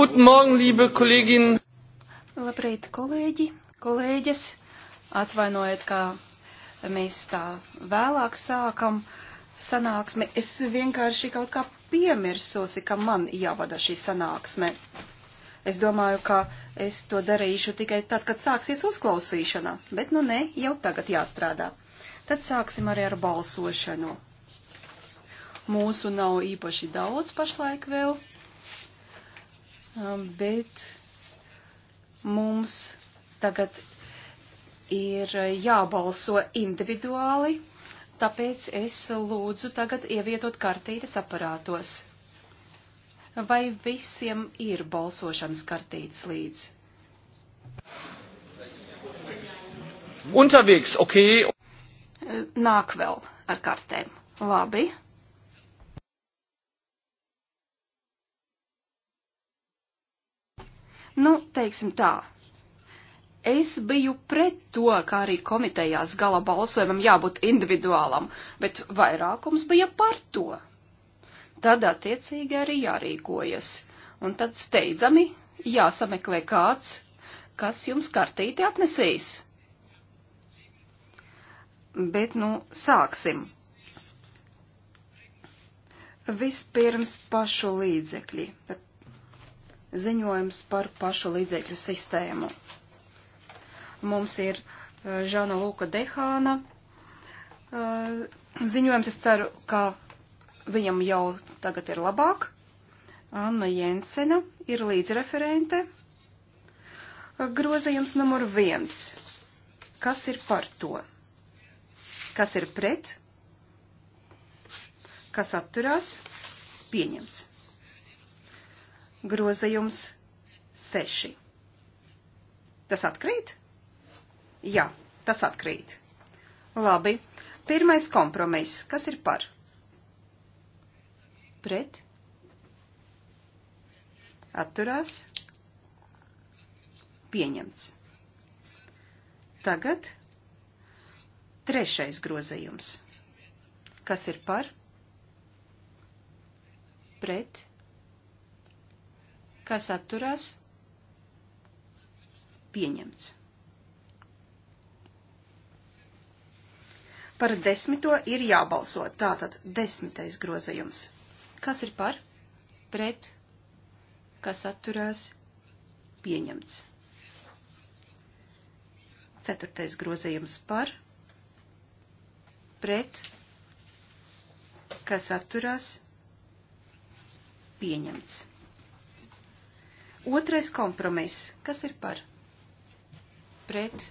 Guten Morgen, liebe Kolleginnen. Labrīt, kolēģi, kolēģis. Atvainojiet, ka mēs tā vēlāk sākam sanāksmi. Es vienkārši kaut kā piemirsosi, ka man jāvada šī sanāksme. Es domāju, ka es to darīšu tikai tad, kad sāksies uzklausīšana, bet nu ne, jau tagad jāstrādā. Tad sāksim arī ar balsošanu. Mūsu nav īpaši daudz pašlaik vēl. Um, bet mums tagad ir jābalso individuāli, tāpēc es lūdzu tagad ievietot kartītes aparātos. Vai visiem ir balsošanas kartītes līdz? Unterwegs, ok. Nāk vēl ar kartēm. Labi. Nu, teiksim tā. Es biju pret to, kā arī komitejās gala balsojumam jābūt individuālam, bet vairākums bija par to. Tad attiecīgi arī jārīkojas, un tad steidzami jāsameklē kāds, kas jums kartīti atnesīs. Bet nu sāksim. Vispirms pašu līdzekļi, tad ziņojums par pašu līdzekļu sistēmu. Mums ir eh, Žana Lūka Dehāna eh, ziņojums. Es ceru, ka viņam jau tagad ir labāk. Anna Jensena ir līdzreferente. Grozījums numur viens. Kas ir par to? Kas ir pret? Kas atturās? Pieņemts grozījums 6. Tas atkrīt? Jā, tas atkrīt. Labi. Pirmais kompromiss. Kas ir par? Pret? Atturās? Pieņemts. Tagad trešais grozījums. Kas ir par? Pret? kas atturās, pieņemts. Par desmito ir jābalso. Tātad desmitais grozējums. Kas ir par? Pret. Kas atturās? Pieņemts. Ceturtais grozējums par. Pret. Kas atturās? Pieņemts. Otrais kompromiss. Kas ir par? Pret.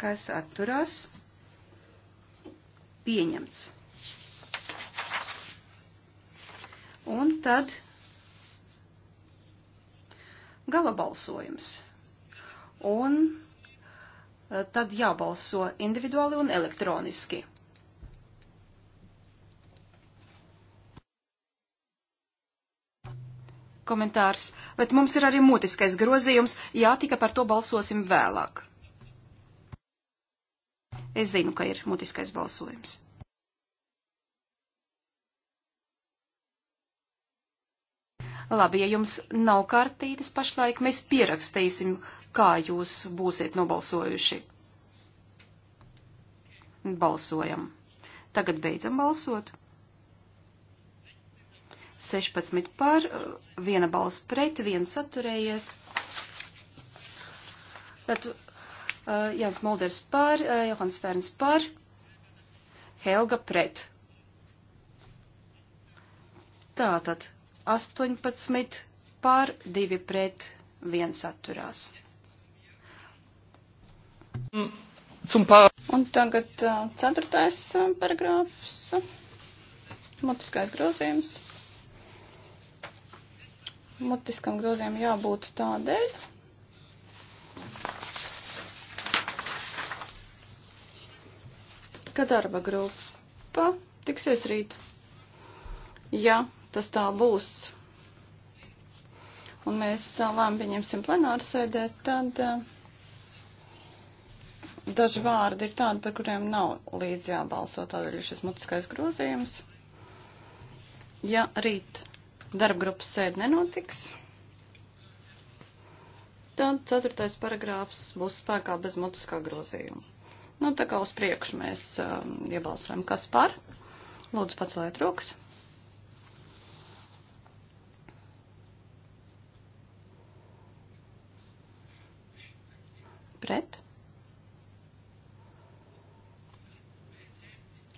Kas atturās? Pieņemts. Un tad gala balsojums. Un eh, tad jābalso individuāli un elektroniski. komentārs, bet mums ir arī mutiskais grozījums, jā, tikai par to balsosim vēlāk. Es zinu, ka ir mutiskais balsojums. Labi, ja jums nav kartītes pašlaik, mēs pierakstīsim, kā jūs būsiet nobalsojuši. Balsojam. Tagad beidzam balsot. 16 par, viena balss pret, viens atturējies. Tad uh, Jans Mulders par, uh, Johans Ferns par, Helga pret. Tātad 18 par, 2 pret, 1 atturās. Un tagad uh, ceturtais uh, paragrāfs, mutiskais grozījums mutiskam grozījumam jābūt tādēļ, ka darba grupa tiksies rīt. Ja tas tā būs, un mēs lēmumu pieņemsim plenāru sēdē, tad eh, daži vārdi ir tādi, par kuriem nav līdz jābalso, tādēļ ir šis mutiskais grozījums. Ja rīt darbgrupas sēde nenotiks, tad ceturtais paragrāfs būs spēkā bez mutiskā grozījuma. Nu, tā kā uz priekšu mēs um, iebalsojam, kas par. Lūdzu, pats lai trūks. Pret.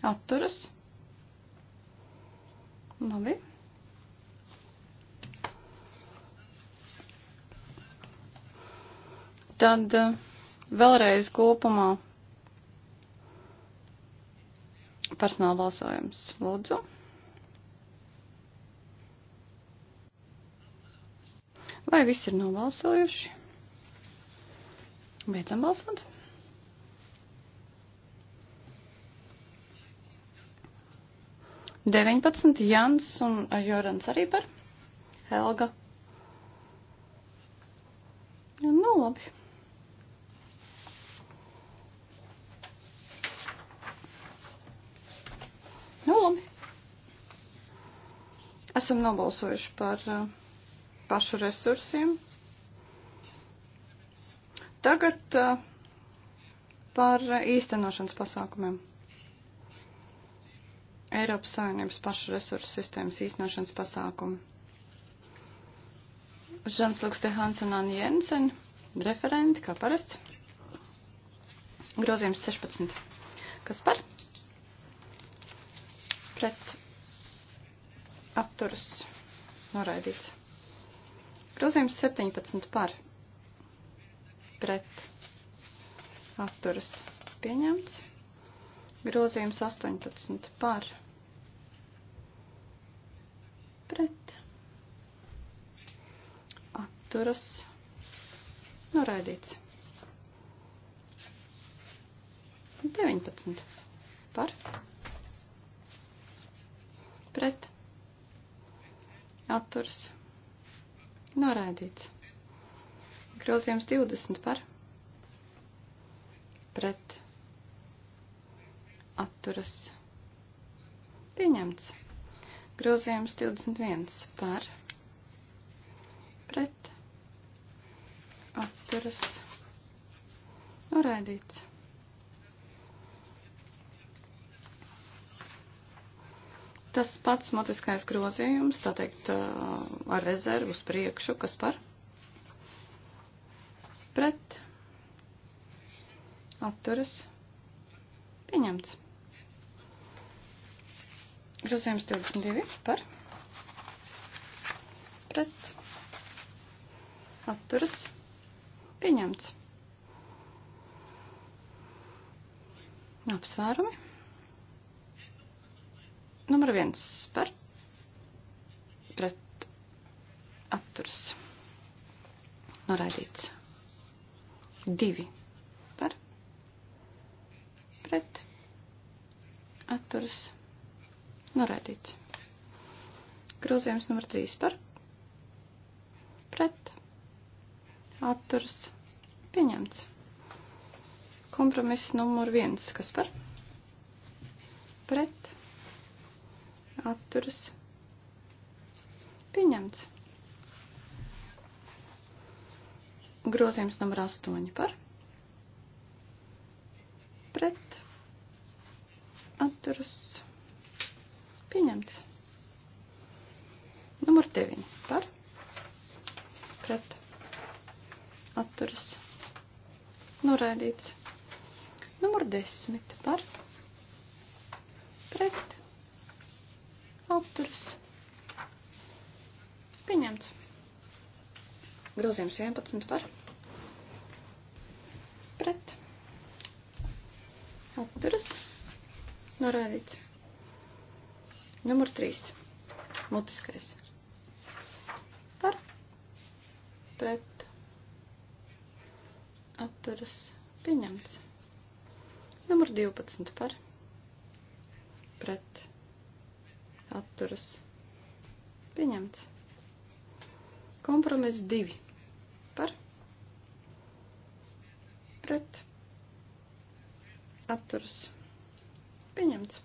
Atturas. Labi. Tad eh, vēlreiz kopumā personāla balsojums. Lūdzu. Vai visi ir nobalsojuši? Beidzam balsot. Deviņpadsmit Jans un Jorans arī par Helga. Nu, labi. esam nobalsojuši par uh, pašu resursiem. Tagad uh, par īstenošanas pasākumiem. Eiropas Savienības pašu resursu sistēmas īstenošanas pasākumu. Žans Luks de Hansen un Jensen, referenti, kā parasts. Grozījums 16. Kas par? atturas noraidīts. Grozījums 17 par pret atturas pieņemts. Grozījums 18 par pret atturas noraidīts. 19 par pret atturs noraidīts. Grozījums 20 par pret atturas pieņemts. Grozījums 21 par pret atturas noraidīts. Tas pats mutiskais grozījums, tā teikt, ar rezervu uz priekšu, kas par pret atturas pieņemts. Grozījums 22 par pret atturas pieņemts. Apsvērumi. Numur viens par pret atturs noraidīts. Divi par pret atturs noraidīts. Grozījums numur trīs par pret atturs pieņemts. Kompromiss numur viens, kas par pret atturs atturas pieņemts. Grozījums numur 8 par pret atturas pieņemts. Numur 9 par pret atturas noraidīts. Numur 10 par pret Apturs. Pieņemts. Grozījums 11 par. Pret. Atturas. Norādīts. Numur 3. Mutiskais. Par. Pret. Atturas. Pieņemts. Numur 12 par. Pret atturas pieņemts. Kompromiss 2 par pret atturas pieņemts.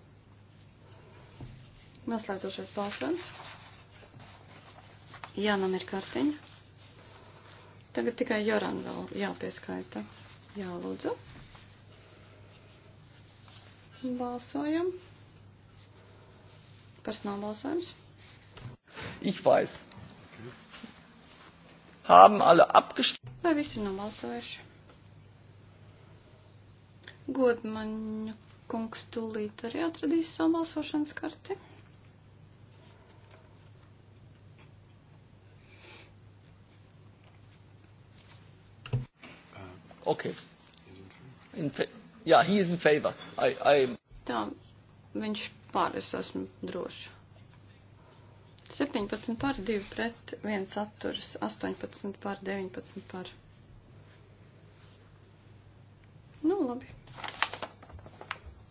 Noslēdzošais balsojums. Jānam ir kartiņa. Tagad tikai Joran vēl jāpieskaita. Jā, lūdzu. Balsojam. Personāla balsojums. Ich weiß. Haben alle abgestimmt? Vai visi ir nobalsojuši? Godmaņa kungs tūlīt arī atradīs savu balsošanas karti. Okay. In fa- yeah, he is in favor. I, I... Tā, viņš pār, es esmu droša. 17 pār 2 pret 1 atturas, 18 pār 19 pār. Nu, labi.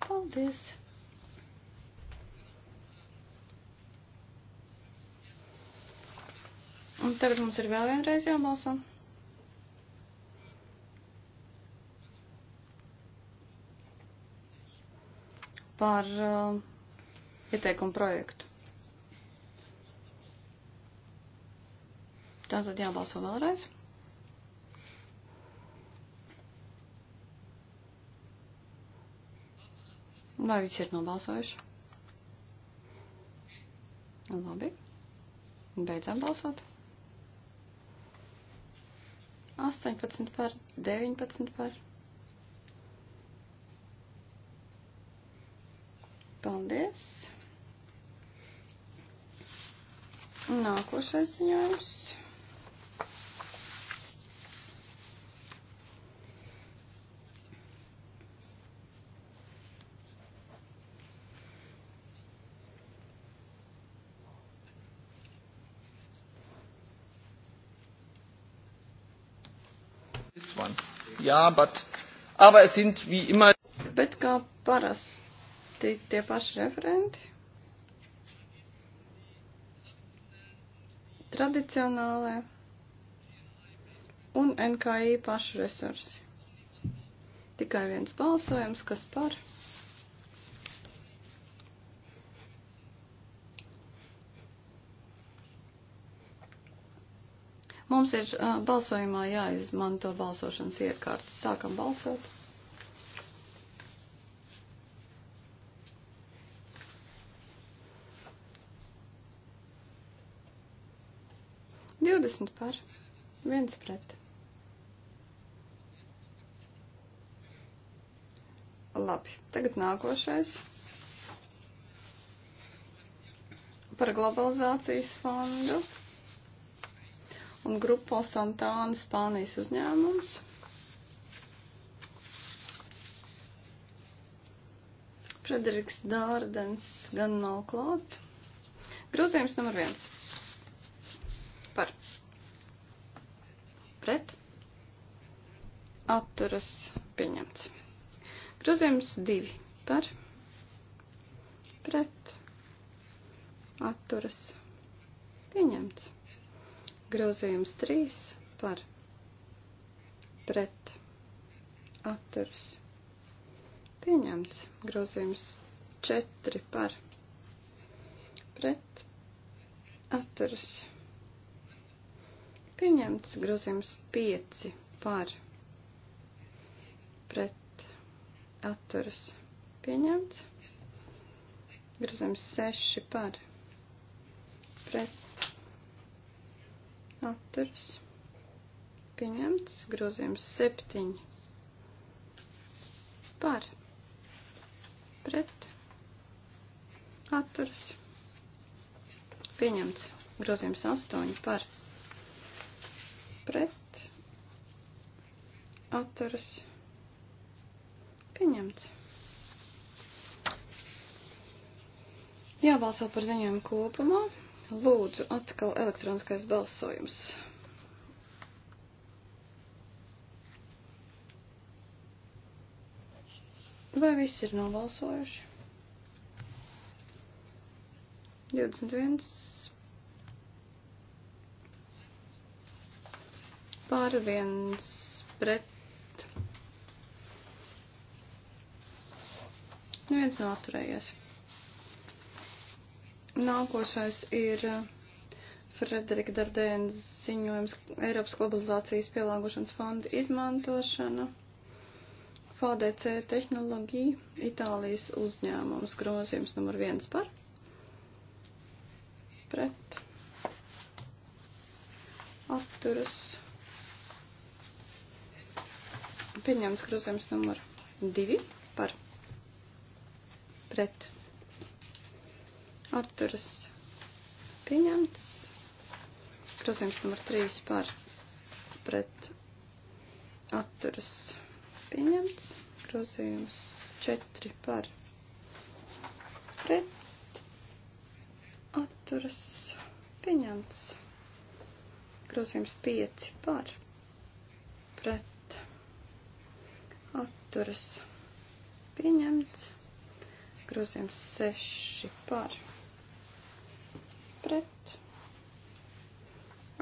Paldies. Un tagad mums ir vēl vienreiz jābalso. Par uh, ieteikumu projektu. Tātad jābalso vēlreiz. Vai visi ir nobalsojuši? Labi. Beidzam balsot. 18 par, 19 par. Paldies. Nākošais ziņojums. ja, but, aber es sind wie immer. Bet kā parasti tie paši referenti. tradicionālē un NKI pašu resursi. Tikai viens balsojums, kas par. Mums ir uh, balsojumā jāizmanto balsošanas iekārtas. Sākam balsot. 20 par 1 pret. Labi, tagad nākošais. Par globalizācijas fondu un grupo Santāna Spānijas uzņēmums. Frederiks Dārdens gan nav klāt. Grozījums numur viens. pret atturas pieņemts. Grozījums 2 par pret atturas pieņemts. Grozījums 3 par pret atturas pieņemts. Grozījums 4 par pret atturas pieņemts Pieņemts grozījums 5 par pret atturas pieņemts. Grozījums 6 par pret atturas pieņemts. Grozījums 7 par pret atturas pieņemts. Grozījums 8 par pret pret atturas pieņemts. Jābalso par ziņojumu kopumā. Lūdzu, atkal elektroniskais balsojums. Vai viss ir nobalsojuši? 21 par, viens pret. Neviens nav atturējies. Nākošais ir uh, Frederika Dardēna ziņojums Eiropas globalizācijas pielāgošanas fonda izmantošana. FADC tehnoloģija, Itālijas uzņēmums, grozījums numur viens par. Pret. Atturas Pieņemts grozījums numur 2 par pret atturas pieņemts. Grozījums numur 3 par pret atturas pieņemts. Grozījums 4 par pret atturas pieņemts. Grozījums 5 par pret atturas pieņemts. Grozījums 6 par pret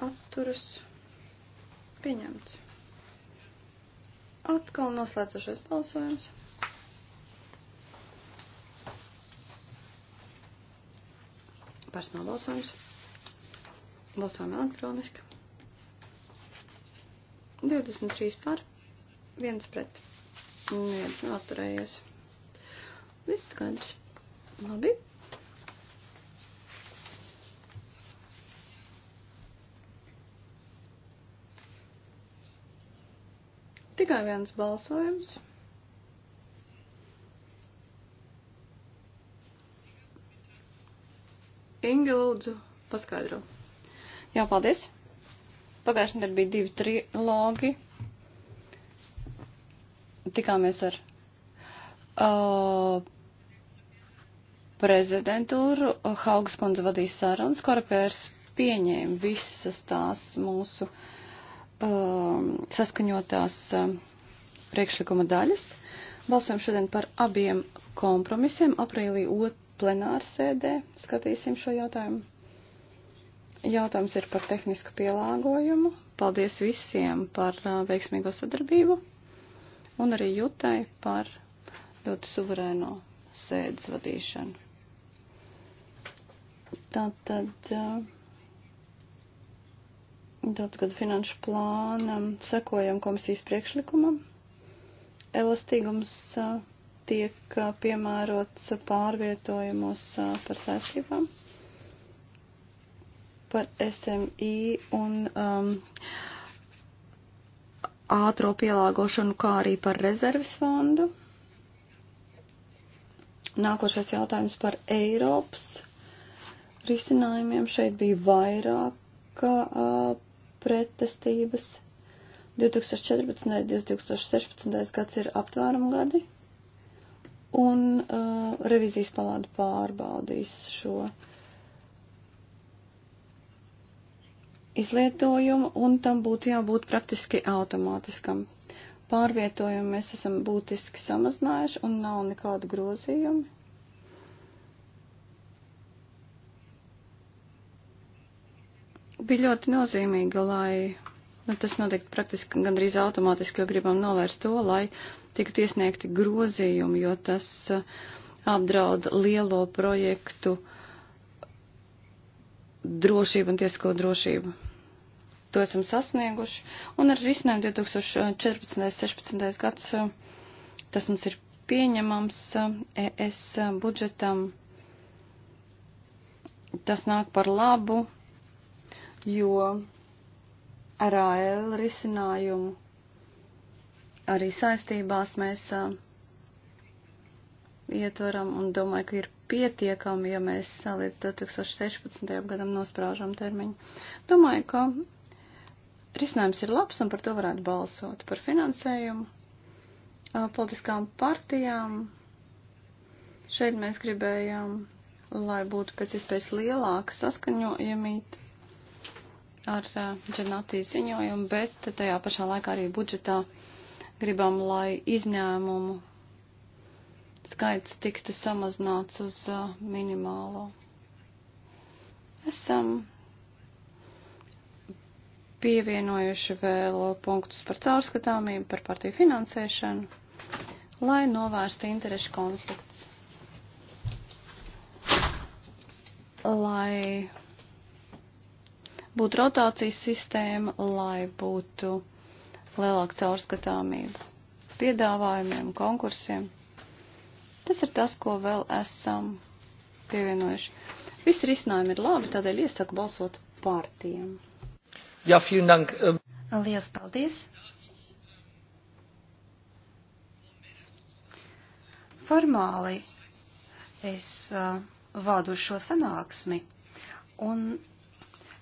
atturas pieņemts. Atkal noslēdzošais balsojums. Pāris nav balsojums. Balsojam elektroniski. 23 par, 1 pret. Neviens nav atturējies. Viss skaidrs. Labi. Tikai viens balsojums. Inga lūdzu paskaidro. Jā, paldies. Pagājušajā nedēļā bija divi trilogi tikāmies ar uh, prezidentūru, Haugas kundze vadīja sarunas, Korapērs pieņēma visas tās mūsu uh, saskaņotās uh, priekšlikuma daļas. Balsojam šodien par abiem kompromisiem. Aprīlī plenāra sēdē skatīsim šo jautājumu. Jautājums ir par tehnisku pielāgojumu. Paldies visiem par uh, veiksmīgo sadarbību un arī Jutai par ļoti suverēno sēdes vadīšanu. Tātad daudzgad eh, finanšu plānam sekojam komisijas priekšlikumam. Elastīgums eh, tiek eh, piemērots pārvietojumos par saistībām, par SMI un um, ātro pielāgošanu, kā arī par rezerves fondu. Nākošais jautājums par Eiropas risinājumiem. Šeit bija vairāk uh, pretestības. 2014. 2016. gads ir aptvērumu gadi, un uh, revizijas palāda pārbaudīs šo uh, izlietojumu, un tam būtu jābūt praktiski automātiskam. Pārvietojumu mēs esam būtiski samazinājuši, un nav nekādu grozījumu. Bija ļoti nozīmīgi, lai nu, tas notiktu praktiski gandrīz automātiski, jo gribam novērst to, lai tiktu iesniegti grozījumi, jo tas eh, apdraud lielo projektu drošību un tiesisko drošību to esam sasnieguši, un ar risinājumu 2014. 16. gads eh, tas mums ir pieņemams eh, ES eh, budžetam. Tas nāk par labu, jo ar AL risinājumu arī saistībās mēs ietveram un domāju, ka ir pietiekami, ja mēs līdz 2016. gadam nospraužam termiņu. Domāju, ka risinājums ir labs un par to varētu balsot. Par finansējumu politiskām partijām. Šeit mēs gribējām, lai būtu pēc iespējas lielāka saskaņojamība ar Džanatī ziņojumu, bet tajā pašā laikā arī budžetā gribam, lai izņēmumu skaits tiktu samazināts uz minimālo. Esam pievienojuši vēl punktus par caurskatāmību, par partiju finansēšanu, lai novērstu interešu konflikts. Lai būtu rotācijas sistēma, lai būtu lielāka caurskatāmība piedāvājumiem, konkursiem. Tas ir tas, ko vēl esam pievienojuši. Visi risinājumi ir labi, tādēļ iesaku balsot par tiem. Jā, vielen dank. Ähm, Lielas paldies. Formāli es uh, vādu šo sanāksmi un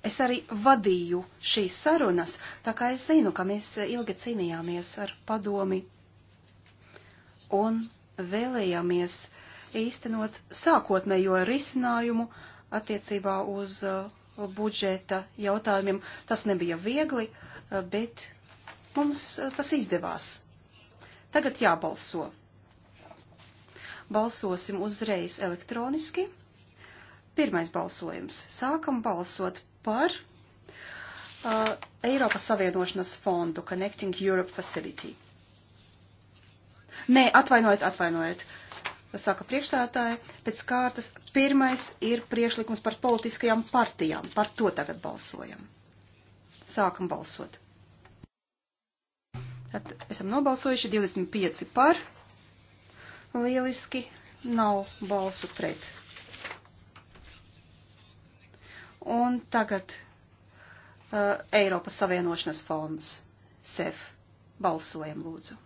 es arī vadīju šīs sarunas, tā kā es zinu, ka mēs ilgi cīnījāmies ar padomi un vēlējāmies īstenot sākotnējo risinājumu attiecībā uz uh, budžeta jautājumiem. Tas nebija viegli, eh, bet mums eh, tas izdevās. Tagad jābalso. Balsosim uzreiz elektroniski. Pirmais balsojums. Sākam balsot par uh, Eiropas Savienošanas fondu Connecting Europe Facility. Nē, atvainojiet, atvainojiet. Uh, saka priekšstādātāja, pēc kārtas pirmais ir priekšlikums par politiskajām partijām. Par to tagad balsojam. Sākam balsot. Tad esam nobalsojuši 25 par. Lieliski nav balsu pret. Un tagad uh, Eiropas Savienošanas fonds. SEF. Balsojam lūdzu.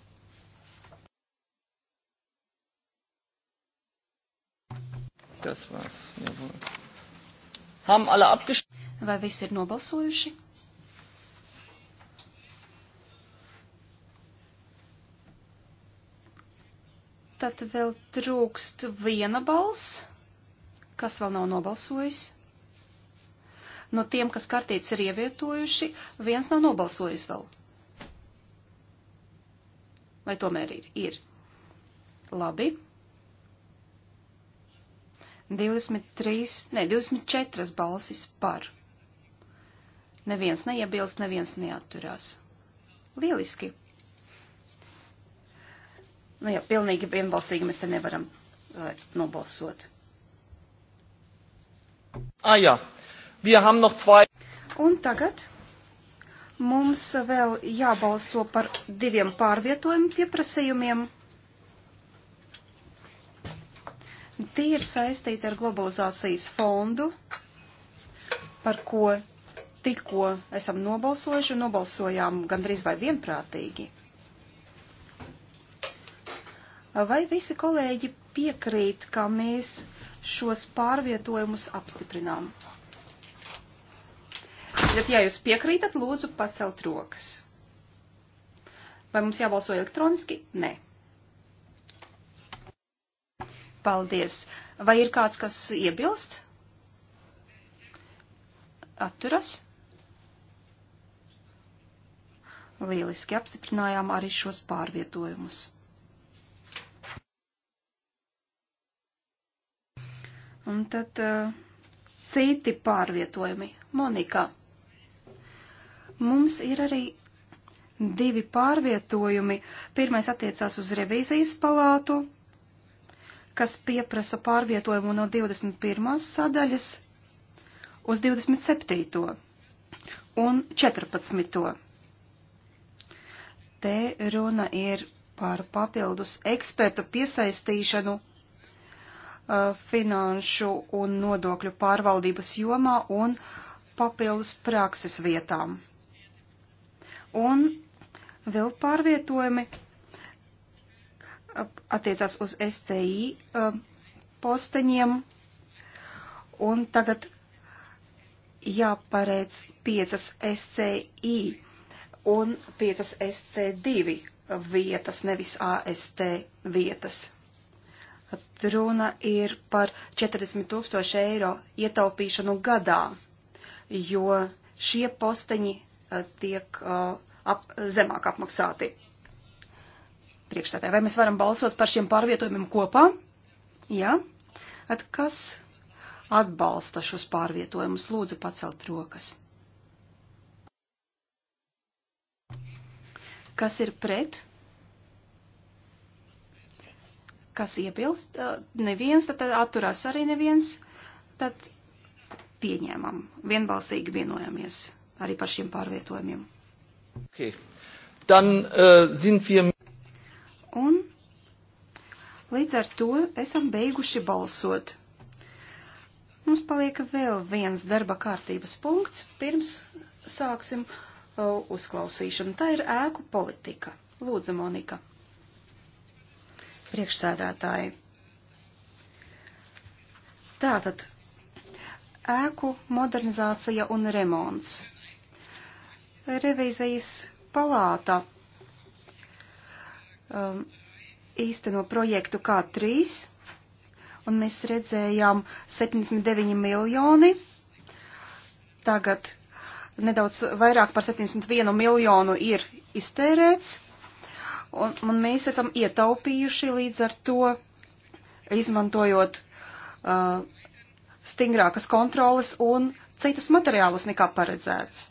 Das war's. Jawohl. Haben alle abgestimmt? Vai visi ir nobalsojuši? Tad vēl trūkst viena balss. Kas vēl nav nobalsojis? No tiem, kas kartītes ir ievietojuši, viens nav nobalsojis vēl. Vai tomēr ir? Ir. Labi. 23, ne, 24 balsis par. Neviens neiebilst, neviens neatturās. Lieliski. Nu jā, pilnīgi vienbalsīgi mēs te nevaram uh, nobalsot. Ah, jā. Wir haben noch zwei. Un tagad mums vēl jābalso par diviem pārvietojumu pieprasījumiem. Tie ir saistīti ar globalizācijas fondu, par ko tikko esam nobalsojuši un nobalsojām gandrīz vai vienprātīgi. Vai visi kolēģi piekrīt, ka mēs šos pārvietojumus apstiprinām? Bet, ja jūs piekrītat, lūdzu pacelt rokas. Vai mums jābalso elektroniski? Nē. Paldies. Vai ir kāds, kas iebilst? Atturas? Lieliski apstiprinājām arī šos pārvietojumus. Un tad uh, citi pārvietojumi. Monika, mums ir arī divi pārvietojumi. Pirmais attiecās uz revīzijas palātu, kas pieprasa pārvietojumu no 21. sadaļas uz 27. un 14. Te runa ir par papildus ekspertu piesaistīšanu uh, finanšu un nodokļu pārvaldības jomā un papildus prakses vietām. Un vēl pārvietojumi attiecās uz SCI um, posteņiem. Un tagad jāparēc 5 SCI un 5 SC2 vietas, nevis AST vietas. Runa ir par 40 tūkstoši eiro ietaupīšanu gadā, jo šie posteņi uh, tiek uh, ap, zemāk apmaksāti priekšsētāji. Vai mēs varam balsot par šiem pārvietojumiem kopā? Jā. At kas atbalsta šos pārvietojumus? Lūdzu, pacelt rokas. Kas ir pret? Kas iebilst? Neviens, tad atturās arī neviens. Tad pieņēmam, vienbalsīgi vienojamies arī par šiem pārvietojumiem. Okay. Dann, uh, sind wir Līdz ar to esam beiguši balsot. Mums paliek vēl viens darba kārtības punkts, pirms sāksim o, uzklausīšanu. Tā ir ēku politika. Lūdzu, Monika. Priekšsēdētāji. Tātad, ēku modernizācija un remonts. Revīzijas palāta um, īsteno projektu K3, un mēs redzējām 79 miljoni, tagad nedaudz vairāk par 71 miljonu ir iztērēts, un, un mēs esam ietaupījuši līdz ar to, izmantojot uh, stingrākas kontroles un citus materiālus nekā paredzēts.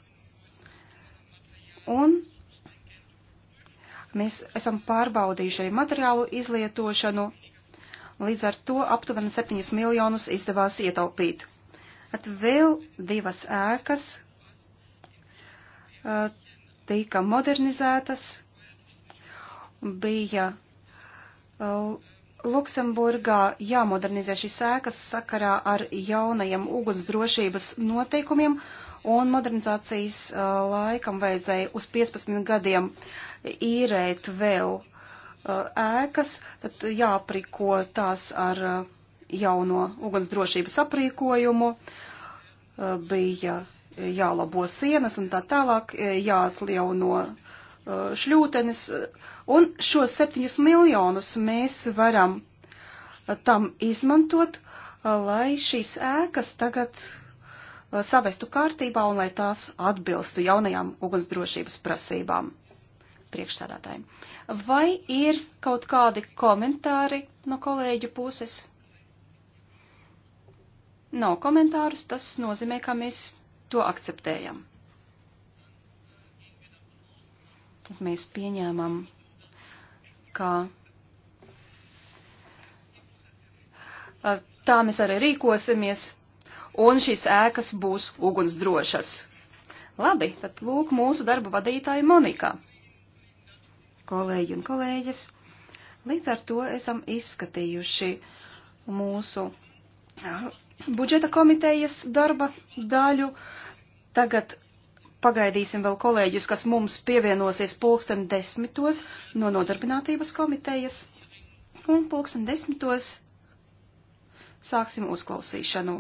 Un Mēs esam pārbaudījuši arī materiālu izlietošanu, līdz ar to aptuveni 7 miljonus izdevās ietaupīt. At vēl divas ēkas eh, tika modernizētas, bija eh, Luksemburgā jāmodernizē šīs ēkas sakarā ar jaunajiem ugunsdrošības noteikumiem, un modernizācijas laikam vajadzēja uz 15 gadiem īrēt vēl ēkas, tad jāapriko tās ar jauno ugunsdrošības aprīkojumu, bija jālabo sienas un tā tālāk, jāatjauno šļūtenes, un šos septiņus miljonus mēs varam tam izmantot, lai šīs ēkas tagad Uh, savestu kārtībā un lai tās atbilstu jaunajām ugunsdrošības prasībām priekšsādātājiem. Vai ir kaut kādi komentāri no kolēģu puses? Nav komentārus, tas nozīmē, ka mēs to akceptējam. Tad mēs pieņēmam, ka uh, tā mēs arī rīkosimies, un šīs ēkas būs ugunsdrošas. Labi, tad lūk mūsu darba vadītāja Monika. Kolēģi un kolēģis, līdz ar to esam izskatījuši mūsu budžeta komitejas darba daļu. Tagad pagaidīsim vēl kolēģus, kas mums pievienosies pulksten desmitos no nodarbinātības komitejas. Un pulksten desmitos sāksim uzklausīšanu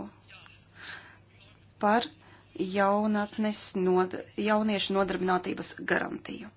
par jaunatnes nod, jauniešu nodarbinātības garantiju.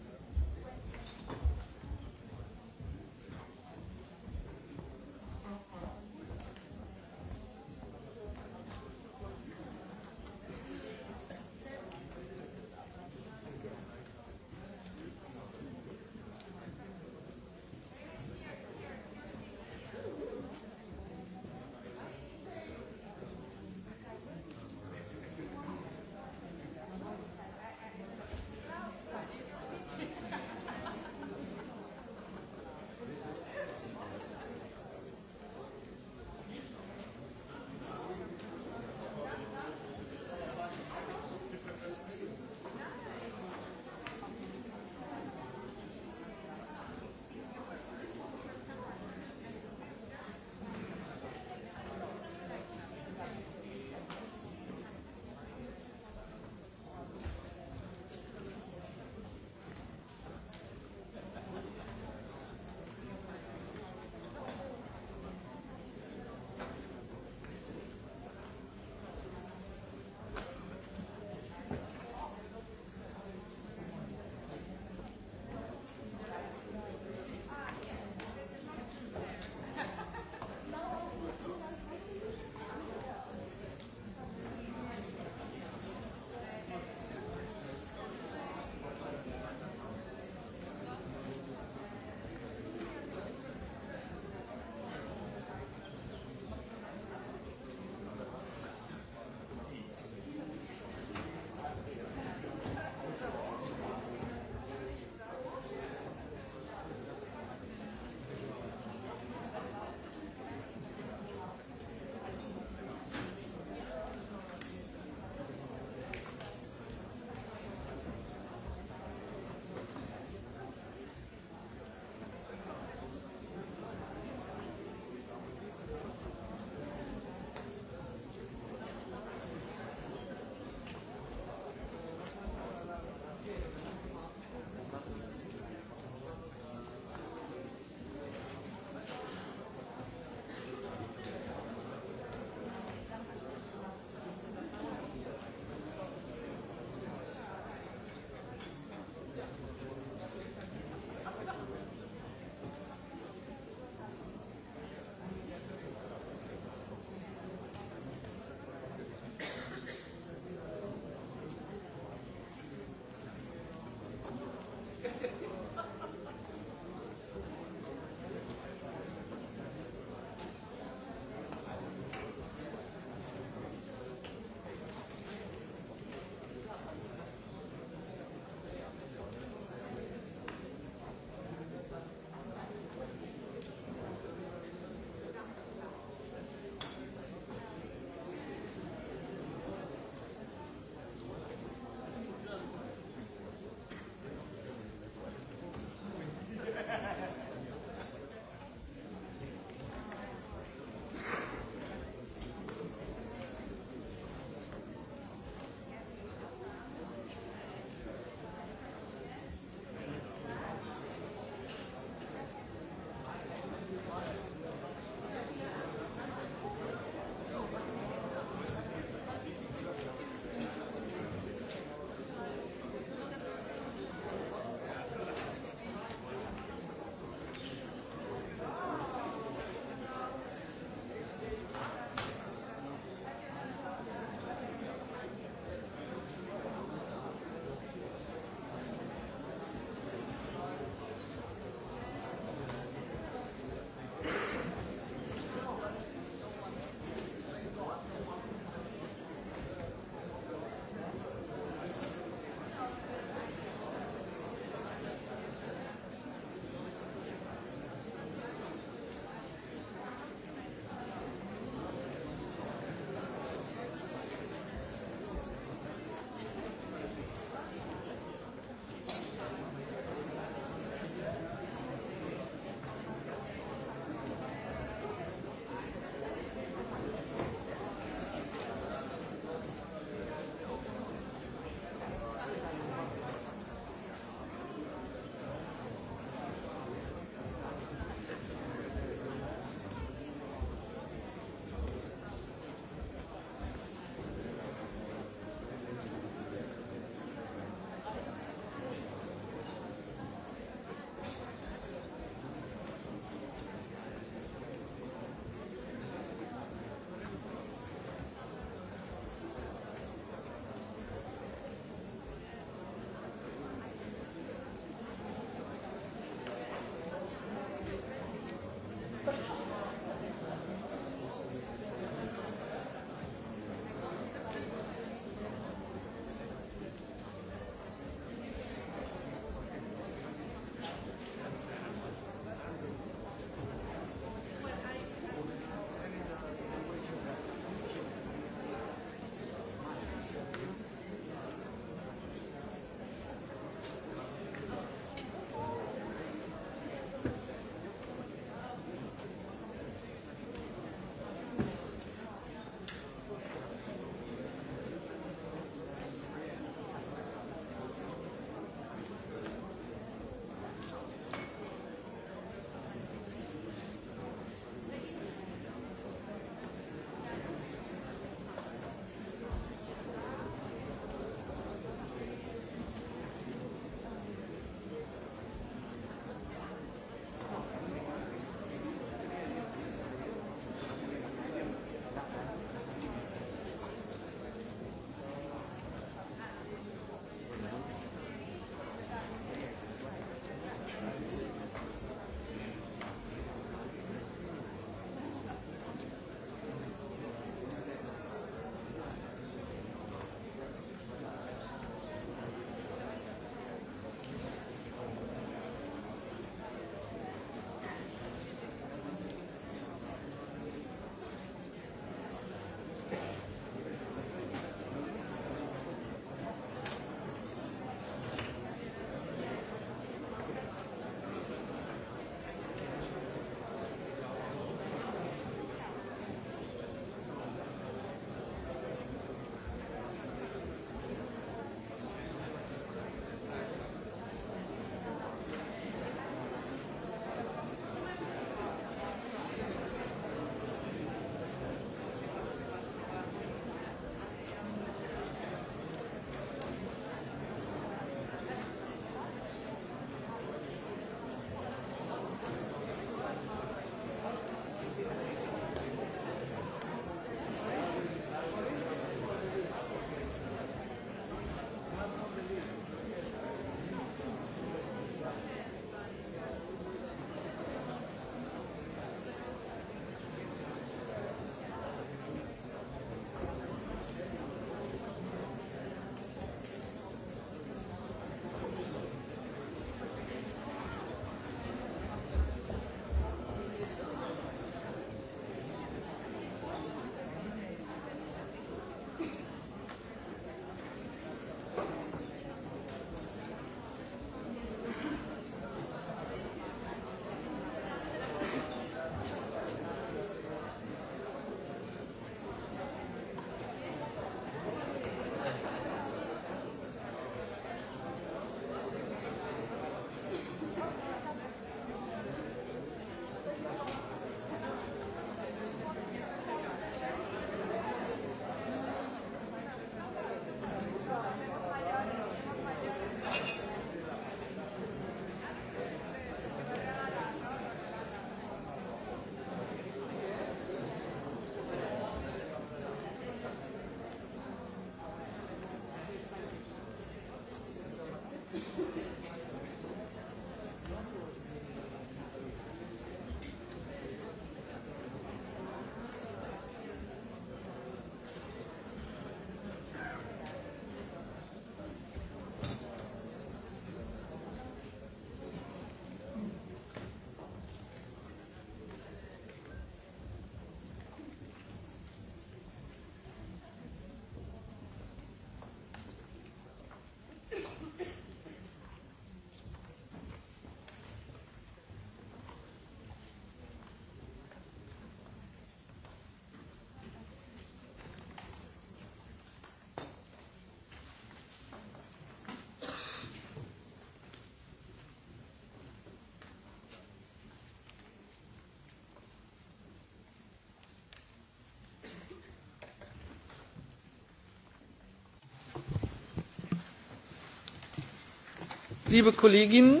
Liebe Kolleginnen,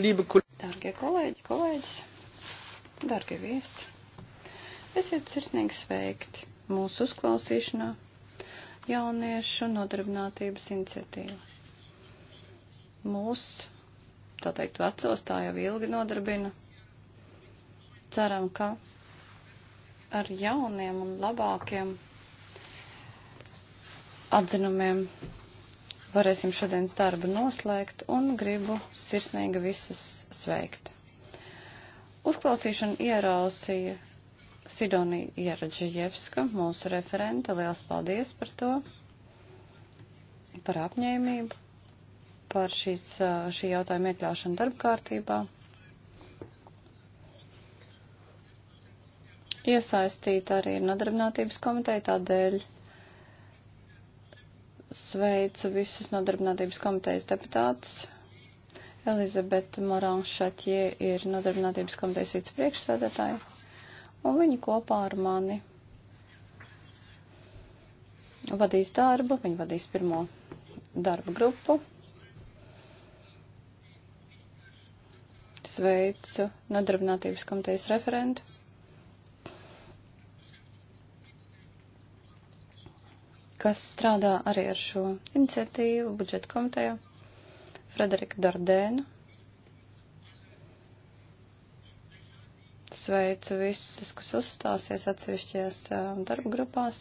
liebe Kollegen. Dargie kolēģi, kolēģis, dargie viesi, esiet sirsnīgi sveikti mūsu uzklausīšanā jauniešu nodarbinātības iniciatīva. Mūs, tā teikt, vecos tā jau ilgi nodarbina. Ceram, ka ar jauniem un labākiem atzinumiem varēsim šodienas darbu noslēgt un gribu sirsnīgi visus sveikt. Uzklausīšanu ierausīja Sidonija Ieraģievska, mūsu referente. Liels paldies par to, par apņēmību, par šīs, šī jautājuma iekļaušanu darba kārtībā. Iesaistīta arī ir nodarbinātības komiteja, tādēļ Sveicu visus nodarbinātības komitejas deputātus. Elizabete Morāns Šaķie ir nodarbinātības komitejas vicepriekšsēdētāja, un viņi kopā ar mani vadīs darbu, viņi vadīs pirmo darba grupu. Sveicu nodarbinātības komitejas referentu kas strādā arī ar šo iniciatīvu budžeta komitejā, Frederika Dardēna. Sveicu visus, kas uzstāsies atsevišķajās darba grupās.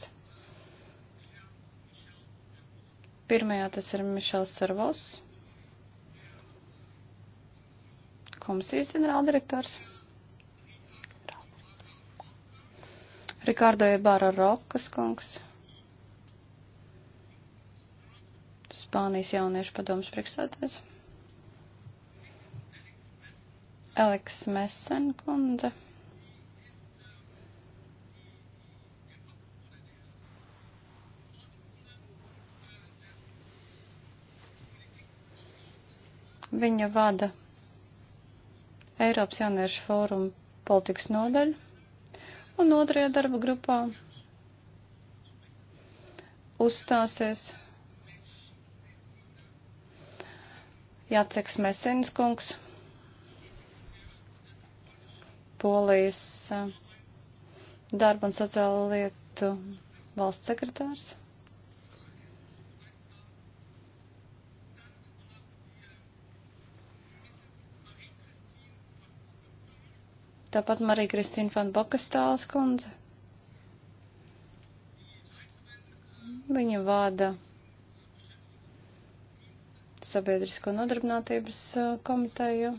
Pirmajā tas ir Mišels Servos, komisijas ģenerāldirektors. Rikārdo Ebāra Rokas kungs. Albānijas jauniešu padomus priekšsēdētājs. Aleks Mesen kundze. Viņa vada Eiropas jauniešu fórumu politikas nodaļu un otrajā darba grupā uzstāsies Jāceks Mesins kungs, Polijas eh, darba un sociālo lietu valsts sekretārs. Tāpat Marija Kristīna Fan Bokastāls kundze. Viņa vada Sabiedrisko nodarbinātības eh, komiteju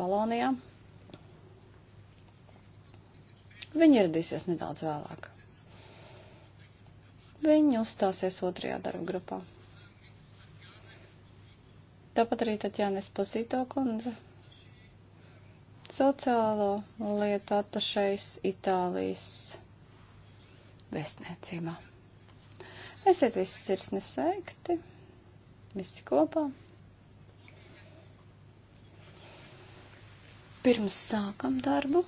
Valonijā. Viņi ieradīsies nedaudz vēlāk. Viņi uzstāsies otrajā darba grupā. Tāpat arī Tatjānes Posīto kundze, sociālo lietu atašais Itālijas vēstniecībā. Esiet visi sirsni sveikti! Visi kopā. Pirms sākam darbu,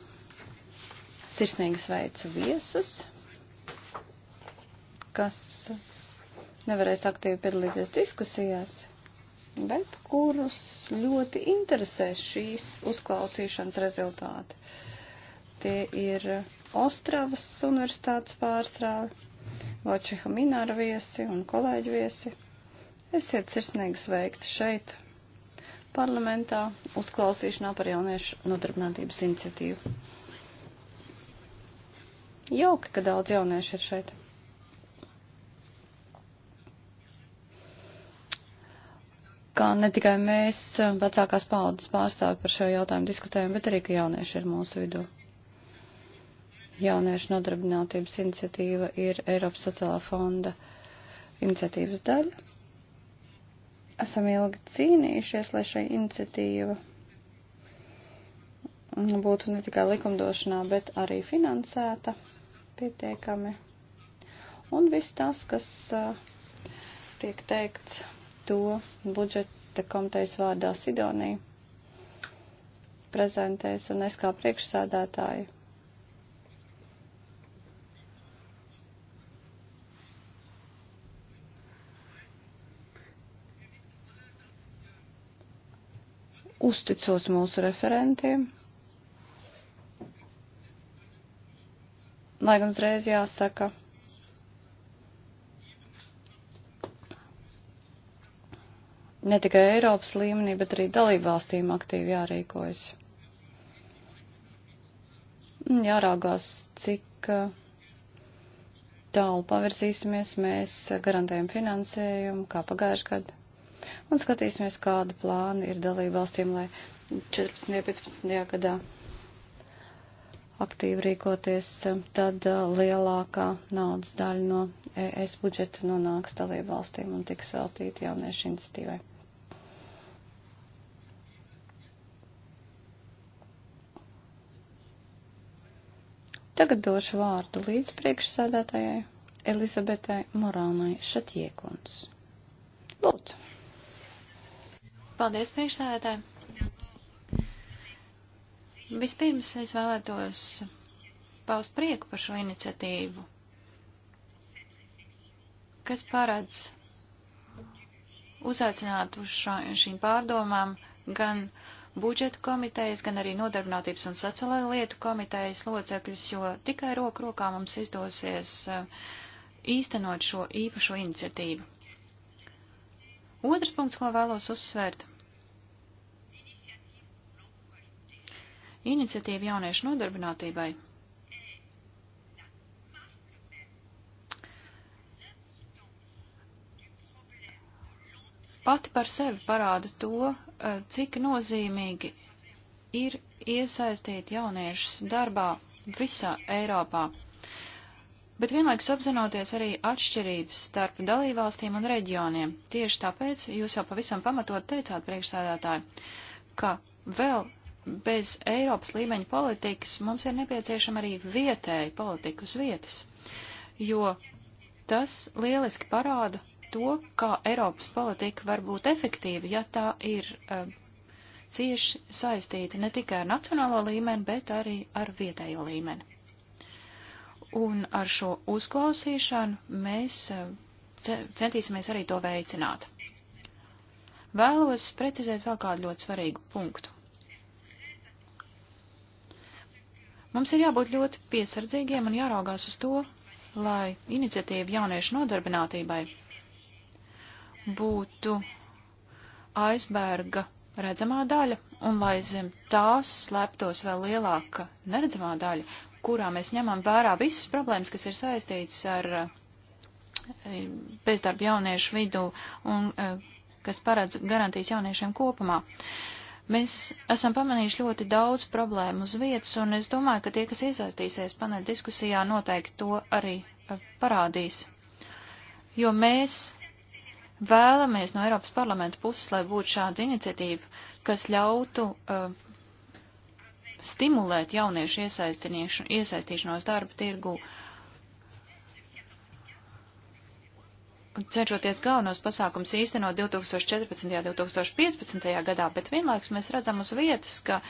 sirsnīgi sveicu viesus, kas nevarēs aktīvi piedalīties diskusijās, bet kurus ļoti interesē šīs uzklausīšanas rezultāti. Tie ir Ostravas universitātes pārstāvi, Vočeha Mināra viesi un kolēģi viesi. Esiet sirsnīgi sveikti šeit, parlamentā, uzklausīšanā par jauniešu nodarbinātības iniciatīvu. Jauki, ka daudz jauniešu ir šeit. Kā ne tikai mēs, vecākās paudzes pārstāvi par šo jautājumu diskutējam, bet arī, ka jaunieši ir mūsu vidū. Jauniešu nodarbinātības iniciatīva ir Eiropas sociālā fonda iniciatīvas daļa esam ilgi cīnījušies, lai šai iniciatīva būtu ne tikai likumdošanā, bet arī finansēta pietiekami. Un viss tas, kas tiek teikts to budžeta komitejas vārdā Sidonija prezentēs un es kā priekšsādātāju uzticos mūsu referentiem. Lai gan uzreiz jāsaka, ne tikai Eiropas līmenī, bet arī dalībvalstīm aktīvi jārīkojas. Jārāgās, cik uh, tālu pavirzīsimies, mēs garantējam finansējumu, kā pagājuši gadu un skatīsimies, kādu plānu ir dalību valstīm, lai 14. un 15. gadā aktīvi rīkoties, tad lielākā naudas daļa no ES budžeta nonāks dalību valstīm un tiks veltīta jauniešu iniciatīvai. Tagad došu vārdu līdz priekšsēdētājai Elizabetai Morānai Šatjēkuns. Lūdzu! Paldies, priekšsēdētāji! Vispirms es vēlētos paust prieku par šo iniciatīvu, kas paredz uzaicināt uz šo, šīm pārdomām gan budžetu komitejas, gan arī nodarbinātības un sociālajā lietu komitejas locekļus, jo tikai roku rokā mums izdosies uh, īstenot šo īpašo iniciatīvu. Otrs punkts, ko vēlos uzsvērt. Iniciatīva jauniešu nodarbinātībai. Pati par sevi parāda to, eh, cik nozīmīgi ir iesaistīt jauniešus darbā visā Eiropā bet vienlaikus apzinoties arī atšķirības starp dalībvalstīm un reģioniem. Tieši tāpēc jūs jau pavisam pamatot teicāt priekšstādātāji, ka vēl bez Eiropas līmeņa politikas mums ir nepieciešama arī vietēja politika uz vietas, jo tas lieliski parāda to, kā Eiropas politika var būt efektīva, ja tā ir uh, cieši saistīta ne tikai ar nacionālo līmeni, bet arī ar vietējo līmeni. Un ar šo uzklausīšanu mēs eh, centīsimies arī to veicināt. Vēlos precizēt vēl kādu ļoti svarīgu punktu. Mums ir jābūt ļoti piesardzīgiem un jāraugās uz to, lai iniciatīva jauniešu nodarbinātībai būtu aizbērga redzamā daļa, un lai zem tās slēptos vēl lielāka neredzamā daļa, kurā mēs ņemam vērā visas problēmas, kas ir saistītas ar eh, bezdarbu jauniešu vidu un eh, kas paredz garantijas jauniešiem kopumā. Mēs esam pamanījuši ļoti daudz problēmu uz vietas, un es domāju, ka tie, kas iesaistīsies paneļa diskusijā, noteikti to arī eh, parādīs. Jo mēs vēlamies no Eiropas parlamenta puses, lai būtu šāda iniciatīva, kas ļautu uh, stimulēt jauniešu iesaistīšanos darba tirgu, cenšoties galvenos pasākums īstenot 2014. un 2015. gadā, bet vienlaikus mēs redzam uz vietas, ka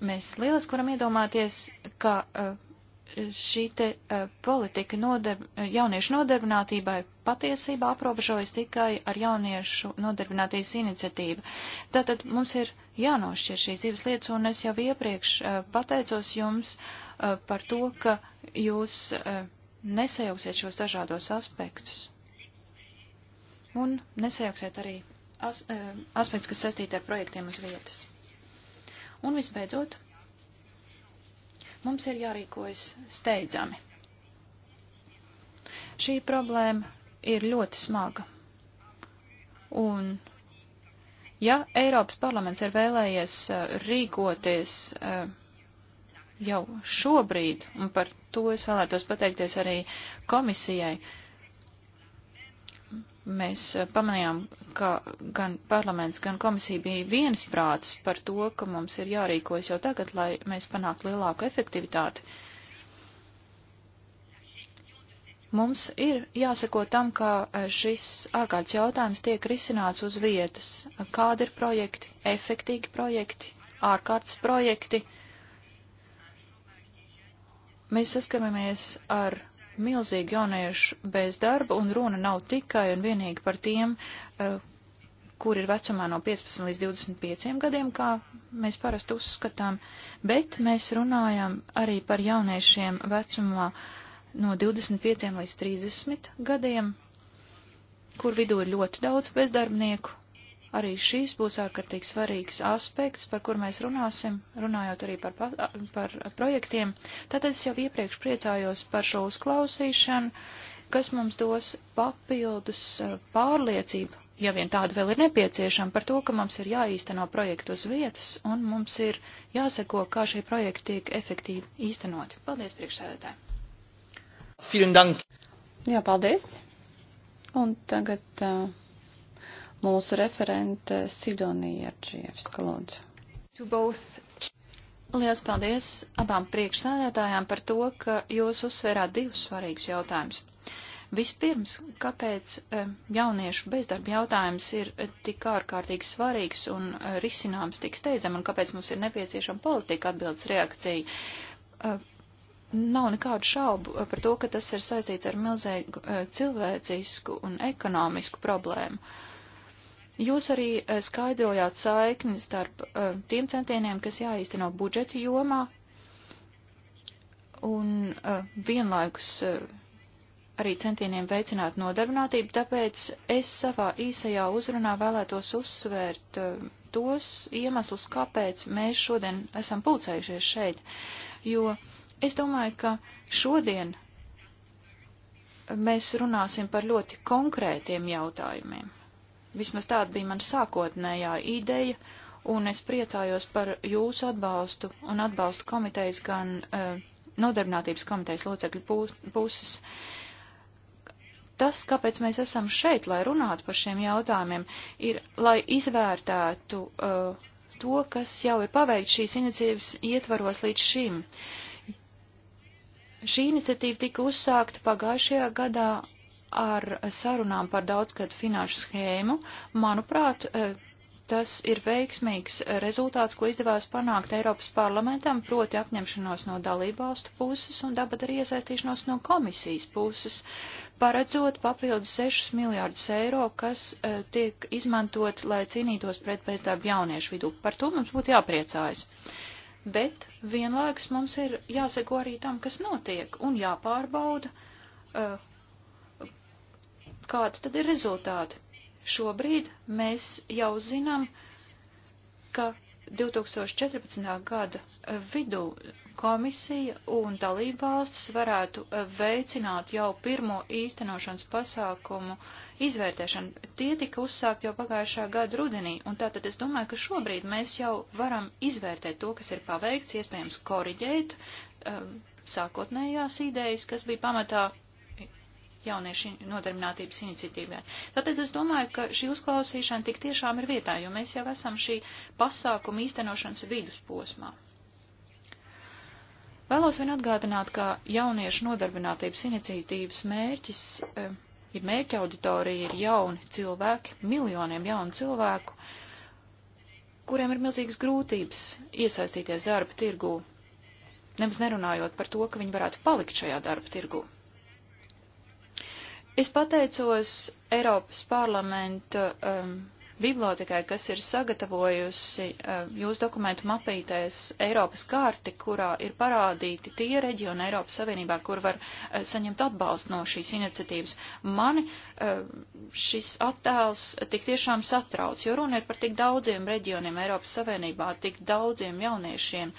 mēs lieliski varam iedomāties, ka eh, šī te eh, politika nodarb, jauniešu nodarbinātībai patiesībā aprobežojas tikai ar jauniešu nodarbinātīs iniciatīvu. Tātad mums ir jānošķir šīs divas lietas, un es jau iepriekš uh, pateicos jums uh, par to, ka jūs uh, nesajauksiet šos dažādos aspektus. Un nesajauksiet arī as, aspektus, kas saistīti ar projektiem uz vietas. Un visbeidzot, mums ir jārīkojas steidzami. Šī problēma ir ļoti smaga. Un, ja Eiropas parlaments ir vēlējies eh, rīkoties eh, jau šobrīd, un par to es vēlētos pateikties arī komisijai, mēs eh, pamanījām, ka gan parlaments, gan komisija bija viensprāts par to, ka mums ir jārīkojas jau tagad, lai mēs panāktu lielāku efektivitāti. Uh, Mums ir jāsako tam, ka e, šis ārkārtas jautājums tiek risināts uz vietas. Kādi ir projekti, efektīgi projekti, ārkārtas projekti? Mēs saskaramies ar milzīgu jauniešu bezdarbu, un runa nav tikai un vienīgi par tiem, e, kur ir vecumā no 15 līdz 25 gadiem, kā mēs parasti uzskatām, bet mēs runājam arī par jauniešiem vecumā no 25 līdz 30 gadiem, kur vidū ir ļoti daudz bezdarbnieku. Arī šīs būs ārkārtīgi svarīgs aspekts, par kur mēs runāsim, runājot arī par, par projektiem. Tātad es jau iepriekš priecājos par šo uzklausīšanu, kas mums dos papildus eh, pārliecību, ja vien tāda vēl ir nepieciešama, par to, ka mums ir jāīsteno projektu uz vietas un mums ir jāseko, kā šie projekti tiek efektīvi īstenoti. Paldies, priekšsēdētāji! Jā, paldies. Un tagad uh, mūsu referente Sidonija Arčievska lūdzu. Lielas paldies abām priekšsēdētājām par to, ka jūs uzsvērāt divus svarīgus jautājumus. Vispirms, kāpēc eh, jauniešu bezdarba jautājums ir eh, tik ārkārtīgi svarīgs un eh, risināms tik steidzam, un kāpēc mums ir nepieciešama politika atbildes reakcija? nav nekādu šaubu par to, ka tas ir saistīts ar milzīgu eh, cilvēcisku un ekonomisku problēmu. Jūs arī eh, skaidrojāt saikni starp eh, tiem centieniem, kas jāīsteno budžeta jomā un vienlaikus arī centieniem veicināt nodarbinātību, tāpēc es savā īsajā uzrunā vēlētos uzsvērt tos iemeslus, kāpēc mēs šodien esam pulcējušies šeit, jo uh, Es domāju, ka šodien mēs runāsim par ļoti konkrētiem jautājumiem. Vismaz tāda bija man sākotnējā ideja, un es priecājos par jūsu atbalstu un atbalstu komitejas gan uh, nodarbinātības komitejas locekļu puses. Tas, kāpēc mēs esam šeit, lai runātu par šiem jautājumiem, ir, lai izvērtētu uh, to, kas jau ir paveikts šīs iniciatīvas ietvaros līdz šim. Uh, Šī iniciatīva tika uzsākta pagājušajā gadā ar sarunām par daudzgadu finanšu schēmu. Manuprāt, e, tas ir veiksmīgs rezultāts, ko izdevās panākt Eiropas parlamentam, proti apņemšanos no dalībvalstu puses un dabat arī iesaistīšanos no komisijas puses, paredzot papildus 6 miljārdus eiro, kas uh, tiek izmantot, lai cīnītos pret bezdarbu jauniešu vidū. Par to mums būtu jāpriecājas. Uh, bet vienlaikus mums ir jāseko arī tam, kas notiek, un jāpārbauda, uh, kāds tad ir rezultāti. Šobrīd mēs jau zinām, ka 2014. gada vidū komisija un dalībvalstis varētu eh, veicināt jau pirmo īstenošanas pasākumu izvērtēšanu. Tie tika uzsākt jau pagājušā gada rudenī, un tātad es domāju, ka šobrīd mēs jau varam izvērtēt to, kas ir paveikts, iespējams koriģēt um, sākotnējās idejas, kas bija pamatā jauniešu nodarbinātības iniciatīvai. Tātad es domāju, ka šī uzklausīšana tik tiešām ir vietā, jo mēs jau esam šī pasākuma īstenošanas vidusposmā. Vēlos vien atgādināt, ka jauniešu nodarbinātības iniciatīvas mērķis e, ir mērķa auditorija, ir jauni cilvēki, miljoniem jaunu cilvēku, kuriem ir milzīgas grūtības iesaistīties darba tirgū, nemaz nerunājot par to, ka viņi varētu palikt šajā darba tirgū. Es pateicos Eiropas parlamenta um, bibliotekai, kas ir sagatavojusi eh, jūs dokumentu mapītēs Eiropas kārti, kurā ir parādīti tie reģioni Eiropas Savienībā, kur var eh, saņemt atbalstu no šīs iniciatīvas. Mani eh, šis attēls tik tiešām satrauc, jo runa ir par tik daudziem reģioniem Eiropas Savienībā, tik daudziem jauniešiem.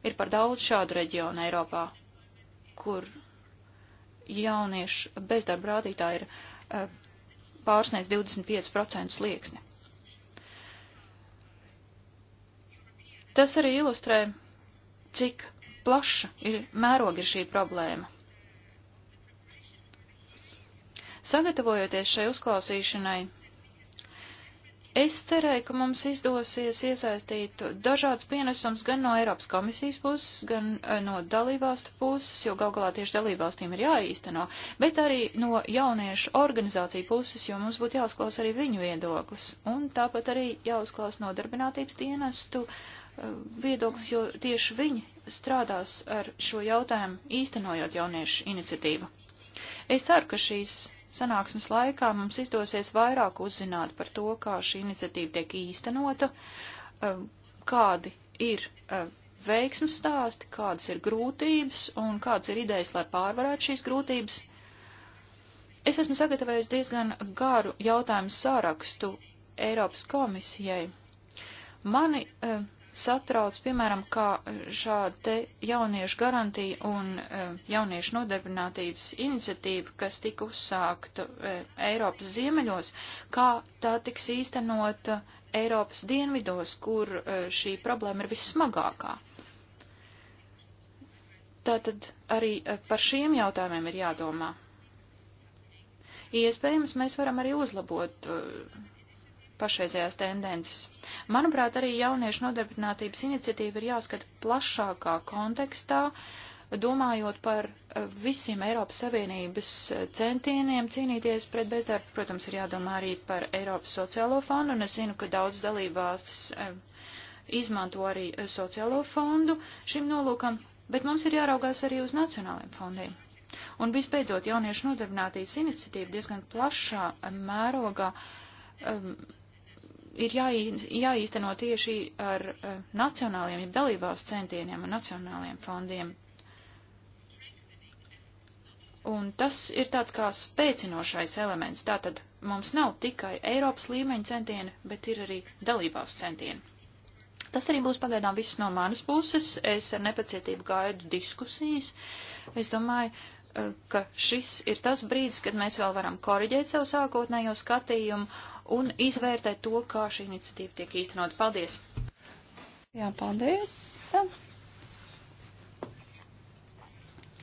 Ir par daudz šādu reģionu Eiropā, kur jauniešu bezdarba rādītāji ir pārsniedz 25% slieksni. Tas arī ilustrē, cik plaša ir mēroga ir šī problēma. Sagatavojoties šai uzklausīšanai, Es cerēju, ka mums izdosies iesaistīt dažādas pienesums gan no Eiropas komisijas puses, gan eh, no dalībvalstu puses, jo gal galā tieši dalībvalstīm ir jāīsteno, bet arī no jauniešu organizāciju puses, jo mums būtu jāuzklās arī viņu viedoklis. Un tāpat arī jāuzklās nodarbinātības dienestu eh, viedoklis, jo tieši viņi strādās ar šo jautājumu īstenojot jauniešu iniciatīvu. Es ceru, ka šīs sanāksmes laikā mums izdosies vairāk uzzināt par to, kā šī iniciatīva tiek īstenota, eh, kādi ir eh, veiksmes stāsti, kādas ir grūtības un kādas ir idejas, lai pārvarētu šīs grūtības. Es esmu sagatavējis diezgan garu jautājumu sārakstu Eiropas komisijai. Mani eh, satrauc, piemēram, kā šāda te jauniešu garantija un e, jauniešu nodarbinātības iniciatīva, kas tika uzsākta e, Eiropas ziemeļos, kā tā tiks īstenota Eiropas dienvidos, kur e, šī problēma ir vissmagākā. Tātad arī e, par šiem jautājumiem ir jādomā. Iespējams, mēs varam arī uzlabot uh, pašreizējās tendences. Manuprāt, arī jauniešu nodarbinātības iniciatīva ir jāskata plašākā kontekstā, domājot par eh, visiem Eiropas Savienības eh, centieniem cīnīties pret bezdarbu. Protams, ir jādomā arī par Eiropas sociālo fondu, un es zinu, ka daudz dalībvalstis eh, izmanto arī sociālo fondu šim nolūkam, bet mums ir jāraugās arī uz nacionāliem fondiem. Un visbeidzot, jauniešu nodarbinātības iniciatīva diezgan plašā mērogā um, ir jāīsteno tieši ar eh, nacionāliem, ja dalībvalsts centieniem un nacionāliem fondiem. Un tas ir tāds kā spēcinošais elements. Tātad mums nav tikai Eiropas līmeņa centieni, bet ir arī dalībās centieni. Tas arī būs pagaidām viss no manas puses. Es ar nepacietību gaidu diskusijas. Es domāju, eh, ka šis ir tas brīdis, kad mēs vēl varam koriģēt savu sākotnējo skatījumu un izvērtēt to, kā šī iniciatīva tiek īstenot. Paldies! Jā, paldies!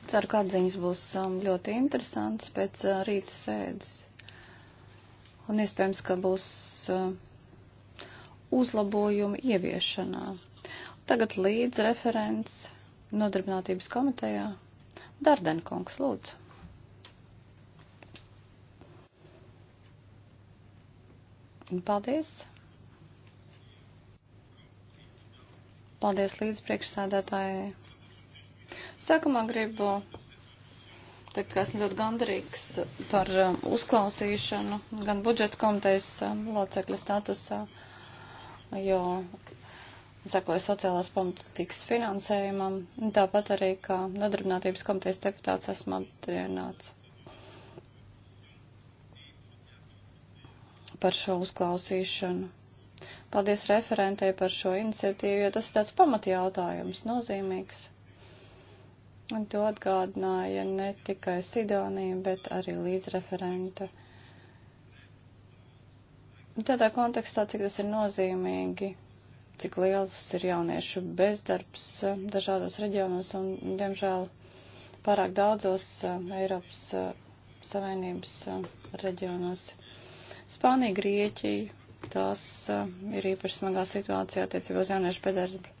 Ceru, ka atziņas būs um, ļoti interesantas pēc uh, rīta sēdes. Un iespējams, ka būs uh, uzlabojumi ieviešanā. Tagad līdz referents nodarbinātības komitejā Dardenkungs lūdzu. Paldies! Paldies līdz priekšsādātājai. Sākumā gribu teikt, ka esmu ļoti gandarīgs par um, uzklausīšanu gan budžeta komitejas um, locekļa statusā, jo sekoja sociālās politikas finansējumam, tāpat arī kā nodarbinātības komitejas deputāts esmu apdrināts. par šo uzklausīšanu. Paldies referentei par šo iniciatīvu, jo tas ir tāds pamatjautājums, nozīmīgs. Un to atgādināja ne tikai Sidonija, bet arī līdzreferente. Tādā kontekstā, cik tas ir nozīmīgi, cik liels ir jauniešu bezdarbs eh, dažādos reģionos un, diemžēl, pārāk daudzos eh, Eiropas eh, Savienības reģionos. Spānija, Grieķija, tās uh, eh, ir īpaši smagā situācijā attiecībā uz jauniešu bedarbu.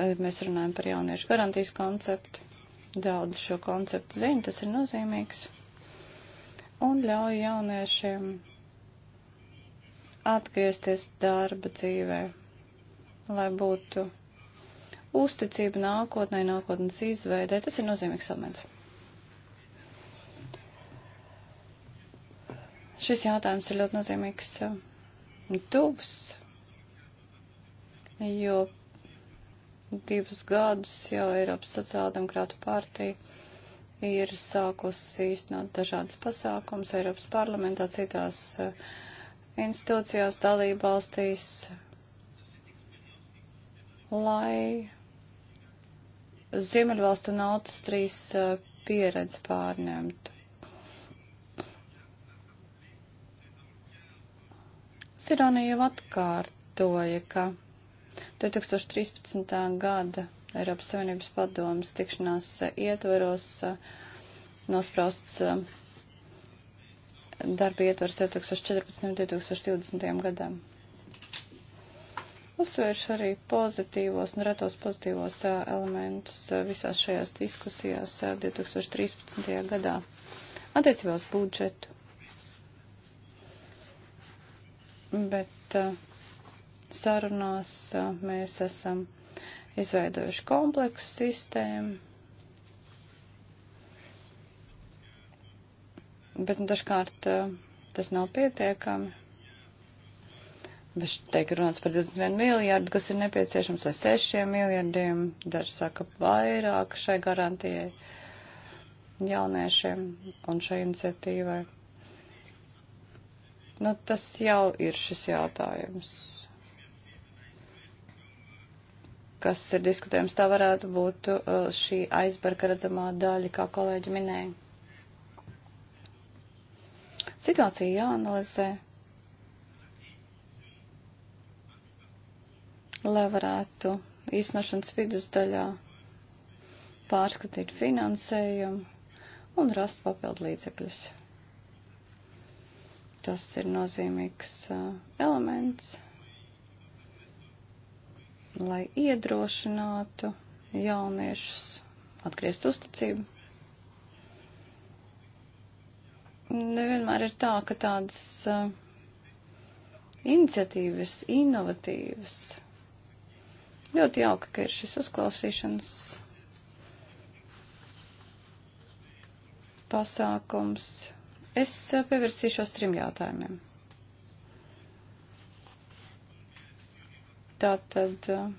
Eh, mēs runājam par jauniešu garantijas konceptu. Daudz šo konceptu zina, tas ir nozīmīgs. Un ļauj jauniešiem atgriezties darba dzīvē, lai būtu uzticība nākotnē, nākotnes izveidē. Tas ir nozīmīgs elements. Šis jautājums ir ļoti nozīmīgs un uh, tuvs, jo divus gadus jau Eiropas sociāldemokrātu partija ir sākusi īstenot dažādas pasākums Eiropas parlamentā, citās uh, institūcijās, dalībvalstīs, lai Ziemeļvalstu un Austrijas uh, pieredzi pārņemtu. Maķedonija jau atkārtoja, ka 2013. gada Eiropas Savienības padomas tikšanās eh, ietveros eh, nosprausts eh, darba ietvers 2014. un 2020. gadam. Uzsvērš arī pozitīvos un retos pozitīvos elementus visās šajās diskusijās 2013. gadā attiecībā uz budžetu. bet uh, sarunās uh, mēs esam izveidojuši kompleksu sistēmu. Bet nu, dažkārt uh, tas nav pietiekami. Bet teikt runāts par 21 miljārdu, kas ir nepieciešams vai 6 miljārdiem, daži saka vairāk šai garantijai jauniešiem un šai iniciatīvai. Nu, tas jau ir šis jautājums, kas ir diskutējums. Tā varētu būt uh, šī aizberga redzamā daļa, kā kolēģi minēja. Situācija jāanalizē, lai varētu īstenošanas vidusdaļā pārskatīt finansējumu un rast papildu līdzekļus. Tas ir nozīmīgs elements, lai iedrošinātu jauniešus atgriezt uzticību. Nevienmēr ir tā, ka tādas uh, iniciatīvas, inovatīvas. Ļoti jauka, ka ir šis uzklausīšanas pasākums. Es eh, pievērsīšos trim jautājumiem. Tātad, eh,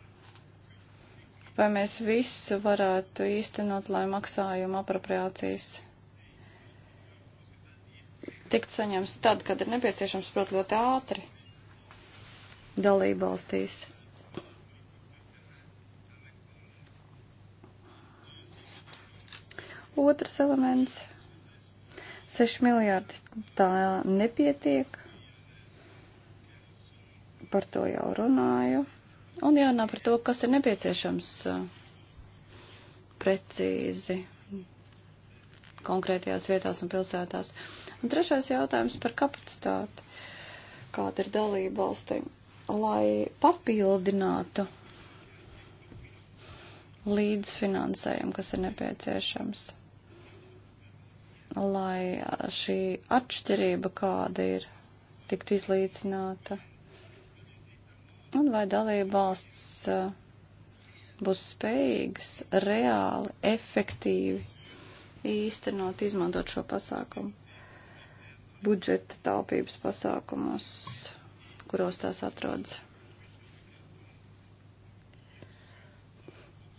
vai mēs visu varētu īstenot, lai maksājuma apropriācijas tiktu saņemts tad, kad ir nepieciešams, protams, ļoti ātri dalībvalstīs? Otrs elements 6 miljārdi tā nepietiek, par to jau runāju. Un jārunā par to, kas ir nepieciešams uh, precīzi konkrētajās vietās un pilsētās. Un trešais jautājums par kapacitāti. Kāda ir dalība valstīm? Lai papildinātu līdzfinansējumu, kas ir nepieciešams lai šī atšķirība, kāda ir, tiktu izlīdzināta? Un vai dalība valsts uh, būs spējīgas reāli, efektīvi īstenot, izmantot šo pasākumu? budžeta taupības pasākumos, kuros tās atrodas.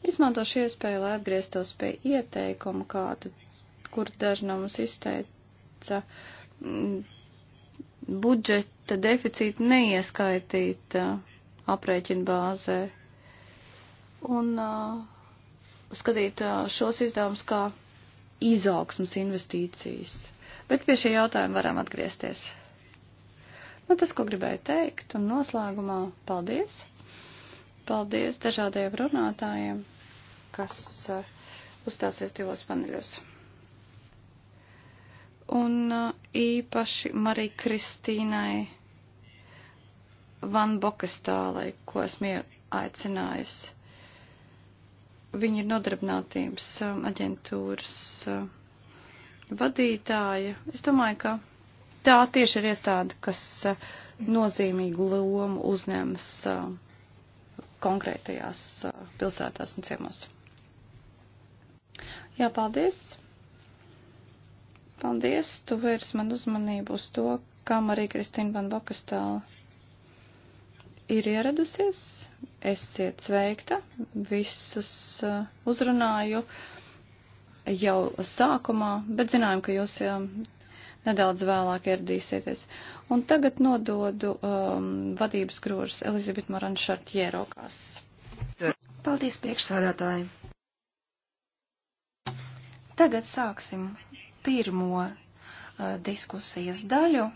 Izmantošu iespēju, lai atgrieztos pie ieteikuma, kādu kur daži no mums izteica mm, budžeta deficītu neieskaitīt aprēķinu bāzē un skatīt šos izdevumus kā izaugsmas investīcijas. Bet pie šī jautājuma varam atgriezties. Nu, tas, ko gribēju teikt, un noslēgumā paldies. Paldies dažādiem runātājiem, kas uh, uzstāsies divos paneļos un uh, īpaši Marija Kristīnai Van Bokestālai, ko esmu aicinājis. Viņa ir nodarbinātības um, aģentūras uh, vadītāja. Es domāju, ka tā tieši ir iestāde, kas uh, nozīmīgu lomu uzņemas konkrētajās pilsētās un ciemos. Jā, paldies! Paldies, tu vērs man uzmanību uz to, kā Marija Kristīna Van Bokastāla ir ieradusies. Esiet sveikta, visus uh, uzrunāju jau sākumā, bet zinājām, ka jūs uh, nedaudz vēlāk ieradīsieties. Un tagad nododu um, vadības grožus Elizabeti Maranšartjē rokās. Paldies priekšsādātāji! Tagad sāksim pirmo uh, diskusijas daļu.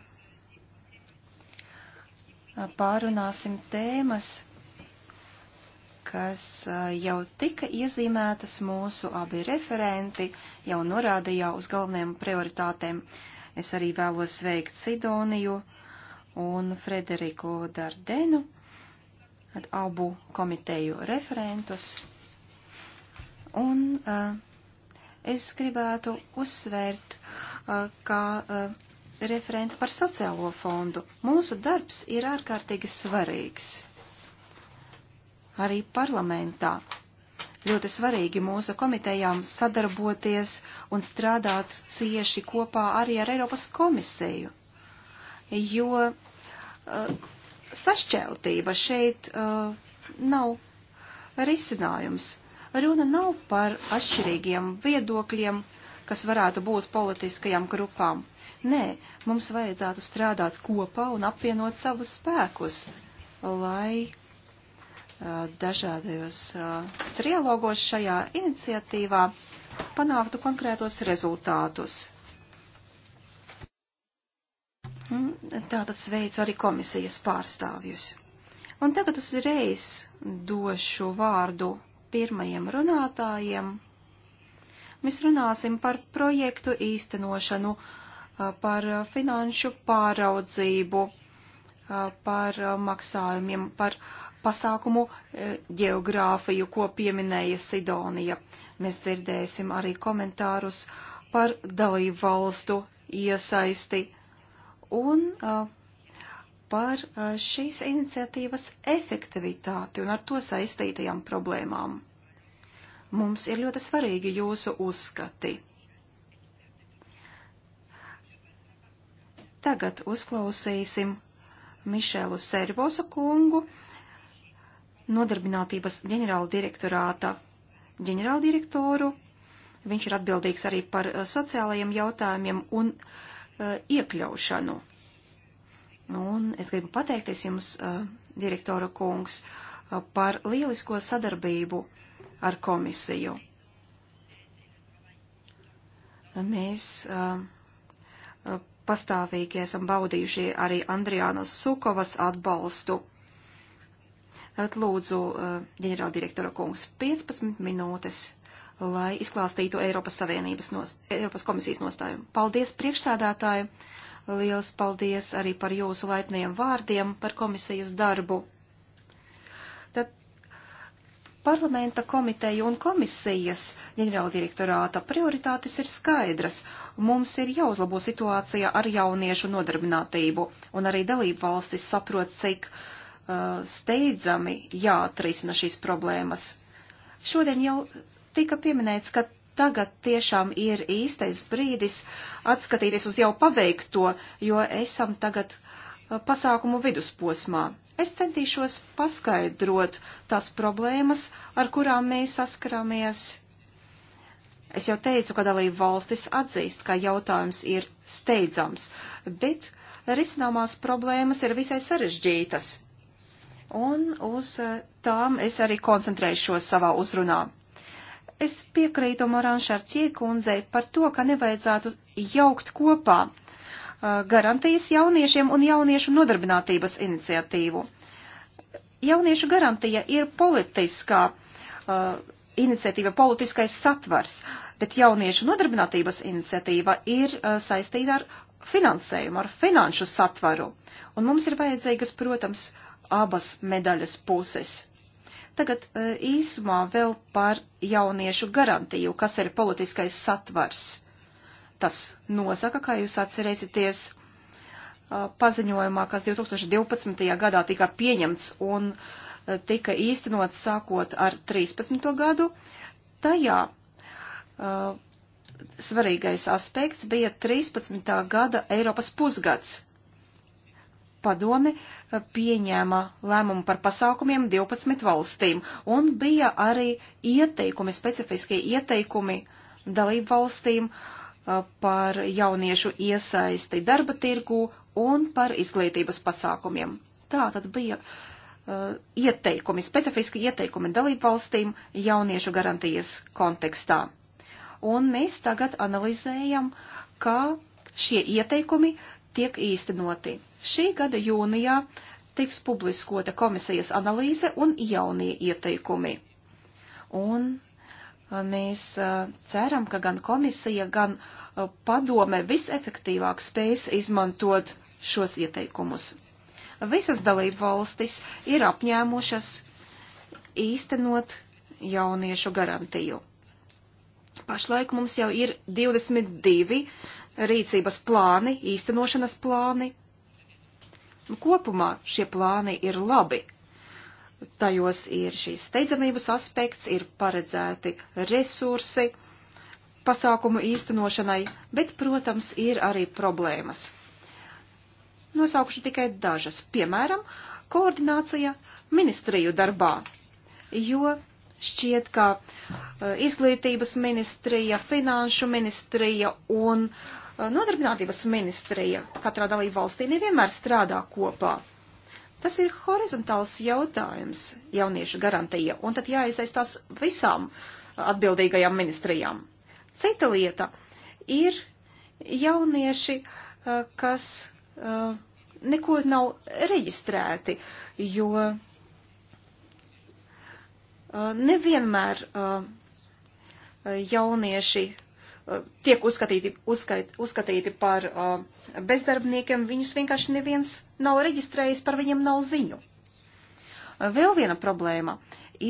Uh, pārunāsim tēmas, kas uh, jau tika iezīmētas mūsu abi referenti, jau norādījā uz galvenajām prioritātēm. Es arī vēlos sveikt Sidoniju un Frederiku Dardenu, abu komiteju referentus. Un uh, Es gribētu uzsvērt, uh, kā uh, referenti par sociālo fondu. Mūsu darbs ir ārkārtīgi svarīgs. Arī parlamentā ļoti svarīgi mūsu komitejām sadarboties un strādāt cieši kopā arī ar Eiropas komisiju, jo uh, sašķeltība šeit uh, nav risinājums. Runa nav par atšķirīgiem viedokļiem, kas varētu būt politiskajām grupām. Nē, mums vajadzētu strādāt kopā un apvienot savus spēkus, lai dažādajos trialogos šajā iniciatīvā panāktu konkrētos rezultātus. Mm, tātad sveicu arī komisijas pārstāvjus. Un tagad uzreiz došu vārdu pirmajiem runātājiem. Mēs runāsim par projektu īstenošanu, par finanšu pāraudzību, par maksājumiem, par pasākumu geogrāfiju, ko pieminēja Sidonija. Mēs dzirdēsim arī komentārus par dalību valstu iesaisti un uh, par šīs iniciatīvas efektivitāti un ar to saistītajām problēmām. Mums ir ļoti svarīgi jūsu uzskati. Tagad uzklausīsim Mišelu Servosu kungu, nodarbinātības ģenerāla direktorāta ģenerāldirektoru. Viņš ir atbildīgs arī par sociālajiem jautājumiem un uh, iekļaušanu. Un es gribu pateikties jums, eh, direktora kungs, eh, par lielisko sadarbību ar komisiju. Mēs eh, pastāvīgi esam baudījuši arī Andrijānas Sukovas atbalstu. Lūdzu, ģenerāldirektora kungs, 15 minūtes, lai izklāstītu Eiropas Savienības, nos, Eiropas komisijas nostājumu. Paldies priekšsādātāju! Liels paldies arī par jūsu laipniem vārdiem par komisijas darbu. Tad parlamenta komiteju un komisijas ģenerāldirektorāta prioritātes ir skaidras. Mums ir jāuzlabo situācija ar jauniešu nodarbinātību, un arī dalību valstis saprot, cik uh, steidzami jāatrisina šīs problēmas. Šodien jau tika pieminēts, ka tagad tiešām ir īstais brīdis atskatīties uz jau paveikto, jo esam tagad uh, pasākumu vidusposmā. Es centīšos paskaidrot tās problēmas, ar kurām mēs saskaramies. Es jau teicu, ka dalība valstis atzīst, ka jautājums ir steidzams, bet risināmās problēmas ir visai sarežģītas. Un uz uh, tām es arī koncentrēšos savā uzrunā. Es piekrītu Moran Šarķie kundzei par to, ka nevajadzētu jaukt kopā uh, garantijas jauniešiem un jauniešu nodarbinātības iniciatīvu. Jauniešu garantija ir politiskā uh, iniciatīva, politiskais satvars, bet jauniešu nodarbinātības iniciatīva ir uh, saistīta ar finansējumu, ar finanšu satvaru. Un mums ir vajadzīgas, protams, abas medaļas puses. Tagad e, īsumā vēl par jauniešu garantiju, kas ir politiskais satvars. Tas nosaka, kā jūs atcerēsieties, e, paziņojumā, kas 2012. gadā tika pieņemts un e, tika īstenots sākot ar 13. gadu, tajā svarīgais aspekts bija 13. gada Eiropas pusgads, padome eh, pieņēma lēmumu par pasaukumiem 12 valstīm, un bija arī ieteikumi, specifiskie ieteikumi dalību valstīm eh, par jauniešu iesaisti darba tirgu un par izglītības pasākumiem. Tā tad bija uh, ieteikumi, specifiski ieteikumi dalību valstīm jauniešu garantijas kontekstā. Un mēs tagad analizējam, kā šie ieteikumi tiek īstenoti. Šī gada jūnijā tiks publiskota komisijas analīze un jaunie ieteikumi. Un mēs ceram, ka gan komisija, gan padome visefektīvāk spēs izmantot šos ieteikumus. Visas dalību valstis ir apņēmušas īstenot jauniešu garantiju. Pašlaik mums jau ir 22 rīcības plāni, īstenošanas plāni, Kopumā šie plāni ir labi. Tajos ir šīs steidzamības aspekts, ir paredzēti resursi pasākumu īstenošanai, bet, protams, ir arī problēmas. Nosaukšu tikai dažas, piemēram, koordinācija ministriju darbā, jo šķiet, ka uh, izglītības ministrija, finanšu ministrija un uh, nodarbinātības ministrija katrā dalību valstī nevienmēr strādā kopā. Tas ir horizontāls jautājums jauniešu garantija, un tad jāiesaistās visām eh, atbildīgajām ministrijām. Cita lieta ir jaunieši, uh, kas neko nav reģistrēti, jo Uh, nevienmēr uh, jaunieši uh, tiek uzskatīti, uzskait, uzskatīti par bezdarbniekiem, viņus vienkārši neviens nav reģistrējis, par viņiem nav ziņu. Vēl viena problēma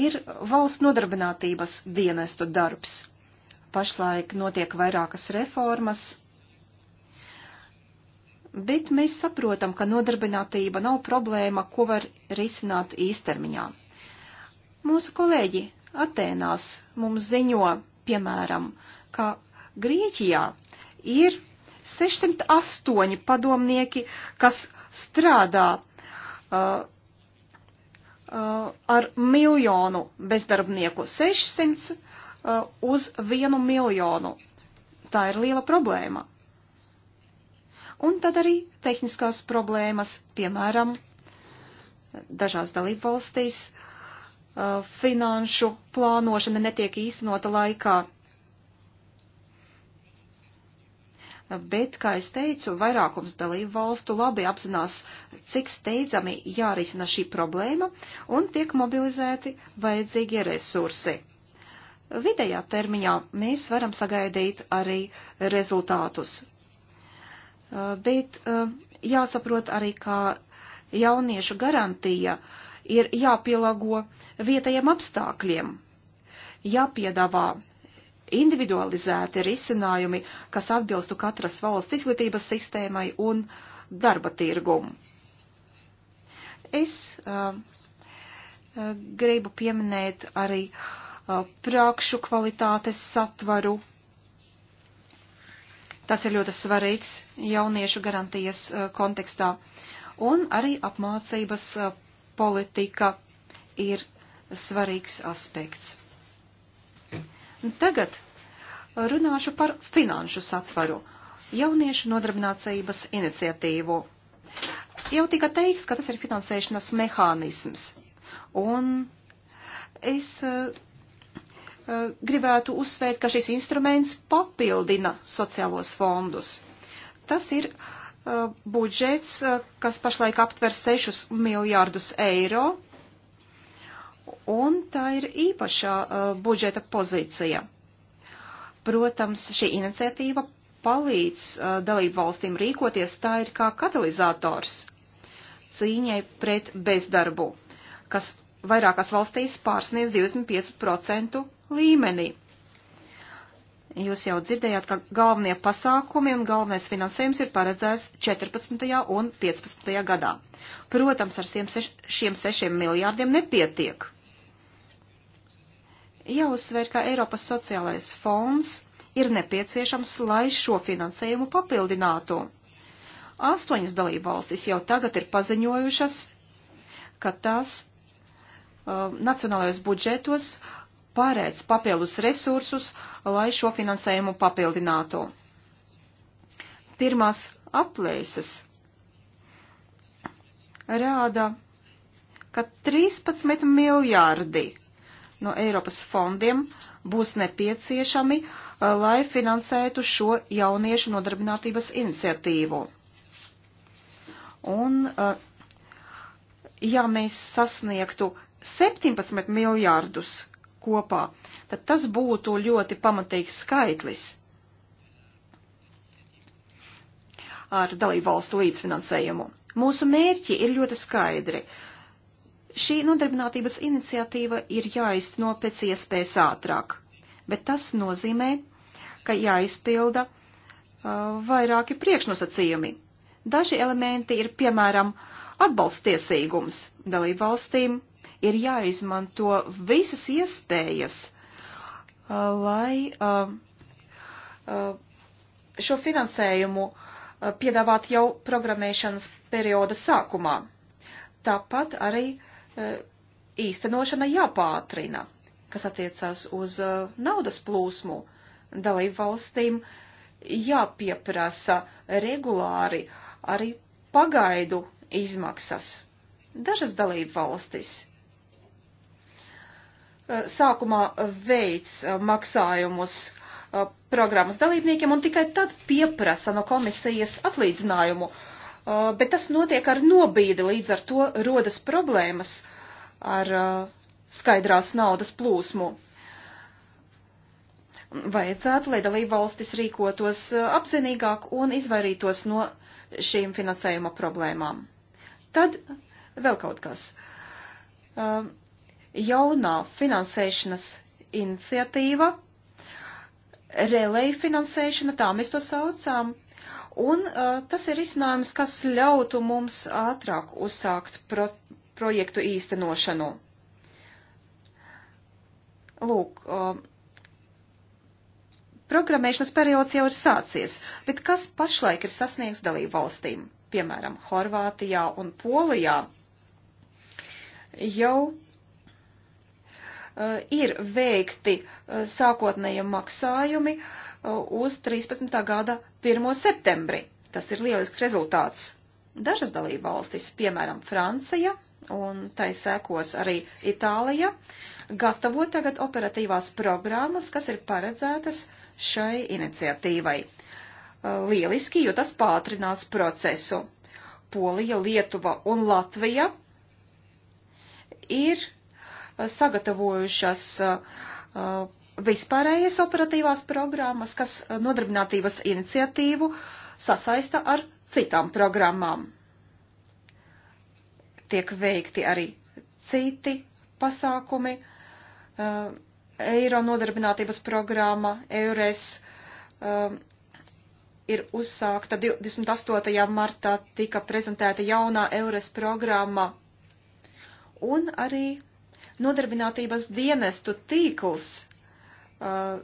ir valsts nodarbinātības dienestu darbs. Pašlaik notiek vairākas reformas, bet mēs saprotam, ka nodarbinātība nav problēma, ko var risināt īstermiņā. Mūsu kolēģi Atēnās mums ziņo, piemēram, ka Grieķijā ir 608 padomnieki, kas strādā uh, uh, ar miljonu bezdarbnieku, 600 uh, uz vienu miljonu. Tā ir liela problēma. Un tad arī tehniskās problēmas, piemēram, dažās dalībvalstīs uh, Uh, finanšu plānošana netiek īstenota laikā. Bet, kā es teicu, vairākums dalību valstu labi apzinās, cik steidzami jārisina šī problēma un tiek mobilizēti vajadzīgie resursi. Vidējā termiņā mēs varam sagaidīt arī rezultātus. Uh, bet uh, jāsaprot arī, kā jauniešu garantija uh, ir jāpielāgo vietējiem apstākļiem, jāpiedāvā individualizēti risinājumi, kas atbilstu katras valsts izglītības sistēmai un darba tirgumu. Es uh, uh gribu pieminēt arī uh, prākšu kvalitātes satvaru. Tas ir ļoti svarīgs jauniešu garantijas uh, kontekstā. Un arī apmācības uh, politika ir svarīgs aspekts. Tagad runāšu par finanšu satvaru jauniešu nodarbinācības iniciatīvu. Jau tika teiks, ka tas ir finansēšanas mehānisms. Un es uh, gribētu uzsvērt, ka šis instruments papildina sociālos fondus. Tas ir uh, budžets, eh, kas pašlaik aptver 6 miljārdus eiro, un tā ir īpašā eh, budžeta pozīcija. Protams, šī iniciatīva palīdz eh, dalību valstīm rīkoties, tā ir kā katalizators cīņai pret bezdarbu, kas vairākās valstīs pārsniedz 25% līmenī. Jūs jau dzirdējāt, ka galvenie pasākumi un galvenais finansējums ir paredzēts 14. un 15. gadā. Protams, ar šiem 6 miljārdiem nepietiek. Jāuzsver, ka Eiropas sociālais fonds ir nepieciešams, lai šo finansējumu papildinātu. Astoņas dalībvalstis jau tagad ir paziņojušas, ka tās uh, nacionālajos budžetos uh, pārēc papildus resursus, lai šo finansējumu papildinātu. Pirmās aplēses rāda, ka 13 miljārdi no Eiropas fondiem būs nepieciešami, eh, lai finansētu šo jauniešu nodarbinātības iniciatīvu. Un, eh, ja mēs sasniegtu 17 miljārdus, kopā, tad tas būtu ļoti pamatīgs skaitlis ar dalībvalstu līdzfinansējumu. Mūsu mērķi ir ļoti skaidri. Šī nodarbinātības iniciatīva ir jāizteno pēc iespējas ātrāk, bet tas nozīmē, ka jāizpilda uh, vairāki priekšnosacījumi. Daži elementi ir, piemēram, atbalstiesīgums dalībvalstīm ir jāizmanto visas iespējas, uh, lai uh, uh, šo finansējumu piedāvāt jau programmēšanas perioda sākumā. Tāpat arī īstenošana jāpātrina, kas attiecās uz naudas plūsmu dalību valstīm, jāpieprasa regulāri arī pagaidu izmaksas. Dažas dalību valstis Eh, sākumā veids eh, maksājumus eh, programmas dalībniekiem un tikai tad pieprasa no komisijas atlīdzinājumu, bet tas notiek ar nobīdi, līdz ar to rodas problēmas ar skaidrās naudas plūsmu. Vajadzētu, lai dalība valstis rīkotos apzinīgāk un izvairītos no šīm finansējuma problēmām. Tad vēl kaut kas. Uh, jaunā finansēšanas iniciatīva, relēja finansēšana, tā mēs to saucām, un uh, tas ir risinājums, kas ļautu mums ātrāk uzsākt pro projektu īstenošanu. Lūk, uh, programmēšanas periods jau ir sācies, bet kas pašlaik ir sasniegts dalību valstīm, piemēram, Horvātijā un Polijā, jau Eh, ir veikti eh, sākotnējie maksājumi eh, uz 13. gada 1. septembri. Tas ir lielisks rezultāts. Dažas dalība valstis, piemēram, Francija un tai sekos arī Itālija, gatavo tagad operatīvās programmas, kas ir paredzētas šai iniciatīvai. Lieliski, jo tas pātrinās procesu. Polija, Lietuva un Latvija ir sagatavojušas uh, uh, vispārējas operatīvās programmas, kas uh, nodarbinātības iniciatīvu sasaista ar citām programmām. Tiek veikti arī citi pasākumi, eiro nodarbinātības programma, eures, ir uzsākta 28. martā tika prezentēta jaunā eures programma un arī Nodarbinātības dienestu tīkls uh,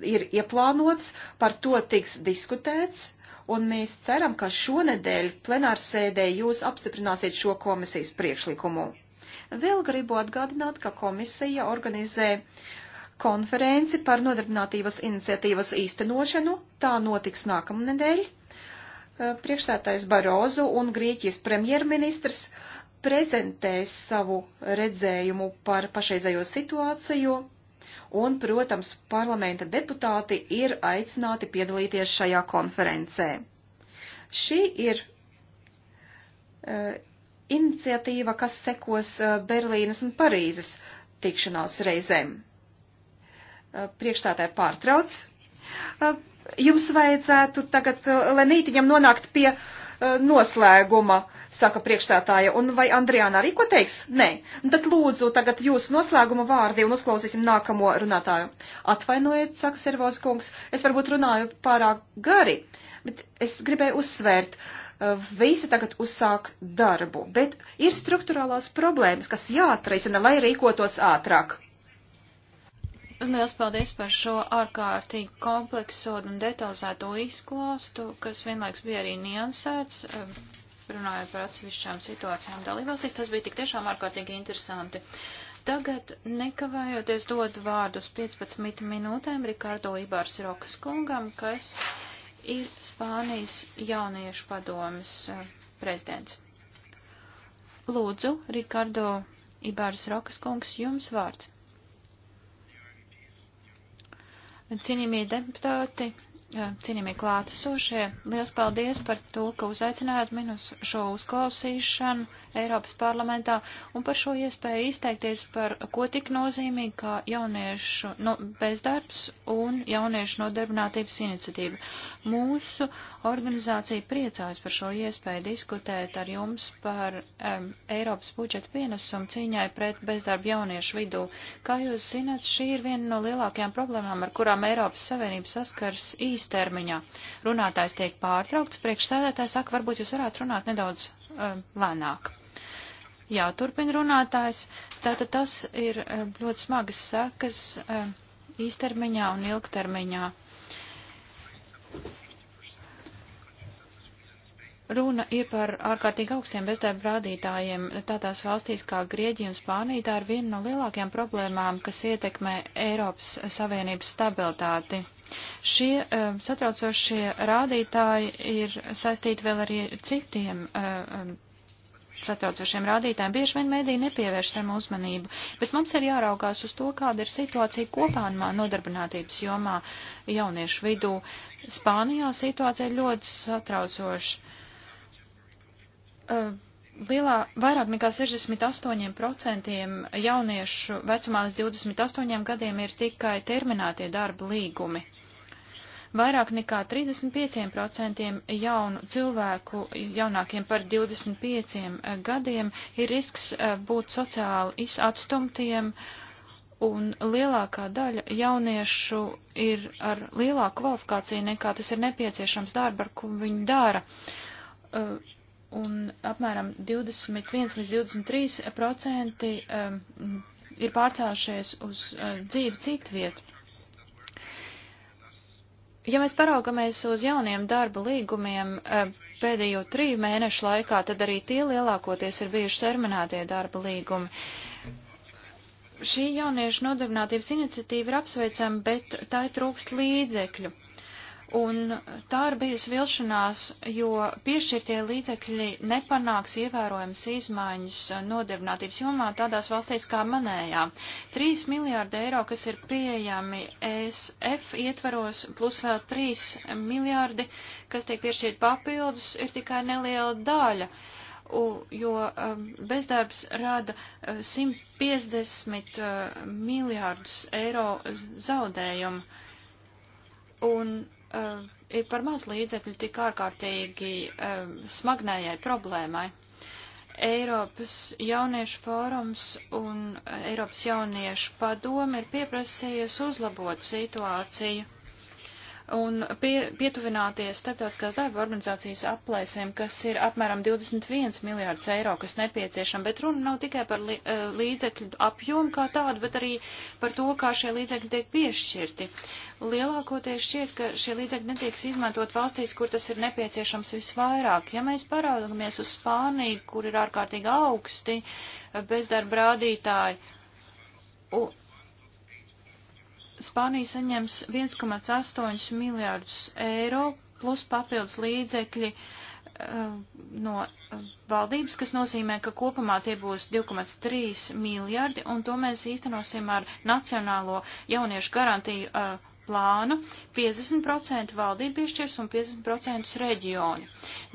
ir ieplānots, par to tiks diskutēts, un mēs ceram, ka šonedēļ plenārsēdē jūs apstiprināsiet šo komisijas priekšlikumu. Vēl gribu atgādināt, ka komisija organizē konferenci par nodarbinātības iniciatīvas īstenošanu. Tā notiks nākamnedēļ uh, priekšsētājs Barozu un Grieķijas premjerministrs prezentēs savu redzējumu par pašreizējo situāciju, un, protams, parlamenta deputāti ir aicināti piedalīties šajā konferencē. Šī ir uh, iniciatīva, kas sekos uh, Berlīnas un Parīzes tikšanās reizēm. Uh, e, priekšstātāja pārtrauc. Uh, jums vajadzētu tagad uh, lenītiņam nonākt pie uh, Eh, noslēguma, saka priekšstādāja. Un vai Andrijāna arī ko teiks? Nē. Tad lūdzu tagad jūsu noslēguma vārdi un uzklausīsim nākamo runātāju. Atvainojiet, saka Servoz kungs, es varbūt runāju pārāk gari, bet es gribēju uzsvērt. Eh, visi tagad uzsāk darbu, bet ir struktūrālās problēmas, kas jāatrisina, lai rīkotos ātrāk. Liels paldies par šo ārkārtīgi komplekso un detalizēto izklāstu, kas vienlaiks bija arī niansēts, eh, runājot par atsevišķām situācijām dalībvalstīs. Tas bija tik tiešām ārkārtīgi interesanti. Tagad, nekavējoties, dodu vārdu uz 15 minūtēm Rikardo Ibārs Rokas kungam, kas ir Spānijas jauniešu padomas eh, prezidents. Lūdzu, Rikardo Ibārs Rokas kungs, jums vārds. Cienījamie deputāti, cienījamie klātesošie, liels paldies par to, ka uzaicinājāt mani uz šo uzklausīšanu Eiropas parlamentā un par šo iespēju izteikties par ko tik nozīmīgi kā jauniešu no, nu, bezdarbs un jauniešu nodarbinātības iniciatīva. Mūsu organizācija priecājas par šo iespēju diskutēt ar jums par um, Eiropas budžeta pienesumu cīņai pret bezdarbu jauniešu vidū. Kā jūs zināt, šī ir viena no lielākajām problēmām, ar kurām Eiropas Savienība saskars īstenībā īstermiņā. Runātājs tiek pārtraukts, priekšsēdētājs saka, varbūt jūs varētu runāt nedaudz um, lēnāk. Jā, turpina runātājs. Tātad tas ir um, ļoti smagas sekas um, eh, īstermiņā un ilgtermiņā. Runa ir par ārkārtīgi augstiem bezdarba rādītājiem. Tādās valstīs kā Grieģija un Spānija tā ir viena no lielākajām problēmām, kas ietekmē Eiropas Savienības stabilitāti. Šie uh, satraucošie rādītāji ir saistīti vēl arī citiem uh, satraucošiem rādītājiem. Bieži vien mēdī nepievērš tam uzmanību, bet mums ir jāraugās uz to, kāda ir situācija kopānumā nodarbinātības jomā jauniešu vidū. Spānijā situācija ir ļoti satraucoša. Uh, lielā, vairāk nekā 68% jauniešu vecumā līdz 28 gadiem ir tikai terminētie darba līgumi. Vairāk nekā 35% jaunu cilvēku jaunākiem par 25 gadiem ir risks eh, būt sociāli atstumtiem, un lielākā daļa jauniešu ir ar lielāku kvalifikāciju nekā tas ir nepieciešams darba, ar ko viņi dara. Eh, un apmēram 21 līdz 23 procenti eh, ir pārcēlušies uz dzīvi citvietu. Ja mēs paraugamies uz jauniem darba līgumiem e, pēdējo triju mēnešu laikā, tad arī tie lielākoties ir bijuši terminētie darba līgumi. Šī jauniešu nodarbinātības iniciatīva ir apsveicama, bet tai trūkst līdzekļu. Un tā ir bijusi vilšanās, jo piešķirtie līdzekļi nepanāks ievērojams izmaiņas nodarbinātības jomā tādās valstīs kā manējā. 3 miljārdi eiro, kas ir pieejami ESF ietvaros, plus vēl 3 miljārdi, kas tiek piešķirt papildus, ir tikai neliela daļa. Jo um, bezdarbs rada 150 uh, uh, miljārdus eiro zaudējumu. Un uh, ir par maz līdzekļu tik ārkārtīgi uh, smagnējai problēmai. Eiropas jauniešu fórums un Eiropas jauniešu padomi ir pieprasījusi uzlabot situāciju un pie, pietuvināties starptautiskās darba organizācijas aplēsēm, kas ir apmēram 21 miljārdus eiro, kas nepieciešama, bet runa nav tikai par li, eh, līdzekļu apjomu kā tādu, bet arī par to, kā šie līdzekļi tiek piešķirti. Lielākoties šķiet, ka šie līdzekļi netiek izmantot valstīs, kur tas ir nepieciešams visvairāk. Ja mēs paraugamies uz Spāniju, kur ir ārkārtīgi augsti bezdarba rādītāji, Spānija saņems 1,8 miljārdus eiro plus papildus līdzekļi uh, no eh, valdības, kas nozīmē, ka kopumā tie būs 2,3 miljardi, un to mēs īstenosim ar Nacionālo jauniešu garantiju uh, plāna 50% valdība piešķirs un 50% reģioni.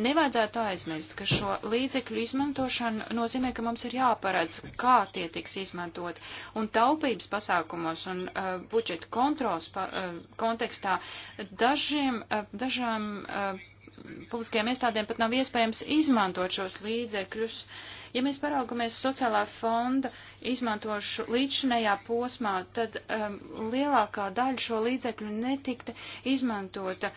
Nevajadzētu aizmirst, ka šo līdzekļu izmantošana nozīmē, ka mums ir jāparedz, kā tie tiks izmantot. Un taupības pasākumos un uh, budžeta kontrols pa, uh, kontekstā dažiem, uh, dažām uh, publiskajām iestādēm pat nav iespējams izmantot šos līdzekļus. Ja mēs paraugamies sociālā fonda izmantošu līdšanējā posmā, tad um, lielākā daļa šo līdzekļu netikta izmantota.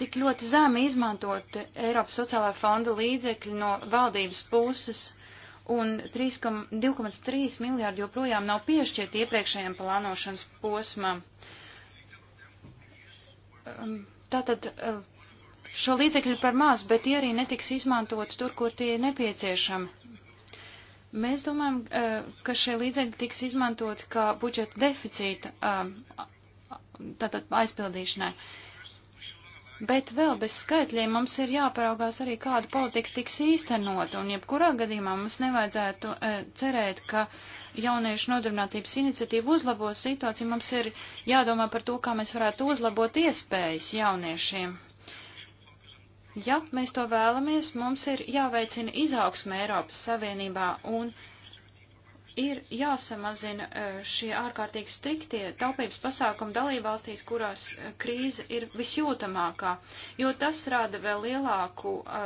Tik ļoti zemi izmantot Eiropas sociālā fonda līdzekļi no valdības puses un 2,3 miljārdi joprojām nav piešķirti iepriekšējiem plānošanas posmam. Uh, Um, tātad uh, šo līdzekļu par maz, bet tie arī netiks izmantoti tur, kur tie ir nepieciešami. Mēs domājam, uh, ka šie līdzekļi tiks izmantoti kā budžeta deficīta um, tātad aizpildīšanai. Uh, Bet vēl bez skaitļiem mums ir jāparaugās arī, kāda politika tiks īstenot, un jebkurā gadījumā mums nevajadzētu e, cerēt, ka jauniešu nodarbinātības iniciatīva uzlabos situāciju. Mums ir jādomā par to, kā mēs varētu uzlabot iespējas jauniešiem. Ja mēs to vēlamies, mums ir jāveicina izaugsme Eiropas Savienībā, un ir jāsamazina e, šie ārkārtīgi striktie taupības pasākumi dalībvalstīs, kurās e, krīze ir visjūtamākā, jo tas rada vēl lielāku e,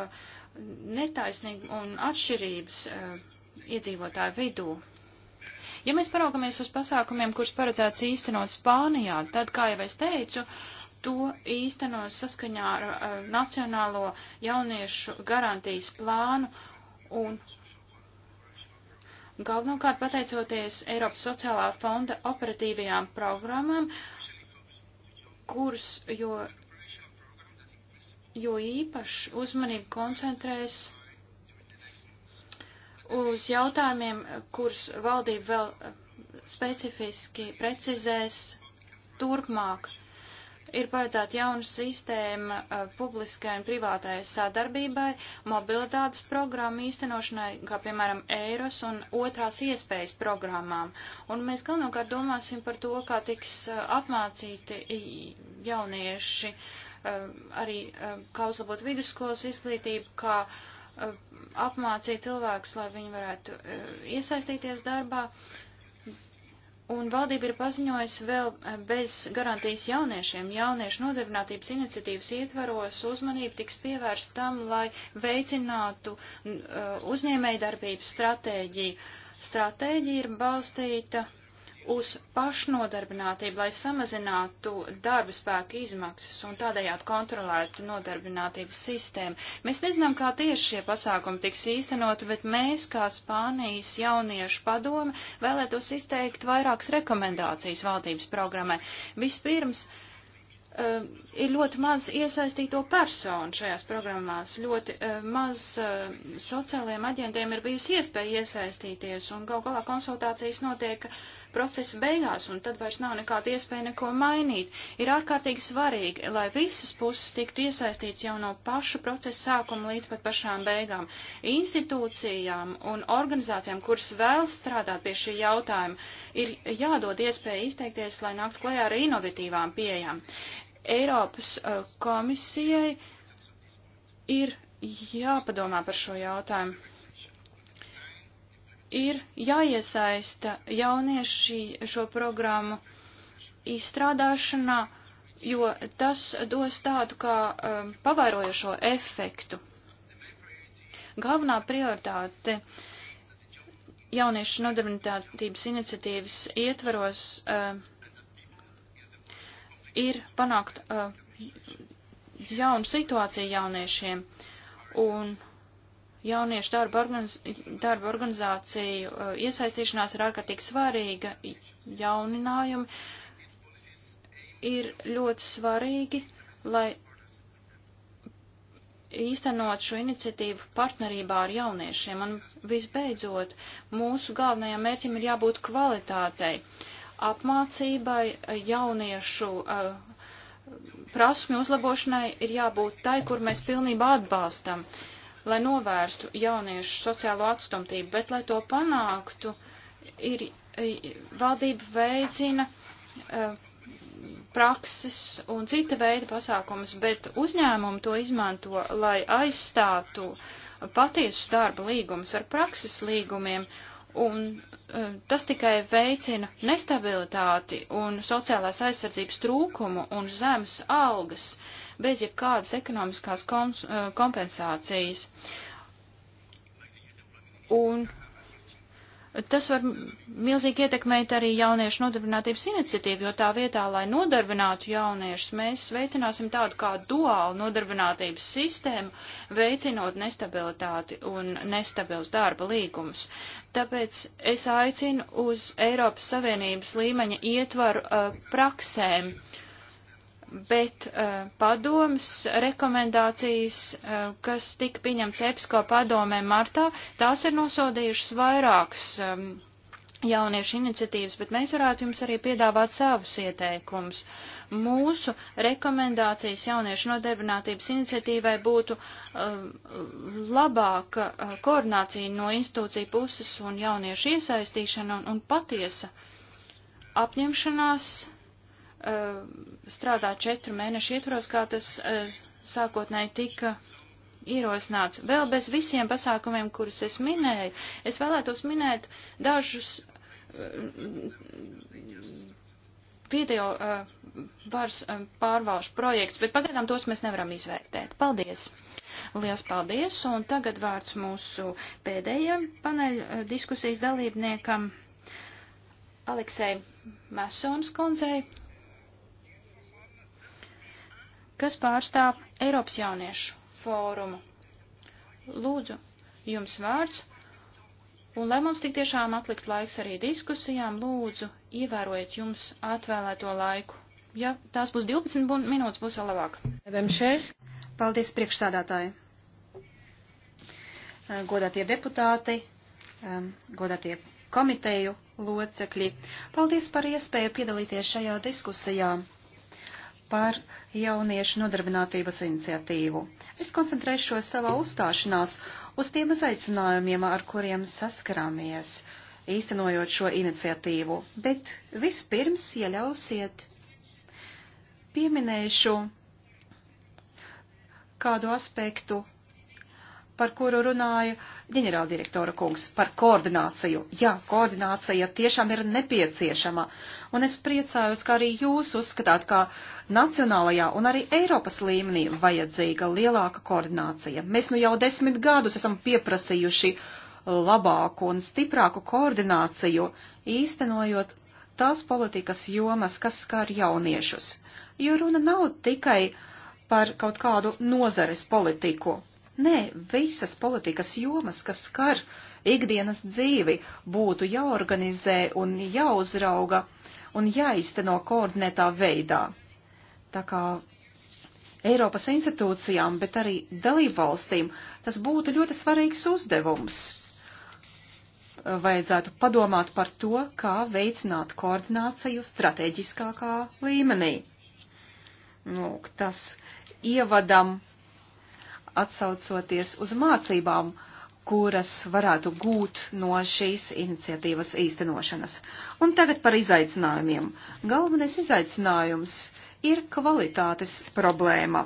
netaisnību un atšķirības iedzīvotāju vidū. Ja mēs paraugamies uz pasākumiem, kurus paredzēts īstenot Spānijā, tad, kā jau es teicu, to īstenos saskaņā ar uh, Nacionālo jauniešu garantijas plānu un galvenokārt pateicoties Eiropas sociālā fonda operatīvajām programmām, kuras jo, jo īpaši uzmanību koncentrēs uz jautājumiem, kurus valdība vēl specifiski precizēs turpmāk ir paredzēta jauna sistēma uh, publiskai un privātai sadarbībai, mobilitātes programmu īstenošanai, kā piemēram Eiros un otrās iespējas programmām. Un mēs galvenokārt domāsim par to, kā tiks uh, apmācīti jaunieši, uh, arī uh, kā uzlabot vidusskolas izglītību, kā uh, apmācīt cilvēkus, lai viņi varētu uh, iesaistīties darbā. Uh, Un valdība ir paziņojusi vēl eh, bez garantijas jauniešiem. Jauniešu nodarbinātības iniciatīvas ietvaros uzmanība tiks pievērsta tam, lai veicinātu eh, uzņēmējdarbības stratēģiju. Stratēģija ir balstīta uz pašnodarbinātību, lai samazinātu darba spēku izmaksas un tādējādi kontrolētu nodarbinātības sistēmu. Mēs nezinām, kā tieši šie pasākumi tiks īstenoti, bet mēs, kā Spānijas jauniešu padome, vēlētos izteikt vairākas rekomendācijas valdības programmai. Vispirms, Uh, ir ļoti maz iesaistīto personu šajās programmās, ļoti uh, maz uh, sociālajiem aģentiem ir bijusi iespēja iesaistīties, un gal galā konsultācijas notiek uh, procesa beigās, un tad vairs nav nekāda iespēja neko mainīt. Ir ārkārtīgi svarīgi, lai visas puses tiktu iesaistīts jau no paša procesa sākuma līdz pat pašām beigām. Institūcijām un organizācijām, kuras vēl strādāt pie šī jautājuma, ir jādod iespēja izteikties, lai nākt klajā ar inovatīvām pieejām. Eiropas uh, komisijai ir jāpadomā par šo jautājumu ir jāiesaista jaunieši šo programmu izstrādāšanā, jo tas dos tādu kā um, pavarojošo efektu. Galvenā prioritāte jauniešu nodarbinātības iniciatīvas ietvaros uh, ir panākt uh, jaunu situāciju jauniešiem. Un jauniešu darba, organiz, darba organizāciju uh, iesaistīšanās ir ārkārtīgi svarīga. Jauninājumi ir ļoti svarīgi, lai īstenot šo iniciatīvu partnerībā ar jauniešiem. Un visbeidzot, mūsu galvenajam mērķim ir jābūt kvalitātei, apmācībai, jauniešu uh, prasmi uzlabošanai ir jābūt tai, kur mēs pilnībā atbalstam. Uh, lai novērstu jauniešu sociālo atstumtību, bet, lai to panāktu, ir valdība veicina e, prakses un cita veida pasākumus, bet uzņēmumi to izmanto, lai aizstātu patiesus darba līgumus ar prakses līgumiem, un e, tas tikai veicina nestabilitāti un sociālās aizsardzības trūkumu un zemes algas. Uh, bez jebkādas ekonomiskās eh, kompensācijas. Un tas var milzīgi ietekmēt arī jauniešu nodarbinātības iniciatīvu, jo tā vietā, lai nodarbinātu jauniešus, mēs veicināsim tādu kā duālu nodarbinātības sistēmu, veicinot nestabilitāti un nestabils darba līgumus. Tāpēc es aicinu uz Eiropas Savienības līmeņa ietvaru uh, praksēm. Uh, bet uh, padomas rekomendācijas, uh, kas tika pieņemts EPSCO padomē martā, tās ir nosodījušas vairākas um, jauniešu iniciatīvas, bet mēs varētu jums arī piedāvāt savus ieteikumus. Mūsu rekomendācijas jauniešu nodarbinātības iniciatīvai būtu uh, labāka uh, koordinācija no institūciju puses un jauniešu iesaistīšana un, un patiesa apņemšanās Eh, strādāt četru mēnešu ietvaros, kā tas eh, sākotnēji tika ierosināts. Vēl bez visiem pasākumiem, kurus es minēju, es vēlētos minēt dažus eh, video varas pārvalšu projektus, bet pagaidām tos mēs nevaram izvērtēt. Paldies! Lielas paldies! Un tagad vārds mūsu pēdējiem paneļa diskusijas dalībniekam Aleksei Masons kundzei kas pārstāv Eiropas jauniešu fórumu. Lūdzu, jums vārds, un lai mums tik tiešām atlikt laiks arī diskusijām, lūdzu, ievērojiet jums atvēlēto laiku. Ja tās būs 12 minūtes, būs vēl labāk. Paldies, priekšsādātāji. Eh, godātie deputāti, eh, godātie komiteju locekļi, paldies par iespēju piedalīties šajā diskusijā par jauniešu nodarbinātības iniciatīvu. Es koncentrēšos savā uzstāšanās uz tiem izaicinājumiem, ar kuriem saskaramies, īstenojot šo iniciatīvu, bet vispirms, ja ļausiet, pieminēšu kādu aspektu, par kuru runāja ģenerāldirektora kungs, par koordināciju. Jā, koordinācija tiešām ir nepieciešama, un es priecājos, ka arī jūs uzskatāt, ka nacionālajā un arī Eiropas līmenī vajadzīga lielāka koordinācija. Mēs nu jau desmit gadus esam pieprasījuši labāku un stiprāku koordināciju, īstenojot tās politikas jomas, kas skar jauniešus. Jo runa nav tikai par kaut kādu nozares politiku, Nē, visas politikas jomas, kas skar ikdienas dzīvi, būtu jāorganizē un jāuzrauga un jāizteno koordinētā veidā. Tā kā Eiropas institūcijām, bet arī dalībvalstīm tas būtu ļoti svarīgs uzdevums. Vajadzētu padomāt par to, kā veicināt koordināciju strateģiskākā līmenī. Nu, tas ievadam atsaucoties uz mācībām, uh, kuras varētu gūt no šīs iniciatīvas īstenošanas. Un tagad par izaicinājumiem. Galvenais izaicinājums ir kvalitātes problēma.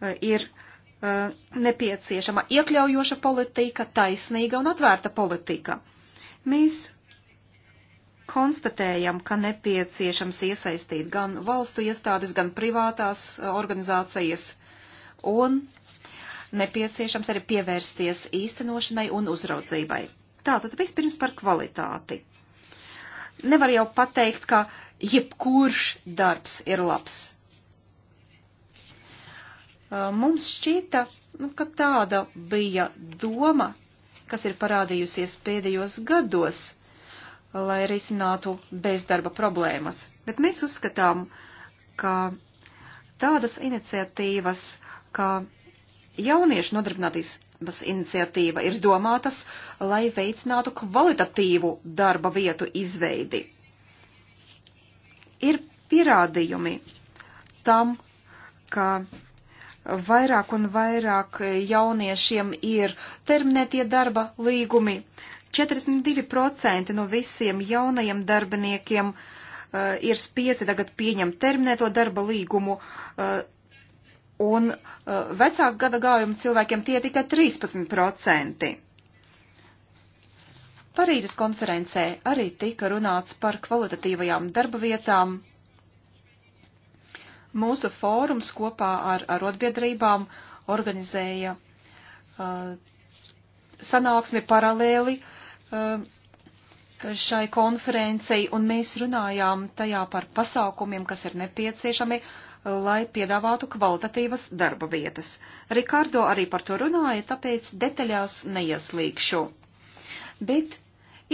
E, ir uh, nepieciešama iekļaujoša politika, taisnīga un atvērta politika. Mēs konstatējam, ka nepieciešams iesaistīt gan valstu iestādes, gan privātās organizācijas un nepieciešams arī pievērsties īstenošanai un uzraudzībai. Tātad vispirms par kvalitāti. Nevar jau pateikt, ka jebkurš darbs ir labs. Mums šķita, nu, ka tāda bija doma, kas ir parādījusies pēdējos gados, lai risinātu bezdarba problēmas. Bet mēs uzskatām, ka tādas iniciatīvas, kā Jauniešu nodarbinātības iniciatīva ir domātas, lai veicinātu kvalitatīvu darba vietu izveidi. Ir pierādījumi tam, ka vairāk un vairāk jauniešiem ir terminētie darba līgumi. 42% no visiem jaunajiem darbiniekiem uh, ir spiesti tagad pieņemt terminēto darba līgumu. Uh, un uh, vecāku gada gājumu cilvēkiem tie tikai 13%. Parīzes konferencē arī tika runāts par kvalitatīvajām darba vietām. Mūsu fórums kopā ar arotbiedrībām organizēja uh, sanāksmi paralēli uh, šai konferencei, un mēs runājām tajā par pasākumiem, kas ir nepieciešami, uh, lai piedāvātu kvalitatīvas darba vietas. Rikārdo arī par to runāja, tāpēc detaļās neieslīgšu. Bet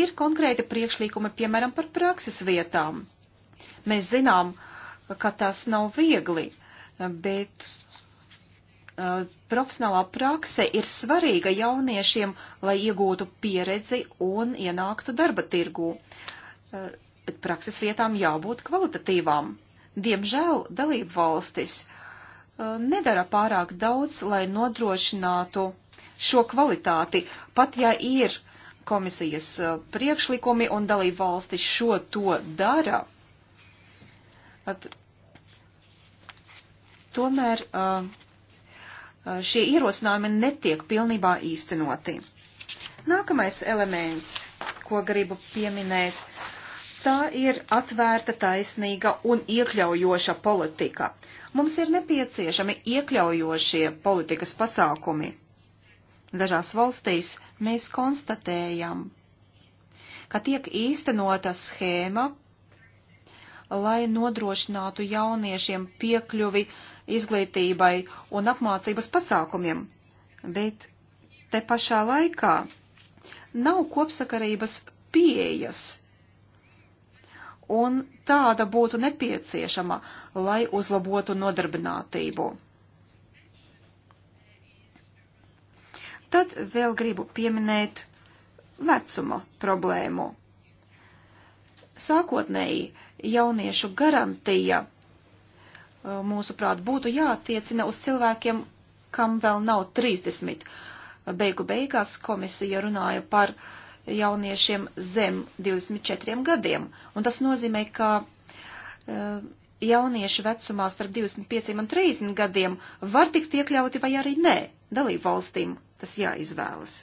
ir konkrēti priekšlikumi, piemēram, par prakses vietām. Mēs zinām, ka tas nav viegli, bet uh, profesionālā prakse ir svarīga jauniešiem, lai iegūtu pieredzi un ienāktu darba tirgū. Uh, bet prakses vietām jābūt kvalitatīvām. Diemžēl dalību valstis uh, nedara pārāk daudz, lai nodrošinātu šo kvalitāti, pat ja ir komisijas uh, priekšlikumi un dalību valstis šo to dara. At, tomēr uh, šie ierosinājumi netiek pilnībā īstenoti. Nākamais elements, ko gribu pieminēt, Tā ir atvērta, taisnīga un iekļaujoša politika. Mums ir nepieciešami iekļaujošie politikas pasākumi. Dažās valstīs mēs konstatējam, ka tiek īstenota schēma, lai nodrošinātu jauniešiem piekļuvi izglītībai un apmācības pasākumiem, bet te pašā laikā nav kopsakarības pieejas un tāda būtu nepieciešama, lai uzlabotu nodarbinātību. Tad vēl gribu pieminēt vecuma problēmu. Sākotnēji jauniešu garantija, eh, mūsuprāt, būtu jātiecina uz cilvēkiem, kam vēl nav 30. Beigu beigās komisija runāja par uh, jauniešiem zem 24 gadiem. Un tas nozīmē, ka eh, jaunieši vecumā starp 25 un 30 gadiem var tikt iekļauti vai arī nē. Dalību valstīm tas jāizvēlas.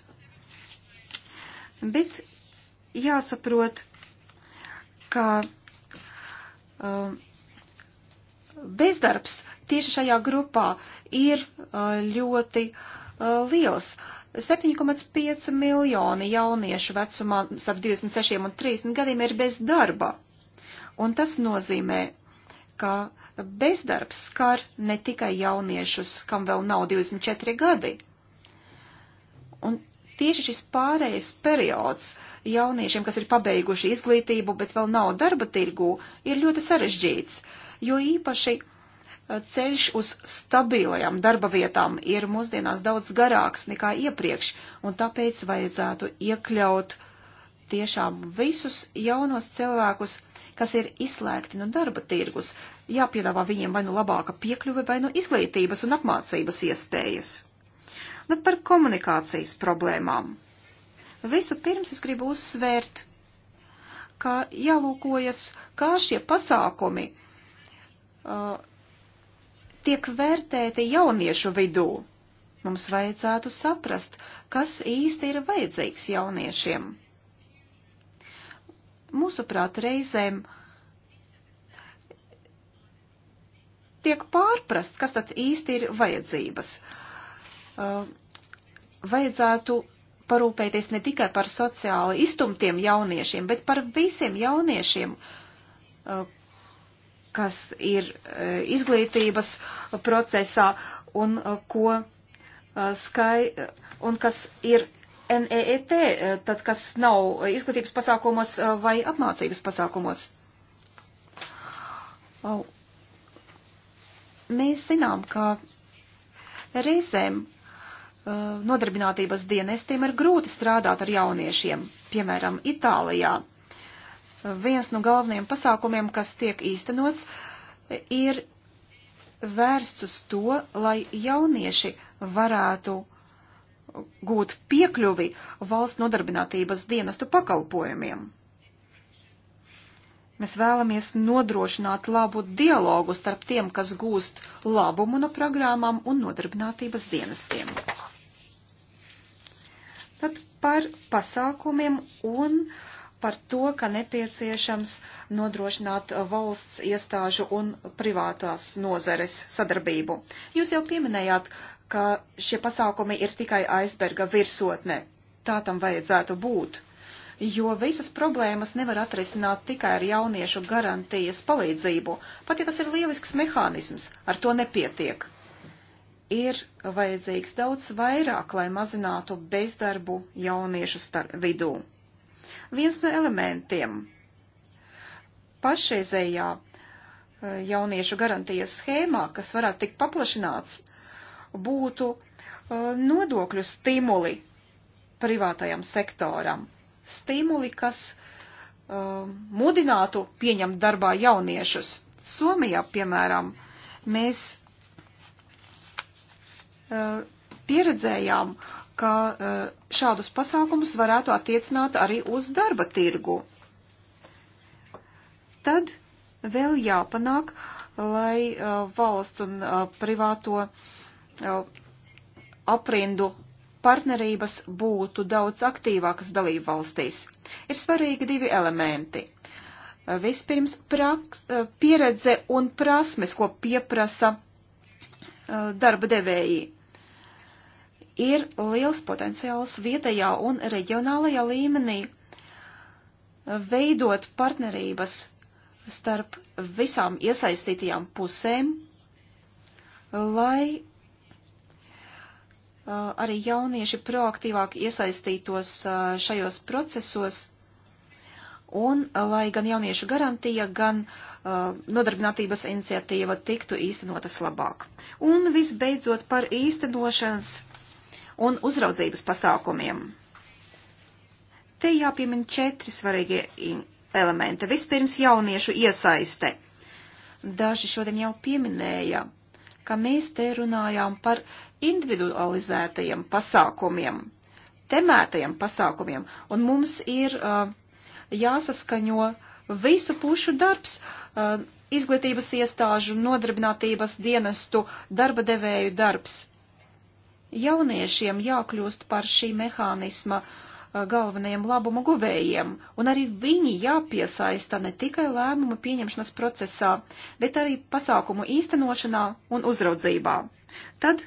Bet jāsaprot, ka eh, bezdarbs tieši šajā grupā ir eh, ļoti liels. Uh, 7,5 miljoni jauniešu vecumā starp 26 un 30 gadiem ir bez darba. Un tas nozīmē, ka bezdarbs skar ne tikai jauniešus, kam vēl nav 24 gadi. Un tieši šis pārējais periods jauniešiem, kas ir pabeiguši izglītību, bet vēl nav darba tirgū, ir ļoti sarežģīts, jo īpaši uh, ceļš uz stabilajām darba vietām ir mūsdienās daudz garāks nekā iepriekš, un tāpēc vajadzētu iekļaut tiešām visus jaunos cilvēkus, kas ir izslēgti no darba tirgus, jāpiedāvā viņiem vai nu labāka piekļuve, vai nu izglītības un apmācības iespējas. Tad par komunikācijas problēmām. Visu pirms es gribu uzsvērt, ka jālūkojas, kā šie pasākumi uh, tiek vērtēti jauniešu vidū. Mums vajadzētu saprast, kas īsti ir vajadzīgs jauniešiem. Mūsuprāt, reizēm tiek pārprast, kas tad īsti ir vajadzības. Uh, vajadzētu parūpēties ne tikai par sociāli iztumtiem jauniešiem, bet par visiem jauniešiem, uh, kas ir e, izglītības procesā un e, ko e, skai, un kas ir NEET, tad kas nav izglītības pasākumos vai apmācības pasākumos. Oh. Mēs zinām, ka reizēm nodarbinātības dienestiem ir grūti strādāt ar jauniešiem, piemēram, Itālijā viens no galvenajiem pasākumiem, kas tiek īstenots, ir vērsts uz to, lai jaunieši varētu gūt piekļuvi valsts nodarbinātības dienestu pakalpojumiem. Mēs vēlamies nodrošināt labu dialogu starp tiem, kas gūst labumu no programmām un nodarbinātības dienestiem. Tad par pasākumiem un uh, par to, ka nepieciešams nodrošināt valsts iestāžu un privātās nozares sadarbību. Jūs jau pieminējāt, ka šie pasākumi ir tikai aizberga virsotne. Tā tam vajadzētu būt, jo visas problēmas nevar atrisināt tikai ar jauniešu garantijas palīdzību, pat ja tas ir lielisks mehānisms, ar to nepietiek. Ir vajadzīgs daudz vairāk, lai mazinātu bezdarbu jauniešu vidū viens no elementiem pašreizējā e, jauniešu garantijas schēmā, kas varētu tikt paplašināts, būtu e, nodokļu stimuli privātajam sektoram. Stimuli, kas e, mudinātu pieņemt darbā jauniešus. Somijā, piemēram, mēs pieredzējām uh, ka e, šādus pasākumus varētu attiecināt arī uz darba tirgu. Tad vēl jāpanāk, lai e, valsts un e, privāto aprindu partnerības būtu daudz aktīvākas dalību valstīs. Ir svarīgi divi elementi. Vispirms praks, pieredze un prasmes, ko pieprasa darba devēji ir liels potenciāls vietējā un reģionālajā līmenī veidot partnerības starp visām iesaistītajām pusēm, lai arī jaunieši proaktīvāk iesaistītos šajos procesos un lai gan jauniešu garantija, gan uh, nodarbinātības iniciatīva tiktu īstenotas labāk. Un visbeidzot par īstenošanas un uzraudzības pasākumiem. Te jāpiemina četri svarīgie elementi. Vispirms jauniešu iesaiste. Daži šodien jau pieminēja, ka mēs te runājām par individualizētajiem pasākumiem, temētajiem pasākumiem, un mums ir uh, jāsaskaņo visu pušu darbs, uh, izglītības iestāžu, nodarbinātības dienestu, darba devēju darbs jauniešiem jākļūst par šī mehānisma eh, galvenajiem labuma guvējiem, un arī viņi jāpiesaista ne tikai lēmuma pieņemšanas procesā, bet arī pasākumu īstenošanā un uzraudzībā. Tad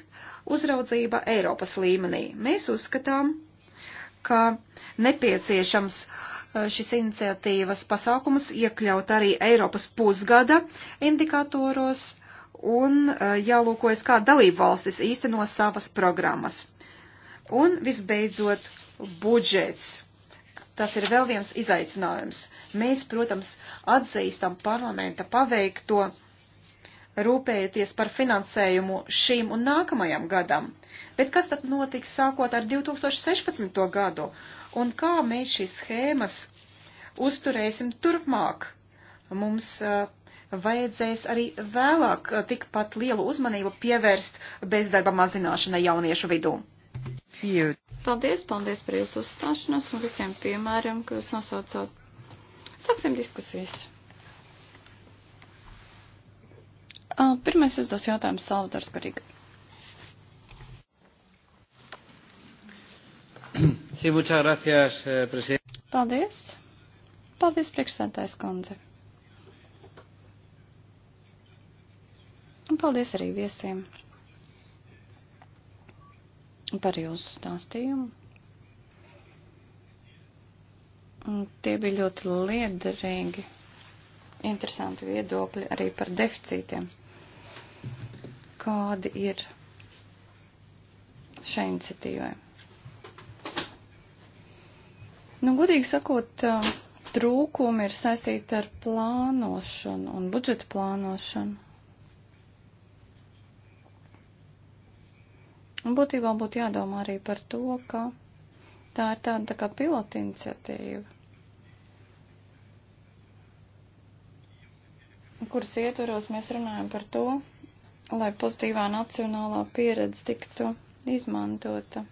uzraudzība Eiropas līmenī. Mēs uzskatām, ka nepieciešams eh, šis iniciatīvas pasākums iekļaut arī Eiropas pusgada indikatoros, un eh, jālūkojas, kā dalību valstis īsteno savas programmas. Un visbeidzot, budžets. Tas ir vēl viens izaicinājums. Mēs, protams, atzīstam parlamenta paveikto, rūpējoties par finansējumu šīm un nākamajam gadam. Bet kas tad notiks sākot ar 2016. gadu? Un kā mēs šīs schēmas uzturēsim turpmāk? Mums uh, vajadzēs arī vēlāk eh, tikpat lielu uzmanību pievērst bezdarba mazināšanai jauniešu vidū. Paldies, paldies par jūsu uzstāšanos un visiem piemēriem, ko jūs nosaucāt. Sāksim diskusijas. Pirmais uzdos jautājumu Salvadors Garīga. Sí, muchas gracias, eh, presidente. Paldies. Paldies, priekšsēdētājs kundze. Un paldies arī viesiem par jūsu stāstījumu. Un tie bija ļoti liederīgi, interesanti viedokļi arī par deficītiem. Kādi ir šai iniciatīvai? Nu, gudīgi sakot, trūkumi ir saistīti ar plānošanu un budžeta plānošanu. Un būtībā būtu jādomā arī par to, ka tā ir tāda tā kā pilota iniciatīva, kuras ietvaros mēs runājam par to, lai pozitīvā nacionālā pieredze tiktu izmantota.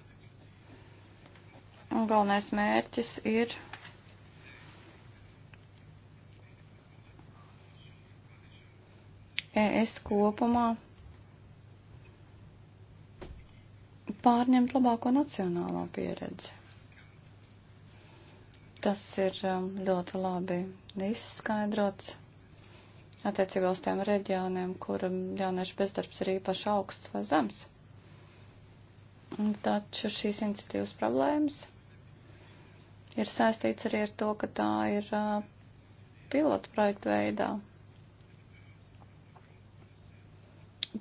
Un galvenais mērķis ir ES kopumā pārņemt labāko nacionālo pieredzi. Tas ir um, ļoti labi izskaidrots attiecībā uz tiem reģioniem, kur um, jauniešu bezdarbs ir īpaši augsts vai zems. Taču šīs iniciatīvas problēmas ir saistīts arī ar to, ka tā ir uh, pilotu projektu veidā.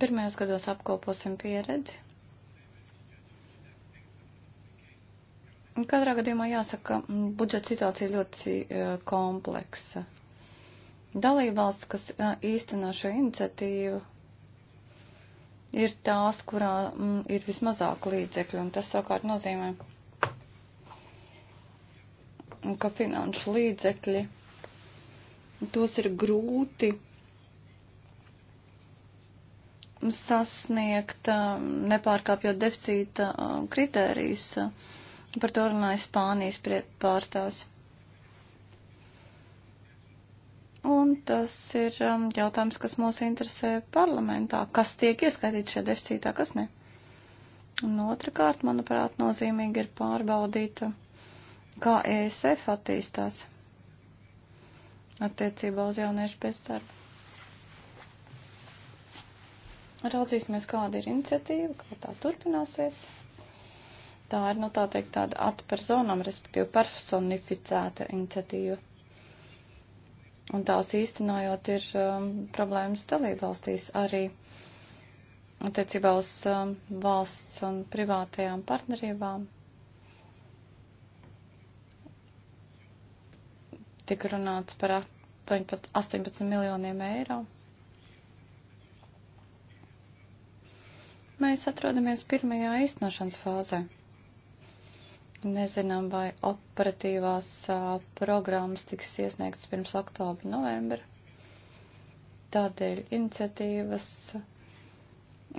Pirmajos gados apkoposim pieredzi Katrā gadījumā jāsaka, budžeta situācija ļoti eh, kompleksa. Dalībvalsts, kas eh, īsteno šo iniciatīvu, ir tās, kurā mm, ir vismazāk līdzekļu, un tas savukārt nozīmē, ka finanšu līdzekļi tos ir grūti sasniegt, eh, nepārkāpjot deficīta kritērijas Par to runāja Spānijas pārstāvs. Un tas ir um, jautājums, kas mūs interesē parlamentā. Kas tiek ieskaitīts šajā deficītā, kas ne? Un otrkārt, manuprāt, nozīmīgi ir pārbaudīt, kā ESF attīstās attiecībā uz jauniešu bezdarbu. Raudzīsimies, kāda ir iniciatīva, kā tā turpināsies. Tā ir, nu, tā teikt, tāda atpersonam, respektīvi personificēta iniciatīva. Un tās īstenojot ir um, problēmas dalībvalstīs arī attiecībā uz um, valsts un privātajām partnerībām. Tik runāts par 18, 18 miljoniem eiro. Mēs atrodamies pirmajā īstenošanas fāzē. Nezinām, vai operatīvās programmas tiks iesniegtas pirms oktobra, novembra. Tādēļ iniciatīvas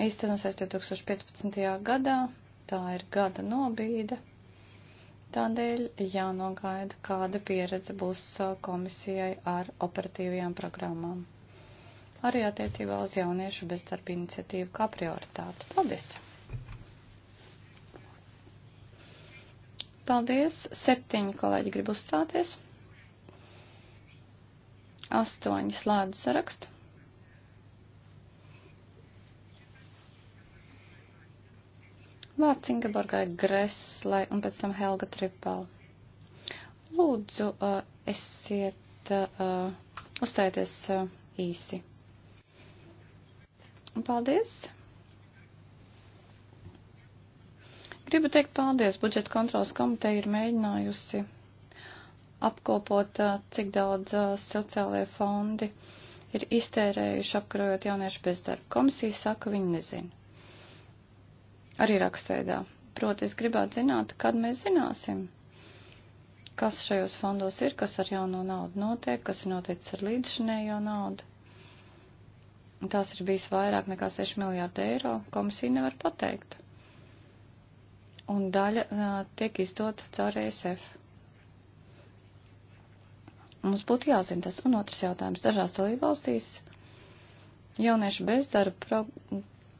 īstenosies 2015. gadā. Tā ir gada nobīde. Tādēļ jānogaida, kāda pieredze būs komisijai ar operatīvajām programmām. Arī attiecībā uz jauniešu bezdarba iniciatīvu kā prioritātu. Paldies! Paldies. Septiņi kolēģi grib uzstāties. Astoņi slēdz sarakstu. Vārds Ingeborgai Greslai un pēc tam Helga Tripal. Lūdzu, uh, esiet uh, uzstājieties uh, īsi. Paldies! Gribu teikt paldies. Budžeta kontrolas komiteja ir mēģinājusi apkopot, cik daudz sociālajie fondi ir iztērējuši apkarojot jauniešu bezdarbu. Komisija saka, viņi nezina. Arī rakstveidā. Proti, es gribētu zināt, kad mēs zināsim, kas šajos fondos ir, kas ar jauno naudu notiek, kas ir noticis ar līdzšinējo naudu. Tās ir bijis vairāk nekā 6 miljārdi eiro. Komisija nevar pateikt un daļa uh, tiek izdota caur ESF. Mums būtu jāzina tas. Un otrs jautājums. Dažās dalībvalstīs jauniešu bezdarba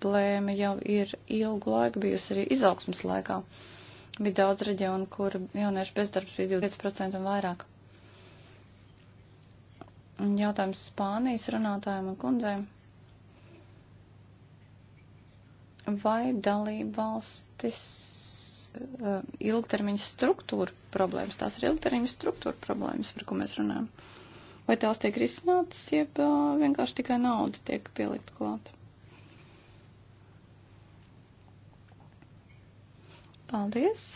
problēma jau ir ilgu laiku bijusi arī izaugsmas laikā. Bija daudz reģionu, kur jauniešu bezdarbs bija 25% un vairāk. Jautājums Spānijas runātājiem un kundzēm. Vai dalībvalstis Uh, ilgtermiņa struktūra problēmas. Tās ir ilgtermiņa struktūra problēmas, par ko mēs runājam. Vai tās tiek risinātas, jeb uh, vienkārši tikai nauda tiek pielikt klāt? Paldies!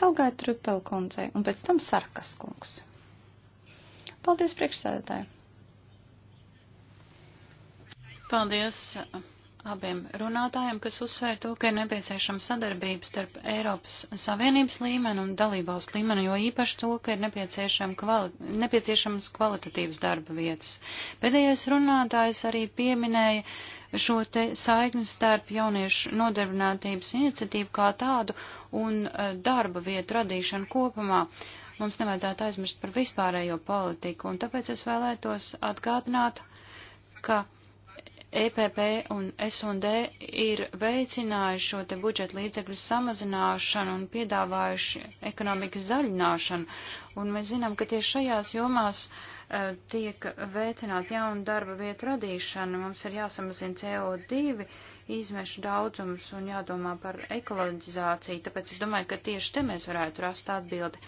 Helgai Trupel kundzei un pēc tam Sarkas kungs. Paldies priekšsēdētāji! Paldies! abiem runātājiem, kas uzsvēra to, ka ir nepieciešama sadarbība starp Eiropas Savienības līmeni un dalībvalstu līmeni, jo īpaši to, ka ir nepieciešam kvali nepieciešamas kvalitatīvas darba vietas. Pēdējais runātājs arī pieminēja šo te saikni starp jauniešu nodarbinātības iniciatīvu kā tādu un e, darba vietu radīšanu kopumā. Mums nevajadzētu aizmirst par vispārējo politiku, un tāpēc es vēlētos atgādināt, ka EPP un S&D ir veicinājuši šo te budžeta līdzekļu samazināšanu un piedāvājuši ekonomikas zaļināšanu. Un mēs zinām, ka tieši šajās jomās uh, tiek veicināt jaunu darba vietu radīšanu. Mums ir jāsamazina CO2 izmešu daudzums un jādomā par ekoloģizāciju, tāpēc es domāju, ka tieši te mēs varētu rast atbildi.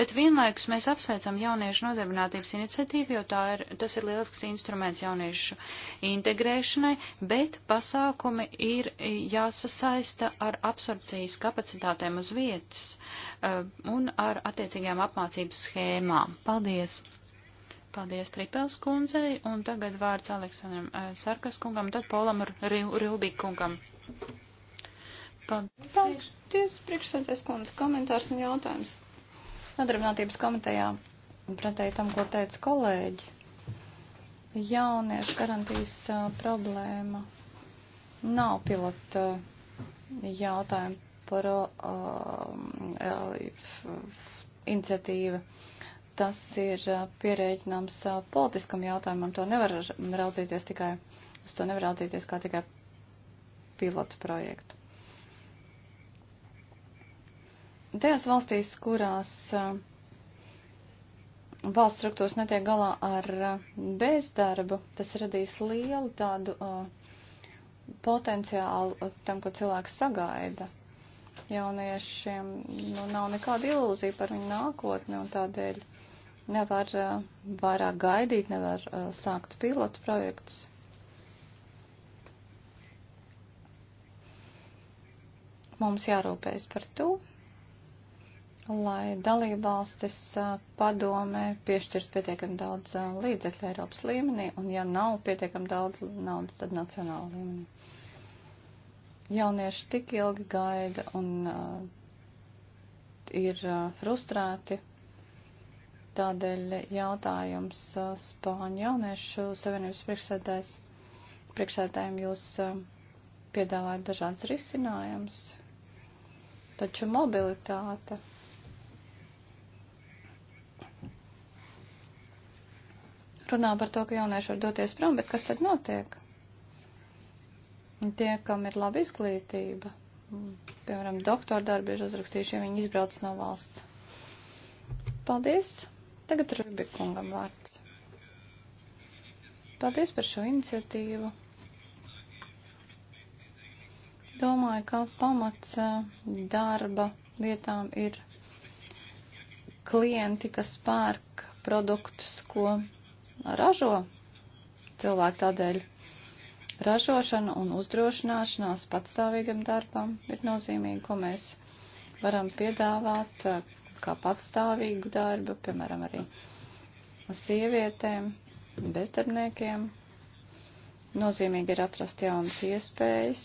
Bet vienlaikus mēs apsveicam jauniešu nodarbinātības iniciatīvu, jo tā ir, tas ir lielisks instruments jauniešu integrēšanai, bet pasākumi ir jāsasaista ar absorpcijas kapacitātēm uz vietas uh, un ar attiecīgajām apmācības schēmām. Paldies! Paldies Tripels kundzei, un tagad vārds Aleksandram eh, Sarkas kungam, tad Polam Rilbik kungam. Paldies. Paldies, priekšsēdēs kundze, komentārs un jautājums. Nodarbinātības komitejā, pretēji tam, ko teica kolēģi, jauniešu garantijas eh, problēma nav pilota eh, jautājuma par uh, uh, iniciatīva. Uh, tas ir pierēķināms politiskam jautājumam. To nevar raudzīties tikai, uz to nevar raudzīties kā tikai pilotu projektu. Tajās valstīs, kurās valsts struktūras netiek galā ar bezdarbu, tas radīs lielu tādu potenciālu tam, ko cilvēks sagaida jauniešiem nu, nav nekāda ilūzija par viņu nākotni, un tādēļ nevar eh, vairāk gaidīt, nevar eh, sākt pilotu projektus. Mums jārūpējas par to, lai dalībvalstis eh, padomē piešķirs pietiekami daudz līdzekļu Eiropas līmenī, un ja nav pietiekami daudz naudas, tad nacionāla līmenī. Jaunieši tik ilgi gaida un uh, ir uh, frustrēti Tādēļ jautājums Spāņu jauniešu savienības priekšsēdājiem jūs piedāvājat dažādas risinājumus, taču mobilitāte. Runā par to, ka jaunieši var doties prom, bet kas tad notiek? Un tie, kam ir laba izglītība, piemēram, doktora darbi ir uzrakstījuši, ja viņi izbrauc no valsts. Paldies! Tagad Rubikungam vārds. Paldies par šo iniciatīvu. Domāju, ka pamats darba vietām ir klienti, kas pērk produktus, ko ražo cilvēki tādēļ. Ražošana un uzdrošināšanās patstāvīgam darbam ir nozīmīgi, ko mēs varam piedāvāt kā patstāvīgu darbu, piemēram, arī sievietēm, bezdarbniekiem. Nozīmīgi ir atrast jaunas iespējas.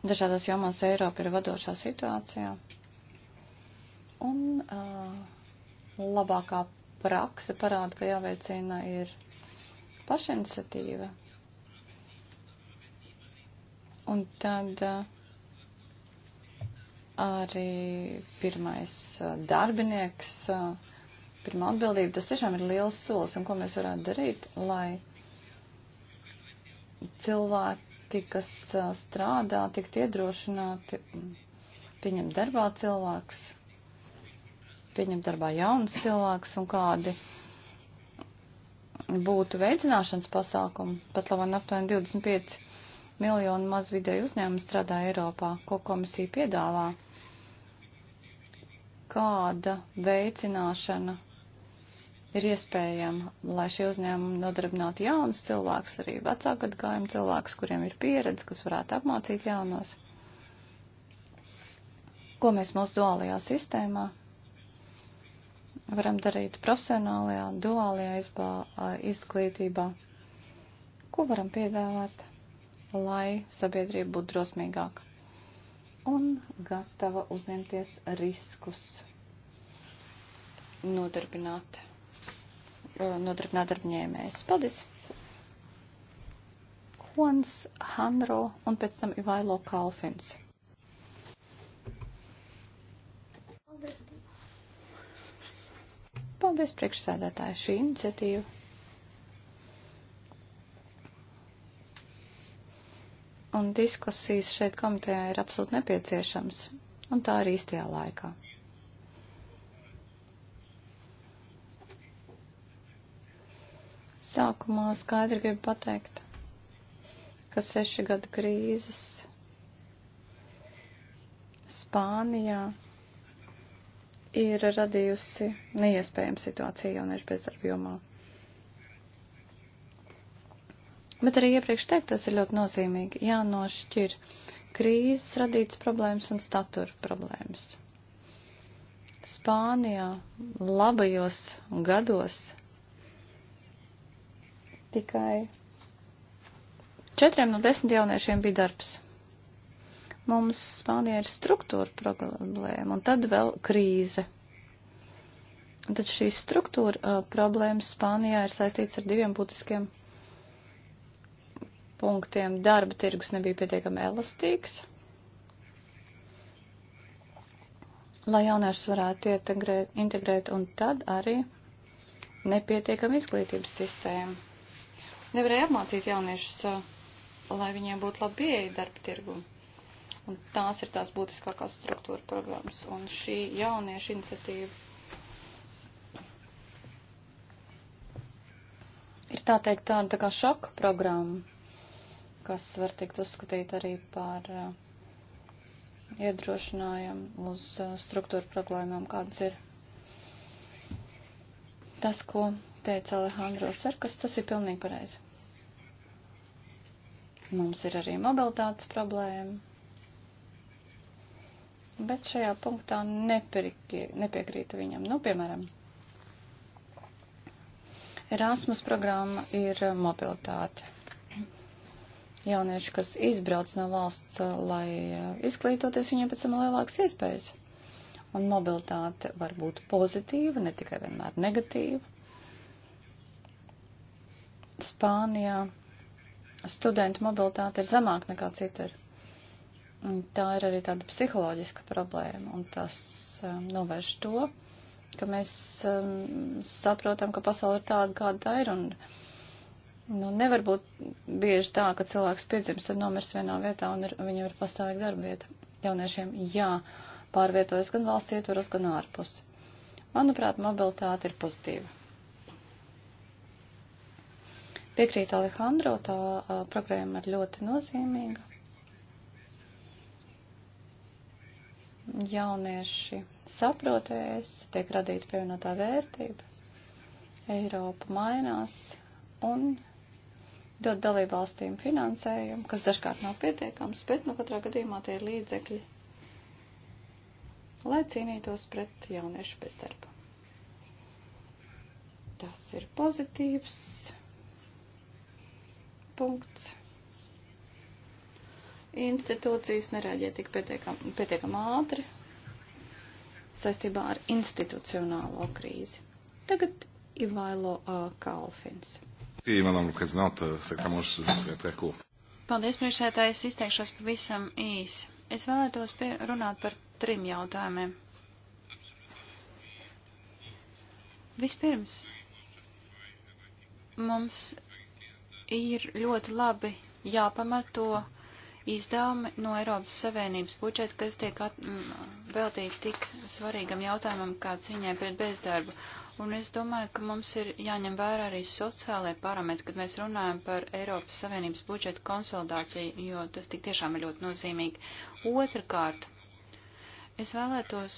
Dažādās jomās Eiropa ir vadošā situācijā. Un uh, labākā prakse parāda, ka jāveicina ir pašiniciatīva. Un tad uh, arī pirmais uh, darbinieks, uh, pirmā atbildība. Tas tiešām ir liels solis, un ko mēs varētu darīt, lai cilvēki, kas uh, strādā, tiktu iedrošināti pieņemt darbā cilvēkus, pieņemt darbā jaunus cilvēkus un kādi būtu veicināšanas pasākumi. Pat labāk aptuveni 25 miljonu mazvidēju uzņēmumu strādā Eiropā, ko komisija piedāvā kāda veicināšana ir iespējama, lai šie uzņēmumi nodarbinātu jaunus cilvēkus, arī vecāku gadgājumu cilvēkus, kuriem ir pieredze, kas varētu apmācīt jaunos. Ko mēs mūsu duālajā sistēmā varam darīt profesionālajā, duālajā izbā, izglītībā? Ko varam piedāvāt, lai sabiedrība būtu drosmīgāka? un gatava uzņemties riskus, nodarbināt, nodarbināt darbņēmējus. Paldies! Hons, Hanro un pēc tam Ivailo Kalfins. Paldies, priekšsēdētāji, šī iniciatīva un diskusijas šeit komitejā ir absolūti nepieciešams, un tā arī īstajā laikā. Sākumā skaidri gribu pateikt, ka seši gadu krīzes Spānijā ir radījusi neiespējama situācija jauniešu bezdarba jomā. Bet arī iepriekš teikt, tas ir ļoti nozīmīgi. Jānošķir krīzes radītas problēmas un statura problēmas. Spānijā labajos gados tikai četriem no desmit jauniešiem bija darbs. Mums Spānijā ir struktūra problēma un tad vēl krīze. Un tad šī struktūra uh, problēma Spānijā ir saistīts ar diviem būtiskiem punktiem darba tirgus nebija pietiekami elastīgs. Lai jauniešus varētu ietegrēt, integrēt, un tad arī nepietiekama izglītības sistēma. Nevarēja apmācīt jauniešus, eh, lai viņiem būtu labi pieeja darba tirgu. Un tās ir tās būtiskākās struktūra programmas. Un šī jauniešu iniciatīva ir tā teikt tāda tā kā šoka programma kas var tikt uzskatīt arī par eh, iedrošinājumu uz eh, struktūra problēmām, kādas ir. Tas, ko teica Alejandro Serkas, tas ir pilnīgi pareizi. Mums ir arī mobilitātes problēma, bet šajā punktā nepiekrītu viņam. Nu, piemēram, Erasmus programma ir mobilitāte jaunieši, kas izbrauc no valsts, eh, lai eh, izglītoties, viņiem pēc tam lielākas iespējas. Un mobilitāte var būt pozitīva, ne tikai vienmēr negatīva. Spānijā studentu mobilitāte ir zemāka nekā citur. Un tā ir arī tāda psiholoģiska problēma, un tas um, novērš to, ka mēs um, saprotam, ka pasaule ir tāda, kāda tā ir, un Nu, nevar būt bieži tā, ka cilvēks piedzimst, tad nomirst vienā vietā un ir, viņam ir pastāvīga darba vieta. Jauniešiem jāpārvietojas gan valsts ietvaros, gan ārpus. Manuprāt, mobilitāte ir pozitīva. Piekrīt Alejandro, tā a, programma ir ļoti nozīmīga. Jaunieši saprotēs, tiek radīta pievienotā vērtība. Eiropa mainās un dot dalībvalstīm finansējumu, kas dažkārt nav pietiekams, bet nu no katrā gadījumā tie ir līdzekļi, lai cīnītos pret jauniešu bezdarbu. Tas ir pozitīvs punkts. Institūcijas nereaģē tik pietiekam, pietiekam ātri saistībā ar institucionālo krīzi. Tagad Ivailo uh, Kalfins. Uh, Paldies, priekšsētājs, izteikšos pavisam īsi. Es vēlētos pie, runāt par trim jautājumiem. Vispirms, mums ir ļoti labi jāpamato izdevumi no Eiropas Savienības budžeta, kas tiek at, m, veltīti tik svarīgam jautājumam kā cīņai pret bezdarbu. Un es domāju, ka mums ir jāņem vērā arī sociālai parametri, kad mēs runājam par Eiropas Savienības budžeta konsolidāciju, jo tas tik tiešām ir ļoti nozīmīgi. Otrakārt, es vēlētos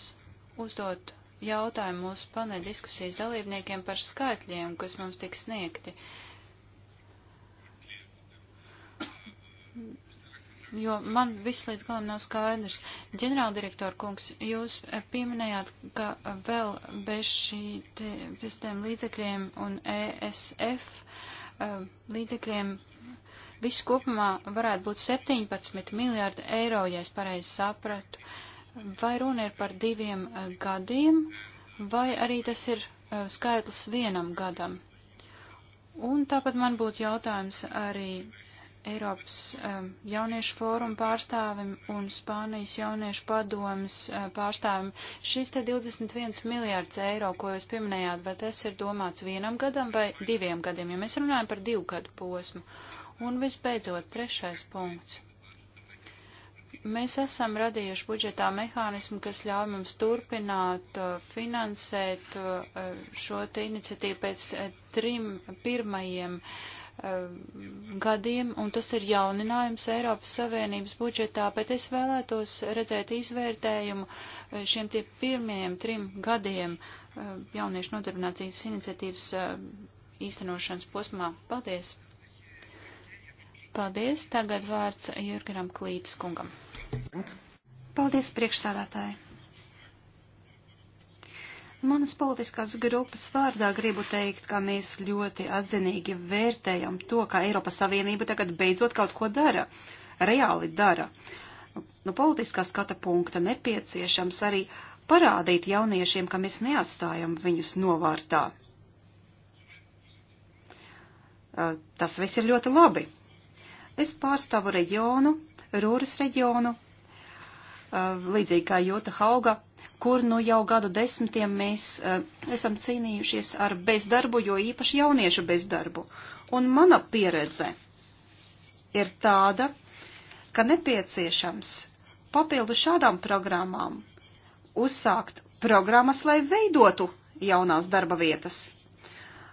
uzdot jautājumu mūsu paneļa diskusijas dalībniekiem par skaitļiem, kas mums tik sniegti jo man viss līdz galam nav skaidrs. Ģenerāldirektor kungs, jūs pieminējāt, ka vēl bez, šī, te, bez tiem līdzekļiem un ESF eh, līdzekļiem viss kopumā varētu būt 17 miljārdi eiro, ja es pareizi sapratu. Vai runa ir par diviem eh, gadiem, vai arī tas ir eh, skaitlis vienam gadam? Un tāpat man būtu jautājums arī Eiropas um, jauniešu fórumu pārstāvim un Spānijas jauniešu padomas uh, pārstāvim. Šis te 21 miljārds eiro, ko jūs pieminējāt, vai tas ir domāts vienam gadam vai diviem gadiem, ja mēs runājam par divu gadu posmu. Un visbeidzot, trešais punkts. Mēs esam radījuši budžetā mehānismu, kas ļauj mums turpināt uh, finansēt uh, šo te iniciatīvu pēc uh, trim pirmajiem uh, Um, gadiem, un tas ir jauninājums Eiropas Savienības budžetā, bet es vēlētos redzēt izvērtējumu uh, šiem tie pirmajiem trim gadiem uh, jauniešu nodarbinātības iniciatīvas uh, īstenošanas posmā. Paldies! Paldies! Tagad vārds Jurgaram Klītis kungam. Paldies priekšsādātāji! Manas politiskās grupas vārdā gribu teikt, ka mēs ļoti atzinīgi vērtējam to, ka Eiropas Savienība tagad beidzot kaut ko dara, reāli dara. No politiskā skata punkta nepieciešams arī parādīt jauniešiem, ka mēs neatstājam viņus novārtā. Tas viss ir ļoti labi. Es pārstāvu reģionu, Rūras reģionu, līdzīgi kā Jota Hauga kur nu jau gadu desmitiem mēs uh, esam cīnījušies ar bezdarbu, jo īpaši jauniešu bezdarbu. Un mana pieredze ir tāda, ka nepieciešams papildu šādām programmām uzsākt programmas, lai veidotu jaunās darba vietas.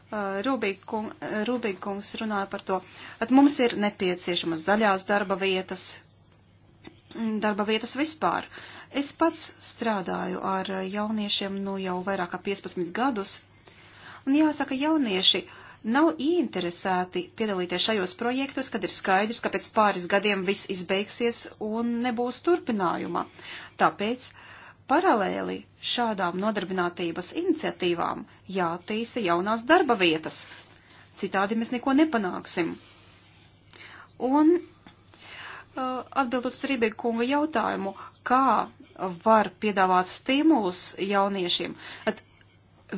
Uh, eh, Rūbīgkungs eh, runāja par to, ka mums ir nepieciešamas zaļās darba vietas, darba vietas vispār. Uh, Es pats strādāju ar jauniešiem nu jau vairāk kā 15 gadus, un jāsaka, jaunieši nav ieinteresēti piedalīties šajos projektos, kad ir skaidrs, ka pēc pāris gadiem viss izbeigsies un nebūs turpinājuma. Tāpēc paralēli šādām nodarbinātības iniciatīvām jātīsta jaunās darba vietas. Citādi mēs neko nepanāksim. Un uh, atbildot uz Rībēga kunga jautājumu, kā var piedāvāt stimulus jauniešiem, tad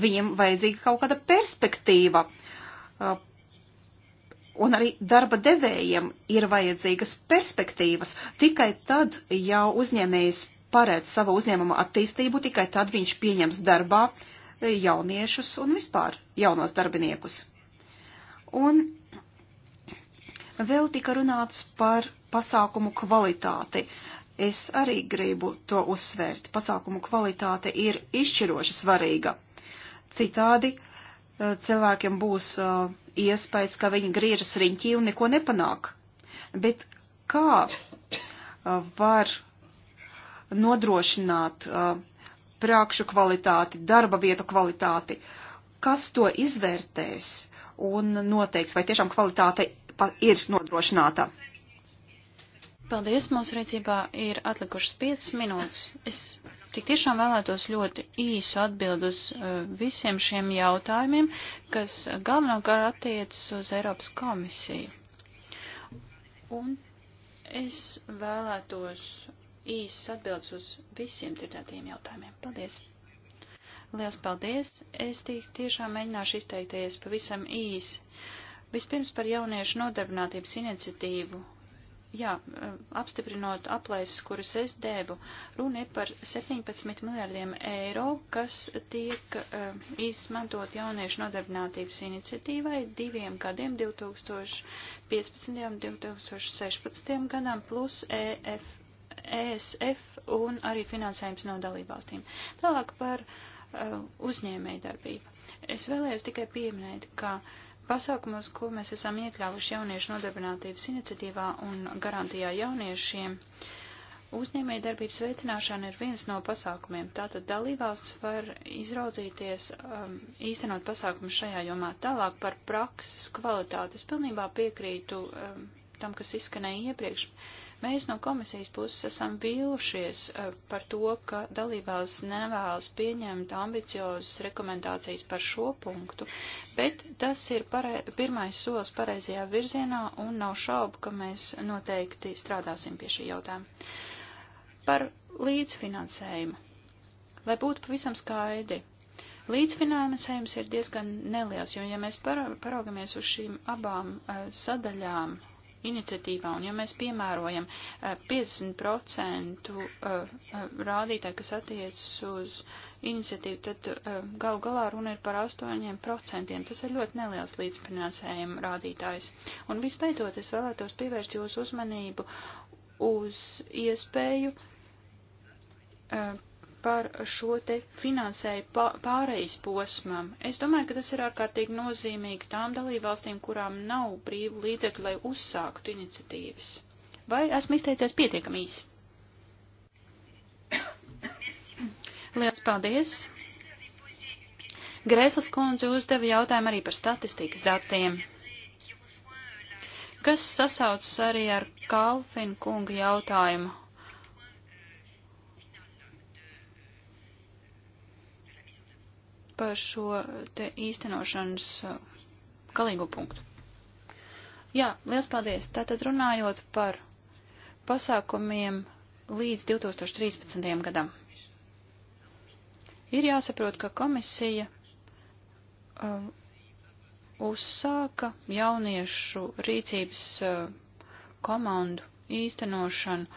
viņiem vajadzīga kaut kāda perspektīva. Uh, un arī darba devējiem ir vajadzīgas perspektīvas. Tikai tad, ja uzņēmējs paredz savu uzņēmumu attīstību, tikai tad viņš pieņems darbā jauniešus un vispār jaunos darbiniekus. Un vēl tika runāts par pasākumu kvalitāti. Es arī gribu to uzsvērt. Pasākumu kvalitāte ir izšķiroši svarīga. Citādi eh, cilvēkiem būs eh, iespējas, ka viņi griežas riņķī un neko nepanāk. Bet kā eh, var nodrošināt prākšu kvalitāti, darba vietu kvalitāti? Kas to izvērtēs un noteiks, vai tiešām kvalitāte ir nodrošināta? Paldies, mūsu rīcībā ir atlikušas 5 minūtes. Es tik tiešām vēlētos ļoti īsu atbildus uh, visiem šiem jautājumiem, kas galvenokārt attiecas uz Eiropas komisiju. Un es vēlētos īsas atbildes uz visiem dzirdētajiem jautājumiem. Paldies! Liels paldies! Es tik tiešām mēģināšu izteikties pavisam īsi. Vispirms par jauniešu nodarbinātības iniciatīvu jā, e, apstiprinot aplēses, kuras es devu, runa ir par 17 miljārdiem eiro, kas tiek uh, izmantot jauniešu nodarbinātības iniciatīvai diviem gadiem, 2015. un 2016. gadam, plus EF, ESF un arī finansējums no dalībvalstīm. Tālāk par uh, uzņēmējdarbību. Es vēlējos tikai pieminēt, ka uh, Pasākumos, ko mēs esam iekļāvuši jauniešu nodarbinātības iniciatīvā un garantijā jauniešiem, uzņēmēja darbības veicināšana ir viens no pasākumiem. Tātad dalībvalsts var izraudzīties, um, īstenot pasākumu šajā jomā. Tālāk par prakses kvalitāti. Es pilnībā piekrītu um, tam, kas izskanēja iepriekš. Uh, Mēs no komisijas puses esam vīlušies eh, par to, ka dalībās nevēlas pieņemt ambiciozas rekomendācijas par šo punktu, bet tas ir pare... pirmais solis pareizajā virzienā un nav šaubu, ka mēs noteikti strādāsim pie šī jautājuma. Par līdzfinansējumu. Lai būtu pavisam skaidri, līdzfinansējums ir diezgan neliels, jo, ja mēs paraugamies uz šīm abām uh, sadaļām, iniciatīvā, un ja mēs piemērojam 50% eh, eh, eh, rādītāju, kas attiecas uz iniciatīvu, tad galu galā runa ir par 8%. Tas ir ļoti neliels līdzfinansējuma rādītājs. Un visbeidzot, es vēlētos pievērst jūsu uzmanību uz iespēju par šo te finansēju pārejas posmam. Es domāju, ka tas ir ārkārtīgi nozīmīgi tām dalībvalstīm, kurām nav brīvu līdzekļu, lai uzsāktu iniciatīvas. Vai esmu izteicies pietiekami īsi? Liels paldies! Grēslas kundze uzdeva jautājumu arī par statistikas datiem, kas sasaucas arī ar Kalfin kunga jautājumu par šo te īstenošanas uh, galīgo punktu. Jā, liels paldies. Tātad runājot par pasākumiem līdz 2013. gadam. Ir jāsaprot, ka komisija uh, uzsāka jauniešu rīcības uh, komandu īstenošanu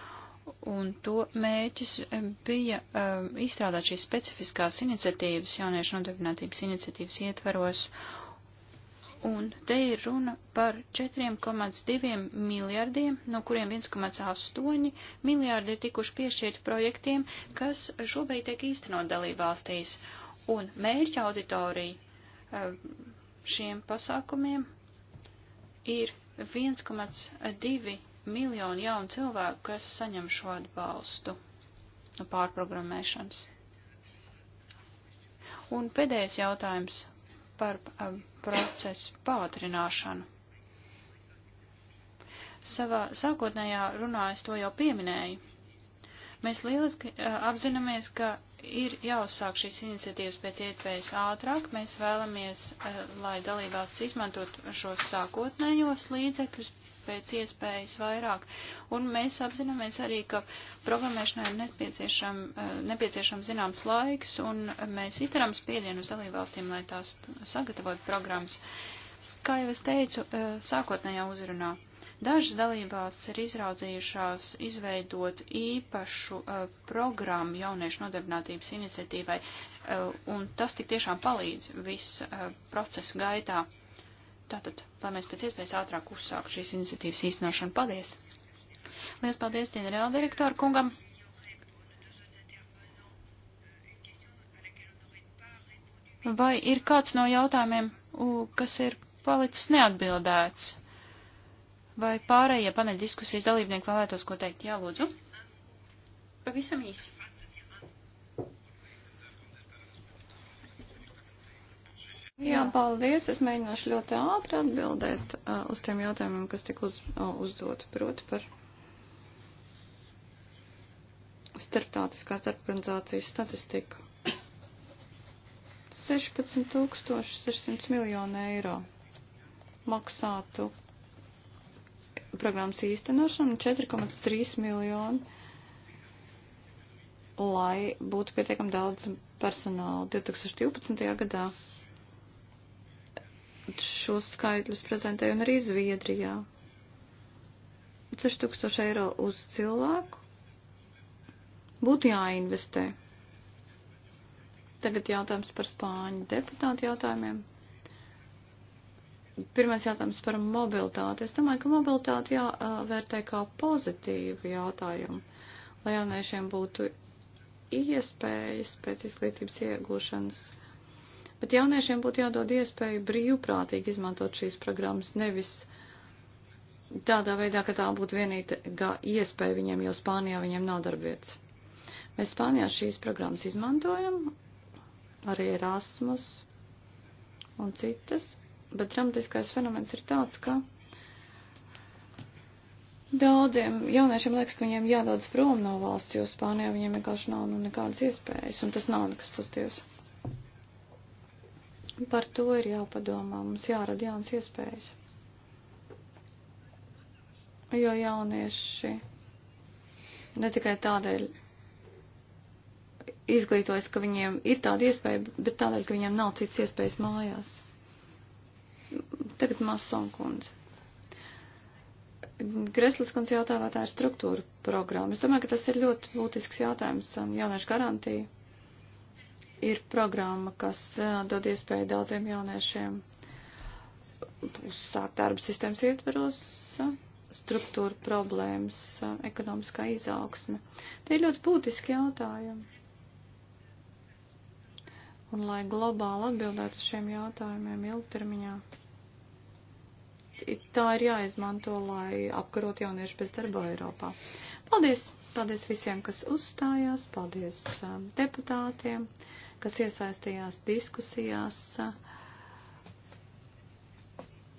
un to mēķis bija um, izstrādāt šīs specifiskās iniciatīvas, jauniešu nodarbinātības iniciatīvas ietvaros, un te ir runa par 4,2 miljārdiem, no kuriem 1,8 miljārdi ir tikuši piešķirti projektiem, kas šobrīd tiek īstenot dalībvalstīs, un mērķa auditorija um, šiem pasākumiem ir 1,2 miljārdi miljoni jaunu cilvēku, kas saņem šo atbalstu no pārprogrammēšanas. Un pēdējais jautājums par um, procesu pātrināšanu. Savā sākotnējā runā es to jau pieminēju. Mēs lieliski uh, apzināmies, ka ir jāuzsāk šīs iniciatīvas pēc iespējas ātrāk. Mēs vēlamies, uh, lai dalībvalsts izmantot šos sākotnējos līdzekļus, pēc iespējas vairāk. Un mēs apzināmies arī, ka programmēšanai ir nepieciešam, eh, nepieciešam zināms laiks, un mēs izdarām spiedienu uz dalībvalstīm, lai tās sagatavot programmas. Kā jau es teicu, eh, sākotnējā uzrunā. Dažas dalībvalstis ir izraudzījušās izveidot īpašu uh, programmu jauniešu nodarbinātības iniciatīvai, uh, un tas tik tiešām palīdz visu uh, procesu gaitā. Uh, Tātad, lai mēs pēc iespējas ātrāk uzsāktu šīs iniciatīvas īstenošanu, paldies! Lielas paldies ģenerāla direktora kungam! Vai ir kāds no jautājumiem, kas ir palicis neatbildēts? Vai pārējie paneļa diskusijas dalībnieki vēlētos ko teikt? Jā, lūdzu. Pavisam īsi. Jā, paldies. Es mēģināšu ļoti ātri atbildēt uh, uz tiem jautājumiem, kas tika uz, uh, uzdoti proti par starptautiskās organizācijas statistiku. 16,600 miljonu eiro maksātu programmas īstenošanu un 4,3 miljonu, lai būtu pietiekami daudz personāla 2012. gadā šos skaidrus prezentēja un arī Zviedrijā. 6000 eiro uz cilvēku būtu jāinvestē. Tagad jautājums par spāņu deputātu jautājumiem. Pirmais jautājums par mobilitāti. Es domāju, ka mobilitāti jāvērtē kā pozitīvu jautājumu, lai jauniešiem būtu iespējas pēc izglītības iegūšanas Bet jauniešiem būtu jādod iespēju brīvprātīgi izmantot šīs programmas, nevis tādā veidā, ka tā būtu vienīgā iespēja viņiem, jo Spānijā viņiem nav darbvietas. Mēs Spānijā šīs programmas izmantojam, arī Erasmus un citas, bet dramatiskais fenomens ir tāds, ka daudziem jauniešiem liekas, ka viņiem jādodas prom no valsts, jo Spānijā viņiem vienkārši nav nu, nekādas iespējas, un tas nav nekas pozitīvs. Par to ir jāpadomā, mums jārada jaunas iespējas. Jo jaunieši ne tikai tādēļ izglītojas, ka viņiem ir tāda iespēja, bet tādēļ, ka viņiem nav citas iespējas mājās. Tagad Masonkundze. Greslis kundze jautā, vai tā ir struktūra programma. Es domāju, ka tas ir ļoti būtisks jautājums um, jauniešu garantija ir programma, kas dod iespēju daudziem jauniešiem uzsākt darba sistēmas ietveros, struktūra problēmas, ekonomiskā izaugsme. Tie ir ļoti būtiski jautājumi. Un lai globāli atbildētu uz šiem jautājumiem ilgtermiņā, tā ir jāizmanto, lai apkarot jauniešu bezdarba Eiropā. Paldies! Paldies visiem, kas uzstājās, paldies deputātiem, kas iesaistījās diskusijās.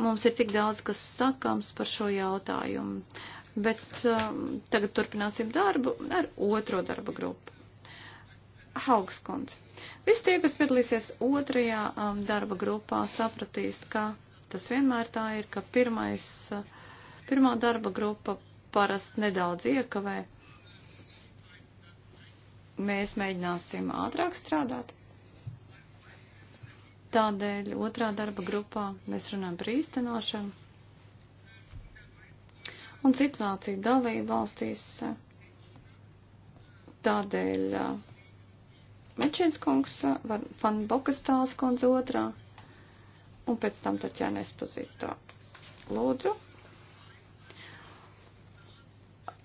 Mums ir tik daudz, kas sakāms par šo jautājumu, bet um, tagad turpināsim darbu ar otro darba grupu. Haugskundze. Visi tie, kas piedalīsies otrajā um, darba grupā, sapratīs, ka tas vienmēr tā ir, ka pirmais, uh, pirmā darba grupa parasti nedaudz iekavē mēs mēģināsim ātrāk strādāt. Tādēļ otrā darba grupā mēs runājam par īstenošanu. Un situācija dalība valstīs tādēļ Mečins eh, kungs, eh, var, Van Bokastāls kundze otrā, un pēc tam Tatjana Espozīto. Lūdzu,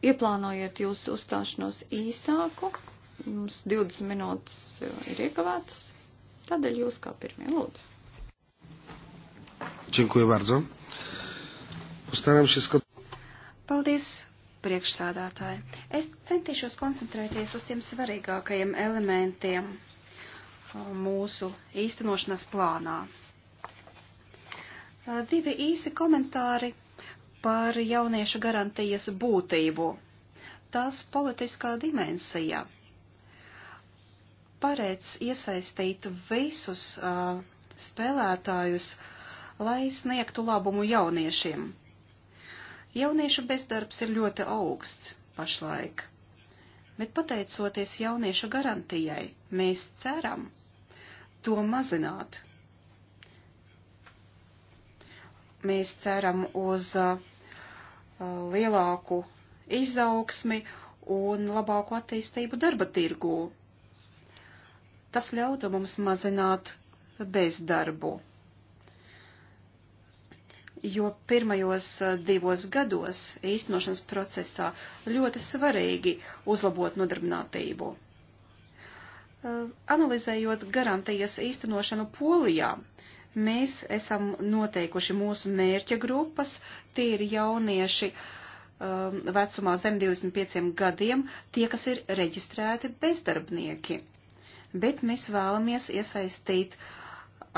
ieplānojiet jūsu uzstāšanos īsāku, mums 20 minūtes uh, ir iekavētas. Tādēļ jūs kā pirmie lūdzu. Dziękuję bardzo. Postaram się skot... Paldies, priekšsādātāji. Es centīšos koncentrēties uz tiem svarīgākajiem elementiem uh, mūsu īstenošanas plānā. Uh, divi īsi komentāri par jauniešu garantijas būtību. Tās politiskā dimensija paredz iesaistīt visus uh, spēlētājus, lai sniegtu labumu jauniešiem. Jauniešu bezdarbs ir ļoti augsts pašlaik, bet pateicoties jauniešu garantijai, mēs ceram to mazināt. Mēs ceram uz uh, lielāku izaugsmi un labāku attīstību darba tirgū, Tas ļautu mums mazināt bezdarbu. Jo pirmajos eh, divos gados īstenošanas procesā ļoti svarīgi uzlabot nodarbinātību. Eh, analizējot garantijas īstenošanu Polijā, mēs esam noteikuši mūsu mērķa grupas, tie ir jaunieši um, vecumā zem 25 gadiem, tie, kas ir reģistrēti bezdarbnieki bet mēs vēlamies iesaistīt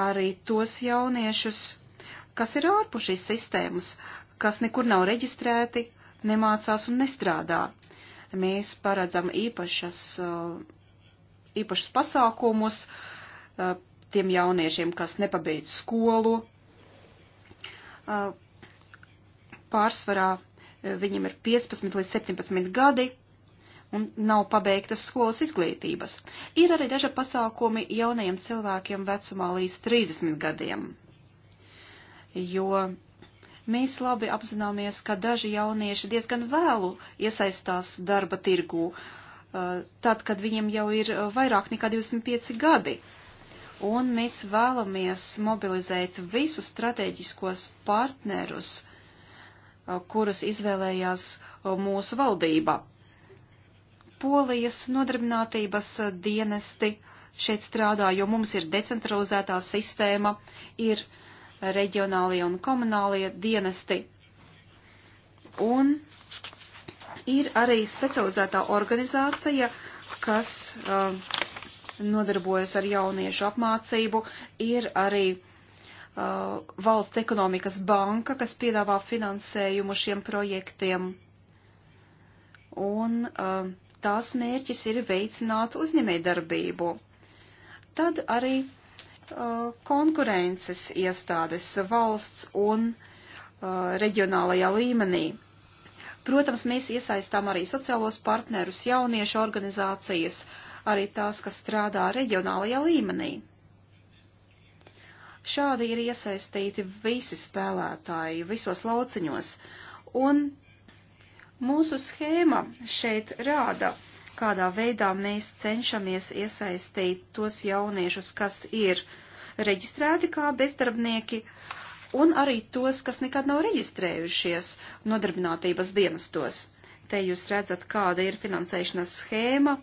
arī tos jauniešus, kas ir ārpus šīs sistēmas, kas nekur nav reģistrēti, nemācās un nestrādā. Mēs paredzam īpašas, uh, īpašas pasākumus uh, tiem jauniešiem, kas nepabeidz skolu. Uh, pārsvarā viņiem ir 15 līdz 17 gadi, un nav pabeigtas skolas izglītības. Ir arī daži pasākumi jaunajiem cilvēkiem vecumā līdz 30 gadiem, jo mēs labi apzināmies, ka daži jaunieši diezgan vēlu iesaistās darba tirgū, uh, tad, kad viņiem jau ir uh, vairāk nekā 25 gadi. Un mēs vēlamies mobilizēt visus strateģiskos partnerus, uh, kurus izvēlējās mūsu valdība Polijas nodarbinātības dienesti šeit strādā, jo mums ir decentralizētā sistēma, ir reģionālie un komunālie dienesti. Un ir arī specializētā organizācija, kas uh, nodarbojas ar jauniešu apmācību, ir arī uh, valsts ekonomikas banka, kas piedāvā finansējumu šiem projektiem. Un uh, tās mērķis ir veicināt uzņēmējdarbību. Tad arī uh, konkurences iestādes valsts un uh, reģionālajā līmenī. Protams, mēs iesaistām arī sociālos partnerus, jauniešu organizācijas, arī tās, kas strādā reģionālajā līmenī. Šādi ir iesaistīti visi spēlētāji visos lauciņos, un Mūsu schēma šeit rāda, kādā veidā mēs cenšamies iesaistīt tos jauniešus, kas ir reģistrēti kā bezdarbnieki, un arī tos, kas nekad nav reģistrējušies nodarbinātības dienestos. Te jūs redzat, kāda ir finansēšanas schēma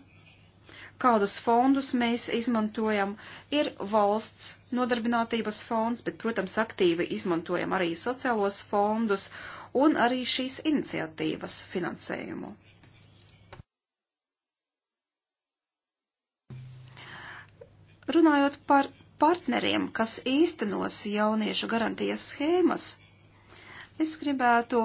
kādus fondus mēs izmantojam. Ir valsts nodarbinātības fonds, bet, protams, aktīvi izmantojam arī sociālos fondus un arī šīs iniciatīvas finansējumu. Runājot par partneriem, kas īstenos jauniešu garantijas schēmas, es gribētu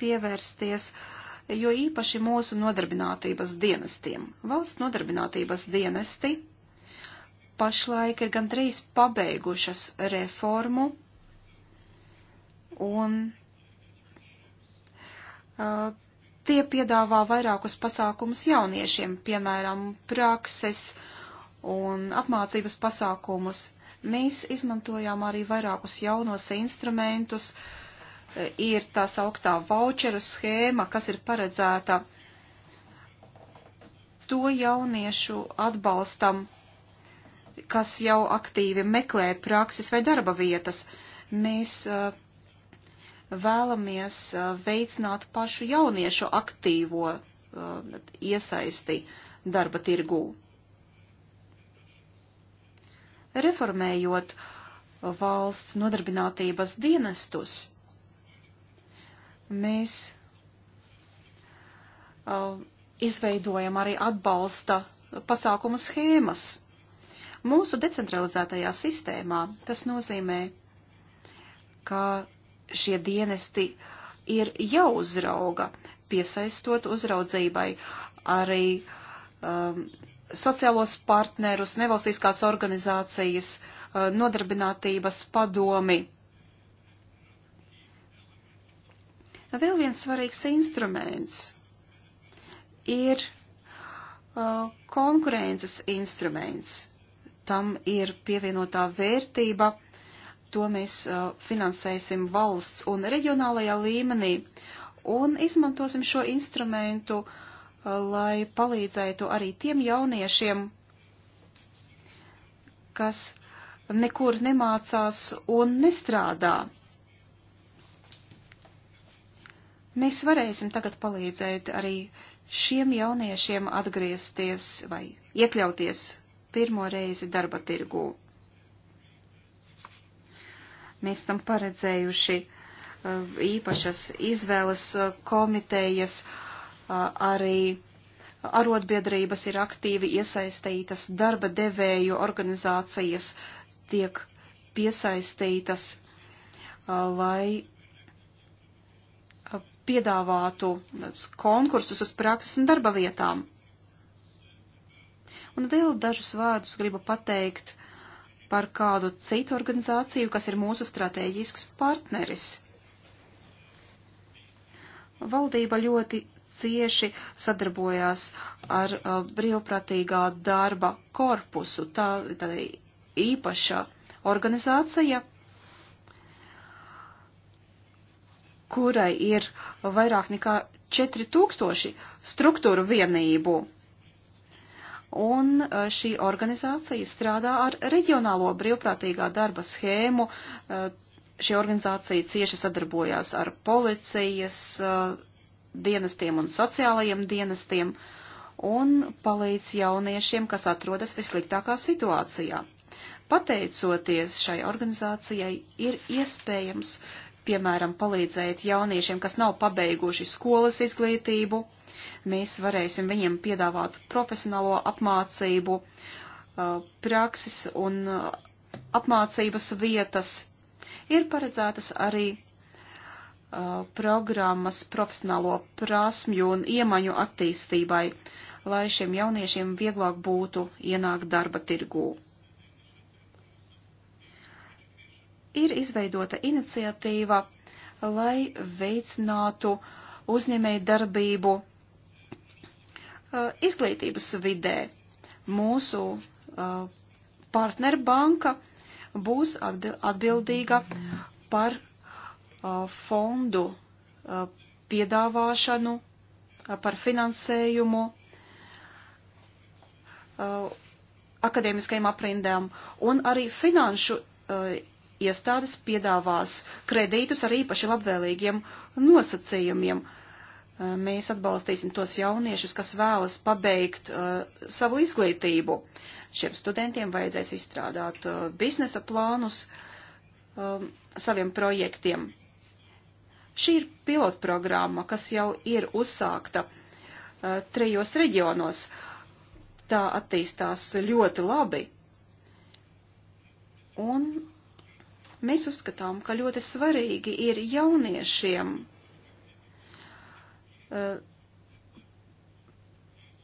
pievērsties uh, jo īpaši mūsu nodarbinātības dienestiem. Valsts nodarbinātības dienesti pašlaik ir gandrīz pabeigušas reformu un uh, tie piedāvā vairākus pasākumus jauniešiem, piemēram, prakses un apmācības pasākumus. Mēs izmantojām arī vairākus jaunos instrumentus, uh, ir tā sauktā voucheru schēma, kas ir paredzēta to jauniešu atbalstam, kas jau aktīvi meklē prakses vai darba vietas. Mēs uh, vēlamies uh, veicināt pašu jauniešu aktīvo uh, iesaisti darba tirgū. Reformējot valsts nodarbinātības dienestus, Mēs uh, izveidojam arī atbalsta pasākumu schēmas. Mūsu decentralizētajā sistēmā tas nozīmē, ka šie dienesti ir jāuzrauga, piesaistot uzraudzībai arī um, sociālos partnerus, nevalstiskās organizācijas, uh, nodarbinātības padomi. Vēl viens svarīgs instruments ir uh, konkurences instruments. Tam ir pievienotā vērtība, to mēs uh, finansēsim valsts un reģionālajā līmenī un izmantosim šo instrumentu, uh, lai palīdzētu arī tiem jauniešiem, kas nekur nemācās un nestrādā. Mēs varēsim tagad palīdzēt arī šiem jauniešiem atgriezties vai iekļauties pirmo reizi darba tirgū. Mēs tam paredzējuši uh, īpašas izvēles uh, komitejas, uh, arī arotbiedrības ir aktīvi iesaistītas, darba devēju organizācijas tiek piesaistītas, lai piedāvātu konkursus uz prakses un darba vietām. Un vēl dažus vārdus gribu pateikt par kādu citu organizāciju, kas ir mūsu strateģisks partneris. Valdība ļoti cieši sadarbojās ar uh, brīvprātīgā darba korpusu. Tā ir īpaša organizācija, kurai ir vairāk nekā 4000 struktūru vienību. Un e, šī organizācija strādā ar reģionālo brīvprātīgā darba schēmu. E, šī organizācija cieši sadarbojās ar policijas e, dienestiem un sociālajiem dienestiem un palīdz jauniešiem, kas atrodas visliktākā situācijā. Pateicoties šai organizācijai, ir iespējams uh, piemēram, palīdzēt jauniešiem, kas nav pabeiguši skolas izglītību. Mēs varēsim viņiem piedāvāt profesionālo apmācību, uh, prakses un uh, apmācības vietas. Ir paredzētas arī uh, programmas profesionālo prasmju un iemaņu attīstībai, lai šiem jauniešiem vieglāk būtu ienākt darba tirgū. ir izveidota iniciatīva, lai veicinātu uzņēmēju darbību uh, izglītības vidē. Mūsu uh, partnerbanka būs atbildīga par uh, fondu piedāvāšanu, par finansējumu akadēmiskajām aprindām un arī finanšu iestādes piedāvās kredītus ar īpaši labvēlīgiem nosacījumiem. Eh, mēs atbalstīsim tos jauniešus, kas vēlas pabeigt uh, savu izglītību. Šiem studentiem vajadzēs izstrādāt uh, biznesa plānus um, saviem projektiem. Šī ir pilotprogramma, kas jau ir uzsākta uh, trijos reģionos. Tā attīstās ļoti labi. Un Mēs uzskatām, ka ļoti svarīgi ir jauniešiem uh,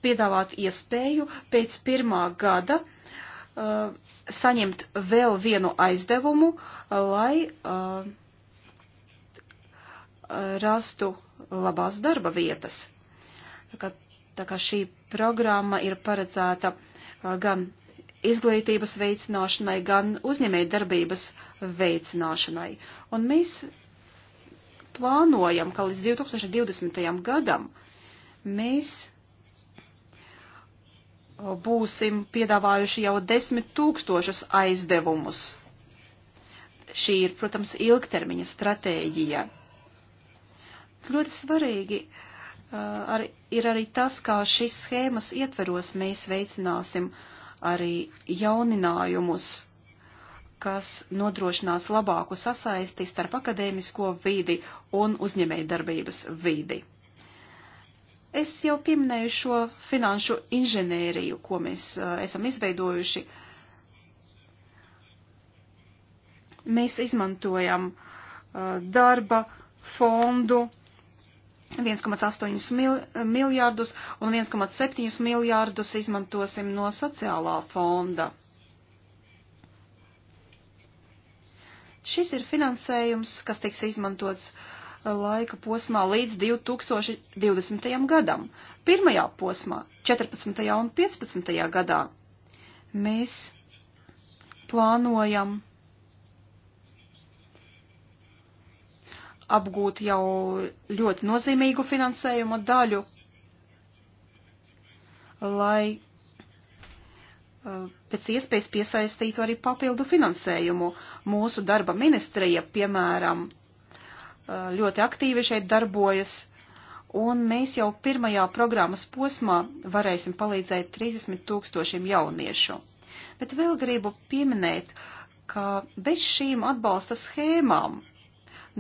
piedāvāt iespēju pēc pirmā gada uh, saņemt vēl vienu aizdevumu, lai uh, rastu labās darba vietas. Tā kā, tā kā šī programma ir paredzēta gan izglītības veicināšanai, gan uzņēmēju darbības veicināšanai. Un mēs plānojam, ka līdz 2020. gadam mēs būsim piedāvājuši jau desmit tūkstošus aizdevumus. Šī ir, protams, ilgtermiņa stratēģija. Ļoti svarīgi uh, ar, ir arī tas, kā šīs schēmas ietveros mēs veicināsim uh, arī jauninājumus, kas nodrošinās labāku sasaisti starp akadēmisko vidi un uzņēmēju darbības vidi. Es jau pieminēju šo finanšu inženēriju, ko mēs uh, esam izveidojuši. Mēs izmantojam uh, darba fondu, uh, 1,8 mil, miljārdus un 1,7 miljārdus izmantosim no sociālā fonda. Šis ir finansējums, kas tiks izmantots uh, laika posmā līdz 2020. gadam. Pirmajā posmā, 14. un 15. gadā, mēs plānojam apgūt jau ļoti nozīmīgu finansējumu daļu, lai uh, pēc iespējas piesaistītu arī papildu finansējumu. Mūsu darba ministrija, piemēram, uh, ļoti aktīvi šeit darbojas, un mēs jau pirmajā programmas posmā varēsim palīdzēt 30 tūkstošiem jauniešu. Bet vēl gribu pieminēt, ka bez šīm atbalsta schēmām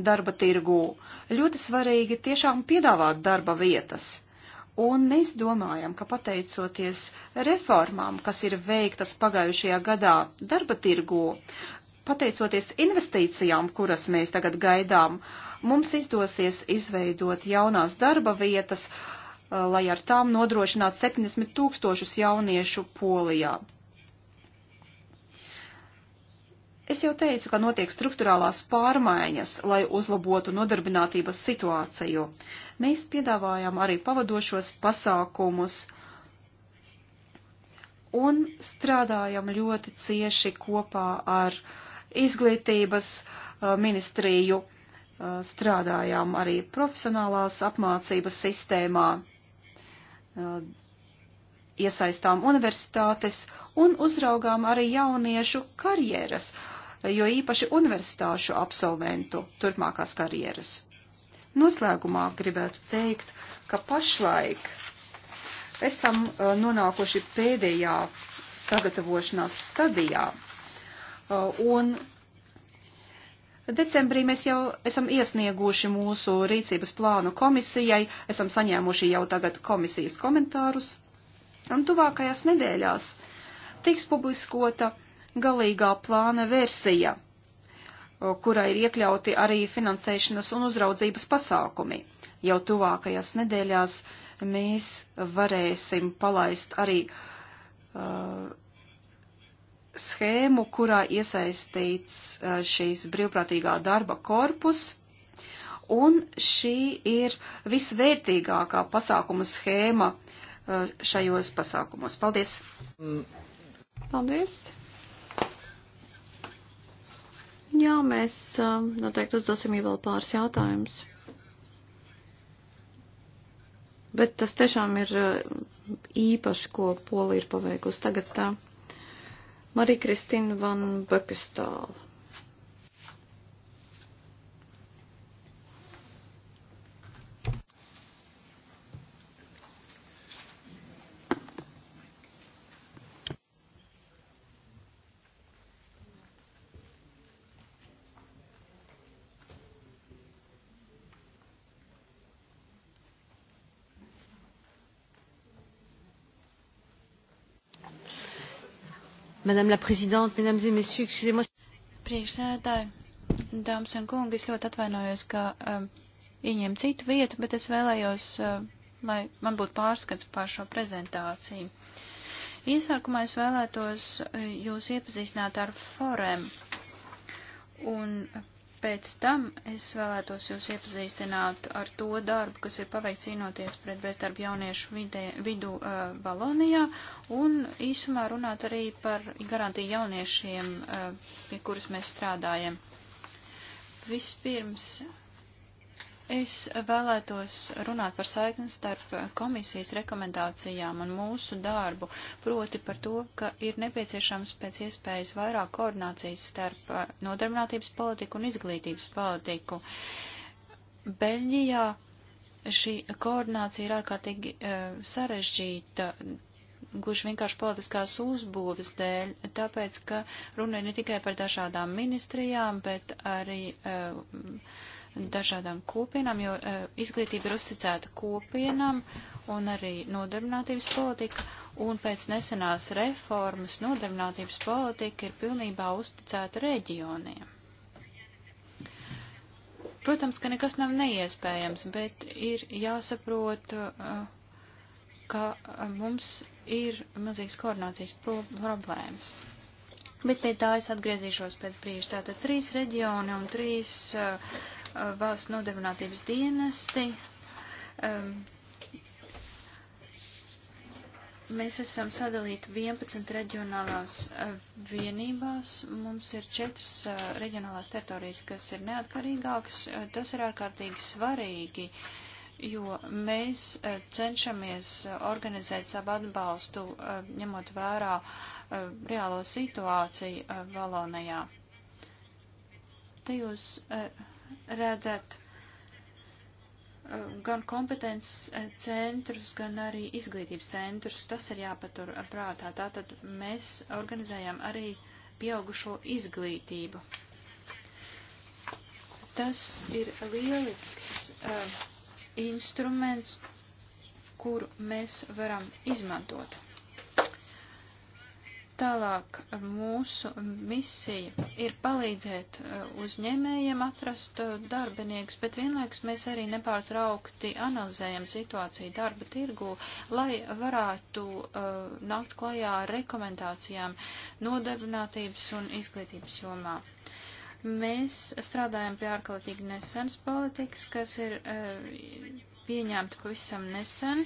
darba tirgū. Ļoti svarīgi tiešām piedāvāt darba vietas. Un mēs domājam, ka pateicoties reformām, kas ir veiktas pagājušajā gadā darba tirgū, pateicoties investīcijām, kuras mēs tagad gaidām, mums izdosies izveidot jaunās darba vietas, lai ar tām nodrošinātu 70 tūkstošus jauniešu polijā. Es jau teicu, ka notiek struktūrālās pārmaiņas, lai uzlabotu nodarbinātības situāciju. Mēs piedāvājam arī pavadošos pasākumus un strādājam ļoti cieši kopā ar izglītības uh, ministriju, uh, strādājām arī profesionālās apmācības sistēmā uh, iesaistām universitātes un uzraugām arī jauniešu karjeras, jo īpaši universitāšu absolventu turpmākās karjeras. Noslēgumā gribētu teikt, ka pašlaik esam eh, nonākuši pēdējā sagatavošanās stadijā, eh, un Decembrī mēs jau esam iesnieguši mūsu rīcības plānu komisijai, esam saņēmuši jau tagad komisijas komentārus, Un tuvākajās nedēļās tiks publiskota galīgā plāna versija, kurā ir iekļauti arī finansēšanas un uzraudzības pasākumi. Jau tuvākajās nedēļās mēs varēsim palaist arī uh, schēmu, kurā iesaistīts uh, šīs brīvprātīgā darba korpus, un šī ir visvērtīgākā pasākuma schēma uh, Uh, šajos pasākumos. Paldies! Paldies! Jā, mēs um, noteikti uzdosim vēl pāris jautājumus. Bet tas tiešām ir uh, īpaši, ko Polija ir paveikusi. Tagad tā Marija Kristina Van Bekestāla. Madame la Présidente, Mesdames et Messieurs, excusez-moi. Priekšsēdētāji, dāmas un kungi, es ļoti atvainojos, ka um, ieņēmu citu vietu, bet es vēlējos, um, lai man būtu pārskats pār šo prezentāciju. Iesākumā es vēlētos uh, jūs iepazīstināt ar forem un Pēc tam es vēlētos jūs iepazīstināt ar to darbu, kas ir paveikts cīnoties pret bezdarbu jauniešu vidē, vidu uh, Balonijā, un īsumā runāt arī par garantiju jauniešiem, uh, pie kuras mēs strādājam. Vispirms Es vēlētos runāt par saikni starp komisijas rekomendācijām un mūsu darbu, proti par to, ka ir nepieciešams pēc iespējas vairāk koordinācijas starp uh, nodarbinātības politiku un izglītības politiku. Beļģijā šī koordinācija ir ārkārtīgi e, sarežģīta, gluži vienkārši politiskās uzbūves dēļ, tāpēc, ka runa ir ne tikai par dažādām ministrijām, bet arī. E, dažādām kopienām, jo e, izglītība ir uzticēta kopienām un arī nodarbinātības politika, un pēc nesenās reformas nodarbinātības politika ir pilnībā uzticēta reģioniem. Protams, ka nekas nav neiespējams, bet ir jāsaprot, e, ka e, mums ir mazīgs koordinācijas problēmas. Bet pie tā es atgriezīšos pēc brīža. Tātad trīs reģioni un trīs uh, valsts nodarbinātības dienesti. Um, mēs esam sadalīti 11 reģionālās uh, vienībās. Mums ir 4 uh, reģionālās teritorijas, kas ir neatkarīgākas. Uh, tas ir ārkārtīgi svarīgi, jo mēs cenšamies organizēt savu atbalstu, ņemot vērā reālo situāciju Valonijā. Te jūs redzat eh, gan kompetences eh, centrus, gan arī izglītības centrus. Tas ir jāpatur prātā. Tātad mēs organizējam arī pieaugušo izglītību. Tas ir lielisks uh, instruments, kuru mēs varam izmantot. Tālāk mūsu misija ir palīdzēt uh, uzņēmējiem atrast uh, darbiniekus, bet vienlaikus mēs arī nepārtraukti analizējam situāciju darba tirgu, lai varētu uh, nākt klajā ar rekomendācijām nodarbinātības un izglītības jomā. Mēs strādājam pie ārkārtīgi nesenas politikas, kas ir uh, pieņemta pavisam nesen,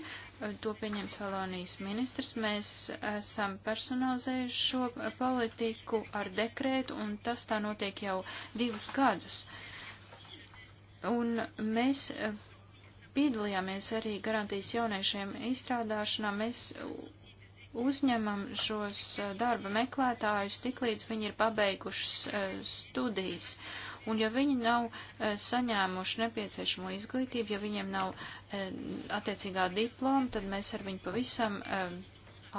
to pieņem Salonijas ministrs. Mēs esam personalizējuši šo politiku ar dekrētu, un tas tā notiek jau divus gadus. Un mēs piedalījāmies arī garantijas jauniešiem izstrādāšanā. Mēs uzņemam šos darba meklētājus tik līdz viņi ir pabeigušas eh, studijas un ja viņi nav eh, saņēmuši nepieciešamo izglītību, ja viņiem nav eh, attiecīgā diploma, tad mēs ar viņu pavisam eh,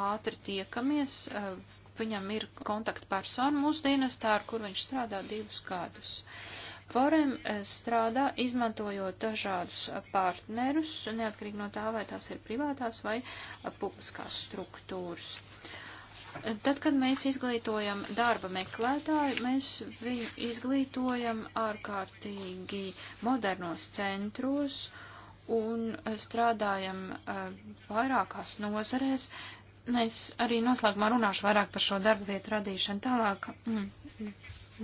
ātri tiekamies. Viņam ir kontaktpersona mūsu dienestā, ar kur viņš strādā divus gadus. Forem strādā, izmantojot dažādus partnerus, neatkarīgi no tā, vai tās ir privātās vai publiskās struktūras. Tad, kad mēs izglītojam darba meklētāju, mēs viņu izglītojam ārkārtīgi modernos centros un strādājam eh, vairākās nozarēs. Mēs arī noslēgumā runāšu vairāk par šo darba vietu radīšanu tālāk. Mm,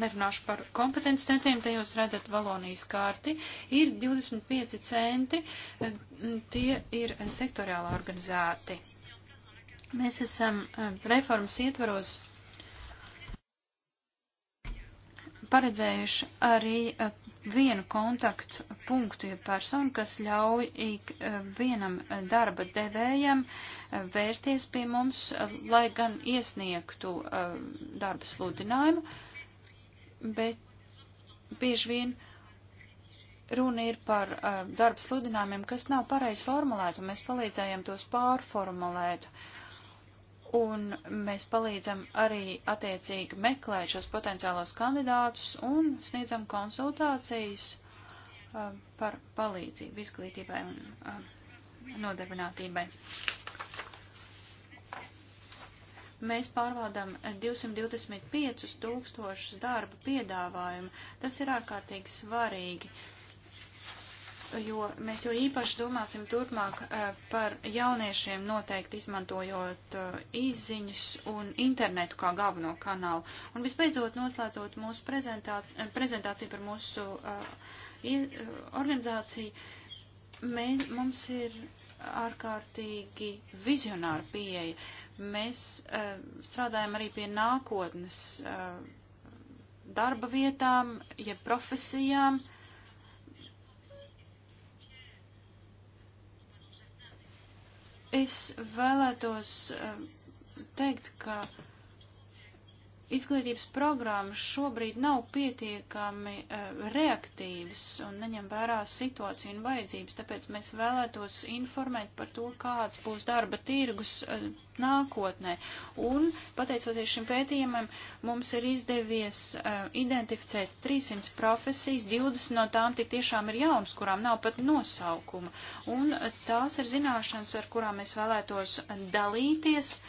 nerunāšu par kompetenci centriem, te jūs redzat Valonijas kārti. Ir 25 centri, eh, tie ir sektoriāli organizēti. Mēs esam eh, reformas ietvaros paredzējuši arī eh, vienu kontaktu punktu, ja personu, kas ļauj ik eh, vienam darba devējam vērsties pie mums, lai gan iesniegtu darba sludinājumu, bet bieži vien runa ir par darba sludinājumiem, kas nav pareizi formulēti, un mēs palīdzējam tos pārformulēt. Uh, un mēs palīdzam arī attiecīgi meklēt šos potenciālos kandidātus un sniedzam konsultācijas uh, par palīdzību izglītībai un uh, nodarbinātībai. Mēs pārvaldam 225 tūkstošus darba piedāvājumu. Tas ir ārkārtīgi svarīgi jo mēs jau īpaši domāsim turpmāk e, par jauniešiem noteikti izmantojot e, izziņas un internetu kā galveno kanālu. Un visbeidzot, noslēdzot mūsu prezentāciju, e, prezentāciju par mūsu organizāciju, mē, mums ir ārkārtīgi vizionāra pieeja. Mēs strādājam arī pie nākotnes darba vietām, jeb ja profesijām. Uh, Es vēlētos eh, teikt, ka izglītības programmas šobrīd nav pietiekami uh, reaktīvas un neņem vērā situāciju un vajadzības, tāpēc mēs vēlētos informēt par to, kāds būs darba tirgus uh, nākotnē. Un, pateicoties šim pētījumam, mums ir izdevies uh, identificēt 300 profesijas, 20 no tām tik tiešām ir jaunas, kurām nav pat nosaukuma. Un uh, tās ir zināšanas, ar kurām mēs vēlētos dalīties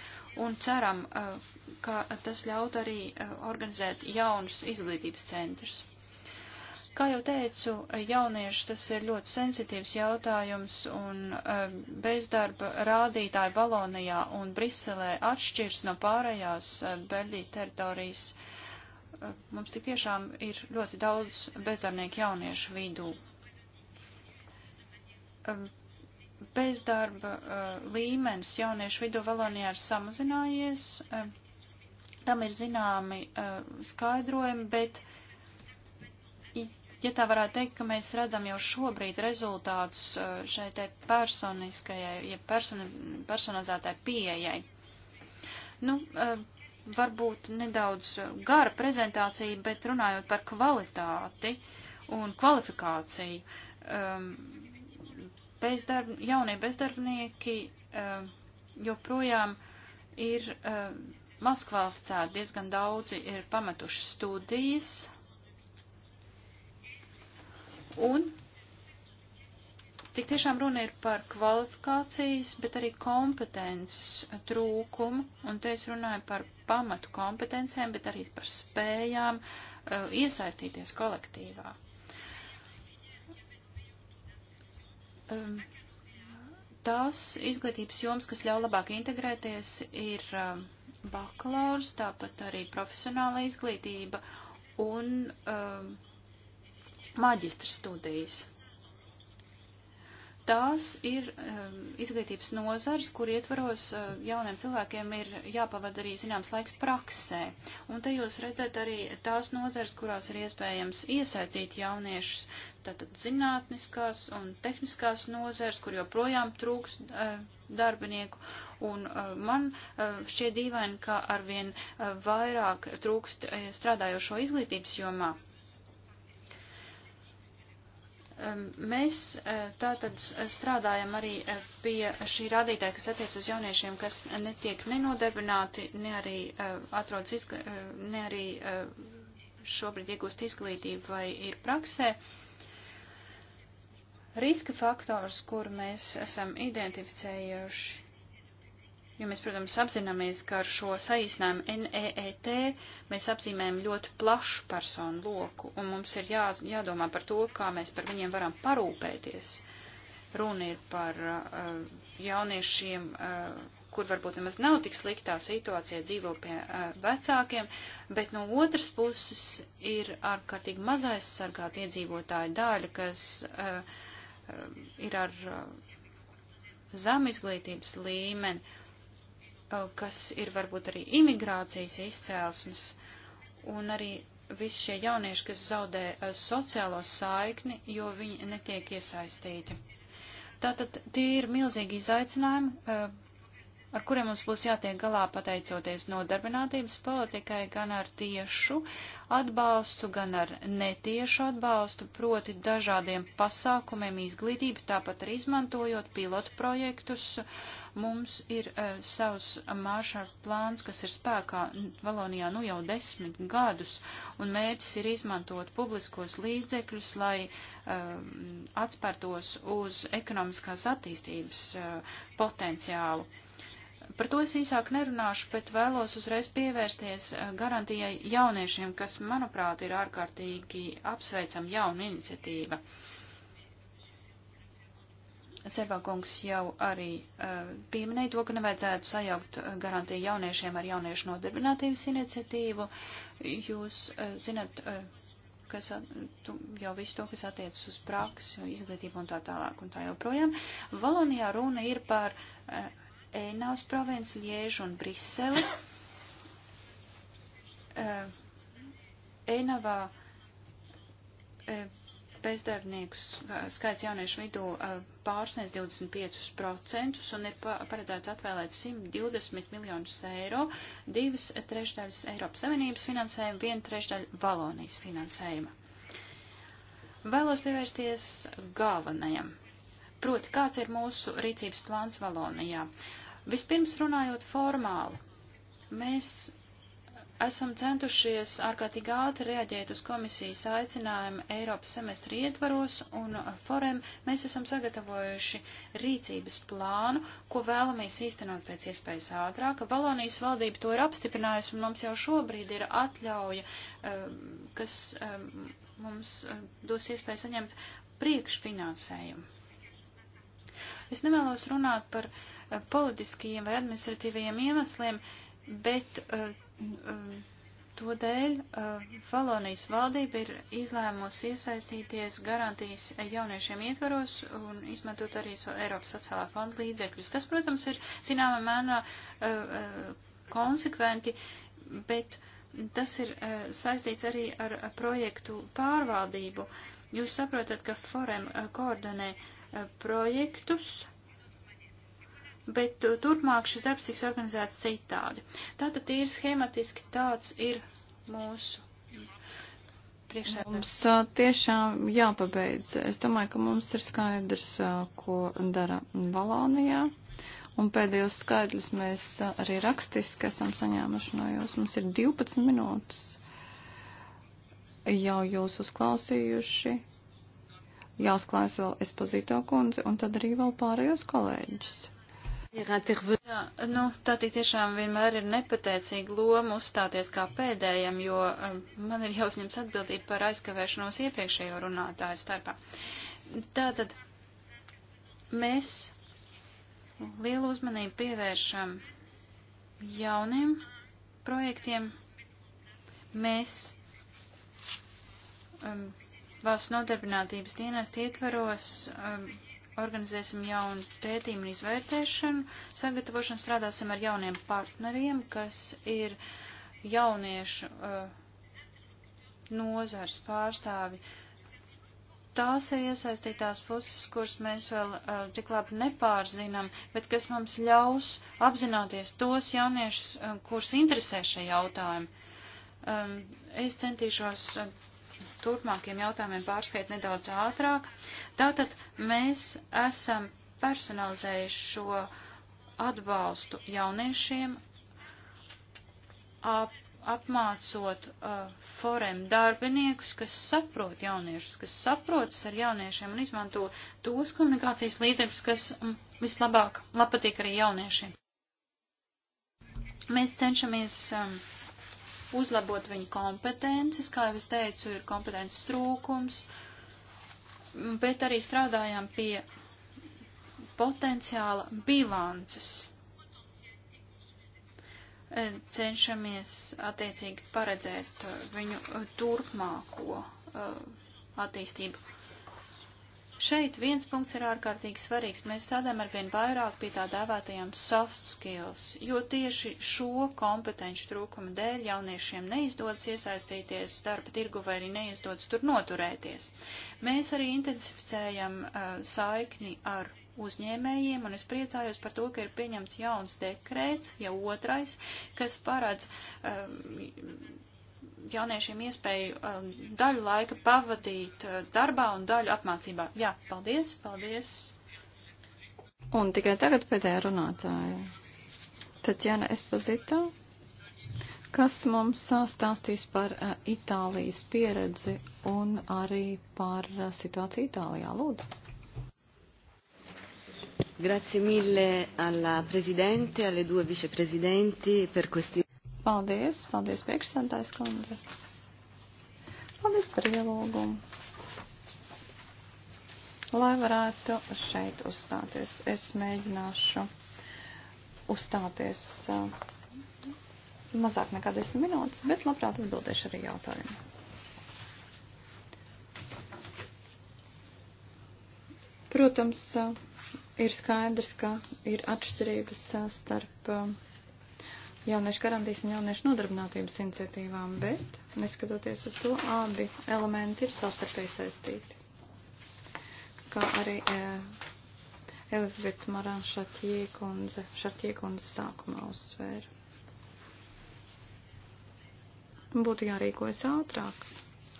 un ceram, uh, ka tas ļaut arī eh, organizēt jaunus izglītības centrus. Kā jau teicu, jaunieši tas ir ļoti sensitīvs jautājums, un eh, bezdarba rādītāji Valonijā un Briselē atšķirs no pārējās eh, Beļģijas teritorijas. Mums tik tiešām ir ļoti daudz bezdarnieku jauniešu vidū. Bezdarba līmenis jauniešu vidū Valonijā ir samazinājies Tam ir zināmi eh, skaidrojumi, bet, ja tā varētu teikt, ka mēs redzam jau šobrīd rezultātus eh, šai te personiskajai, ja personi, personalizētai pieejai. Nu, eh, varbūt nedaudz gara prezentācija, bet runājot par kvalitāti un kvalifikāciju. Um, bezdarb, jaunie bezdarbnieki um, joprojām ir um, Maskvalificēti diezgan daudzi ir pametuši studijas. Un tik tiešām runa ir par kvalifikācijas, bet arī kompetences trūkumu, un te es runāju par pamatu kompetencēm, bet arī par spējām uh, iesaistīties kolektīvā. Um, tās izglītības joms, kas ļauj labāk integrēties, ir um, bakalaurs, tāpat arī profesionāla izglītība un um, maģistra studijas. Tās ir um, izglītības nozars, kur ietvaros uh, jauniem cilvēkiem ir jāpavada arī zināms laiks praksē. Un te jūs redzat arī tās nozars, kurās ir iespējams iesaistīt jauniešus, tātad zinātniskās un tehniskās nozars, kur joprojām trūks uh, darbinieku. Un uh, man uh, šķiet dīvaini, ka arvien uh, vairāk trūkst uh, strādājošo izglītības jomā. Uh, Mēs e, tātad strādājam arī e, pie šī rādītāja, kas attiec uz jauniešiem, kas netiek nenodarbināti, ne arī e, atrodas, izgl... ne arī šobrīd iegūst izglītību vai ir praksē. Riska faktors, kur mēs esam identificējuši, jo mēs, protams, apzināmies, ka ar šo saīsinājumu NEET mēs apzīmējam ļoti plašu personu loku, un mums ir jā, jādomā par to, kā mēs par viņiem varam parūpēties. Runa ir par uh, jauniešiem, uh, kur varbūt nemaz nav tik sliktā situācija, dzīvo pie uh, vecākiem, bet no otras puses ir ārkārtīgi mazais sargāta iedzīvotāja daļa, kas uh, uh, ir ar uh, zem izglītības līmeni kas ir varbūt arī imigrācijas izcēlesmes, un arī visi šie jaunieši, kas zaudē eh, sociālo saikni, jo viņi netiek iesaistīti. Tātad tie ir milzīgi izaicinājumi, eh, ar kuriem mums būs jātiek galā pateicoties nodarbinātības politikai, gan ar tiešu atbalstu, gan ar netiešu atbalstu, proti dažādiem pasākumiem izglītību, tāpat arī izmantojot pilotu projektus, uh, Mums ir uh, savs Marshall plāns, kas ir spēkā Valonijā nu jau desmit gadus, un mērķis ir izmantot publiskos līdzekļus, lai uh, atspērtos uz ekonomiskās attīstības uh, potenciālu. Par to es īsāk nerunāšu, bet vēlos uzreiz pievērsties garantijai jauniešiem, kas, manuprāt, ir ārkārtīgi apsveicama jauna iniciatīva. Uh, Servakungs jau arī uh, pieminēja to, ka nevajadzētu sajaukt eh, garantiju jauniešiem ar jauniešu nodarbinātības iniciatīvu. Jūs uh, zinat, uh, kas, tu, jau visu to, kas attiecas uz praksi, izglītību un tā tālāk un tā joprojām. Valonijā runa ir par uh, Einaus provinci, Liežu un Briseli. Uh, Einavā uh, bezdarbnieku skaits jauniešu vidū pārsniedz 25% un ir paredzēts atvēlēt 120 miljonus eiro, divas trešdaļas Eiropas Savienības finansējuma, viena trešdaļa Valonijas finansējuma. Vēlos pievērsties galvenajam. Proti, kāds ir mūsu rīcības plāns Valonijā? Vispirms runājot formāli, mēs esam centušies ārkārtīgi ātri reaģēt uz komisijas aicinājumu Eiropas semestri ietvaros un forem. Mēs esam sagatavojuši rīcības plānu, ko vēlamies īstenot pēc iespējas ātrāk. Valonijas valdība to ir apstiprinājusi un mums jau šobrīd ir atļauja, um, kas um, mums um, dos iespēju saņemt priekšfinansējumu. Es nevēlos runāt par uh, politiskajiem vai administratīvajiem iemesliem, bet uh, Eh, to dēļ eh, Valonijas valdība ir izlēmusi iesaistīties garantijas jauniešiem ietvaros un izmantot arī so Eiropas sociālā fonda līdzekļus. Tas, protams, ir zināmā mērā eh, konsekventi, bet tas ir saistīts arī ar projektu pārvaldību. Jūs saprotat, ka Forem koordinē projektus bet uh, turpmāk šis darbs tiks organizēts citādi. Tātad ir schematiski tāds ir mūsu priekšsēdētājs. Mums a, uh, tiešām jāpabeidz. Es domāju, ka mums ir skaidrs, a, uh, ko dara Valonijā. Un pēdējos skaidrs mēs a, arī rakstiski esam saņēmuši no jūs. Mums ir 12 minūtes jau jūs uzklausījuši. Jāuzklājas vēl Espozīto kundzi un tad arī vēl pārējos kolēģis. Jā, nu, tā tik tiešām vienmēr ir nepateicīga loma uzstāties kā pēdējam, jo um, man ir jāuzņems atbildība par aizkavēšanos iepriekšējo runātāju starpā. Tātad mēs lielu uzmanību pievēršam jauniem projektiem. Mēs um, valsts nodarbinātības dienas ietvaros um, organizēsim jaunu pētījumu un izvērtēšanu, sagatavošanu strādāsim ar jauniem partneriem, kas ir jauniešu uh, nozars pārstāvi. Tās ir iesaistītās puses, kuras mēs vēl uh, tik labi nepārzinām, bet kas mums ļaus apzināties tos jauniešus, uh, kurus interesē šie jautājumi. Um, es centīšos uh, turpmākiem jautājumiem pārskait nedaudz ātrāk. Tātad mēs esam personalizējuši šo atbalstu jauniešiem, ap, apmācot uh, forem darbiniekus, kas saprot jauniešus, kas saprotas ar jauniešiem un izmanto tos komunikācijas līdzekļus, kas mm, vislabāk patīk arī jauniešiem. Mēs cenšamies um, uzlabot viņu kompetences, kā jau es teicu, ir kompetences trūkums, bet arī strādājām pie potenciāla bilances. Cenšamies attiecīgi paredzēt viņu turpmāko uh, attīstību. Šeit viens punkts ir ārkārtīgi svarīgs. Mēs tādēm arvien vairāk pie tā dēvētajām soft skills, jo tieši šo kompetenci trūkuma dēļ jauniešiem neizdodas iesaistīties darba tirgu vai arī neizdodas tur noturēties. Mēs arī intensificējam uh, saikni ar uzņēmējiem, un es priecājos par to, ka ir pieņemts jauns dekrēts, ja otrais, kas paredz um, jauniešiem iespēju um, daļu laika pavadīt uh, darbā un daļu apmācībā. Jā, paldies, paldies. Un tikai tagad pēdējā runātāja. Tatjana Esposito, kas mums uh, stāstīs par uh, Itālijas pieredzi un arī par situāciju Itālijā. Lūdzu. Grazie mille alla Presidente, alle due vicepresidenti per questi. Paldies, paldies priekšsēdājas kundze. Paldies par ielūgumu. Lai varētu šeit uzstāties, es mēģināšu uzstāties uh, mazāk nekā 10 minūtes, bet labprāt atbildēšu arī jautājumu. Protams, uh, ir skaidrs, ka ir atšķirības uh, starp uh, jauniešu garantijas un jauniešu nodarbinātības iniciatīvām, bet, neskatoties uz to, abi elementi ir sastarpēji saistīti. Kā arī e, Elizabete Marāna Šatjiekundze, Šatjiekundze sākumā uzsvēra. Būtu jārīkojas ātrāk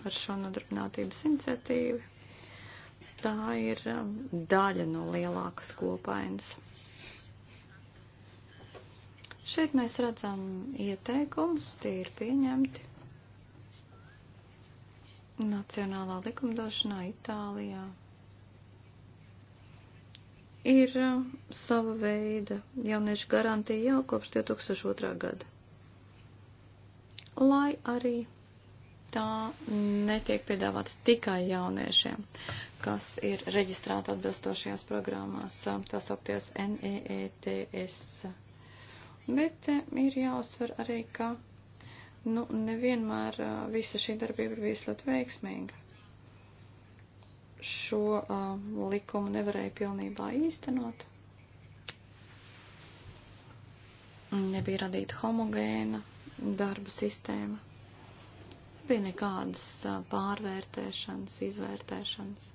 ar šo nodarbinātības iniciatīvu. Tā ir e, daļa no lielākas kopainas. Šeit mēs redzam ieteikumus, tie ir pieņemti nacionālā likumdošanā Itālijā. Ir uh, sava veida jauniešu garantija jau kopš 2002. gada. Lai arī tā netiek piedāvāta tikai jauniešiem, kas ir reģistrēti atbilstošajās programmās, uh, tas apties NEETS Bet eh, ir jāuzsver arī, ka nu, nevienmēr eh, visa šī darbība ir bijusi ļoti veiksmīga. Šo uh, likumu nevarēja pilnībā īstenot. Nebija radīta homogēna darba sistēma. Nebija nekādas uh, pārvērtēšanas, izvērtēšanas.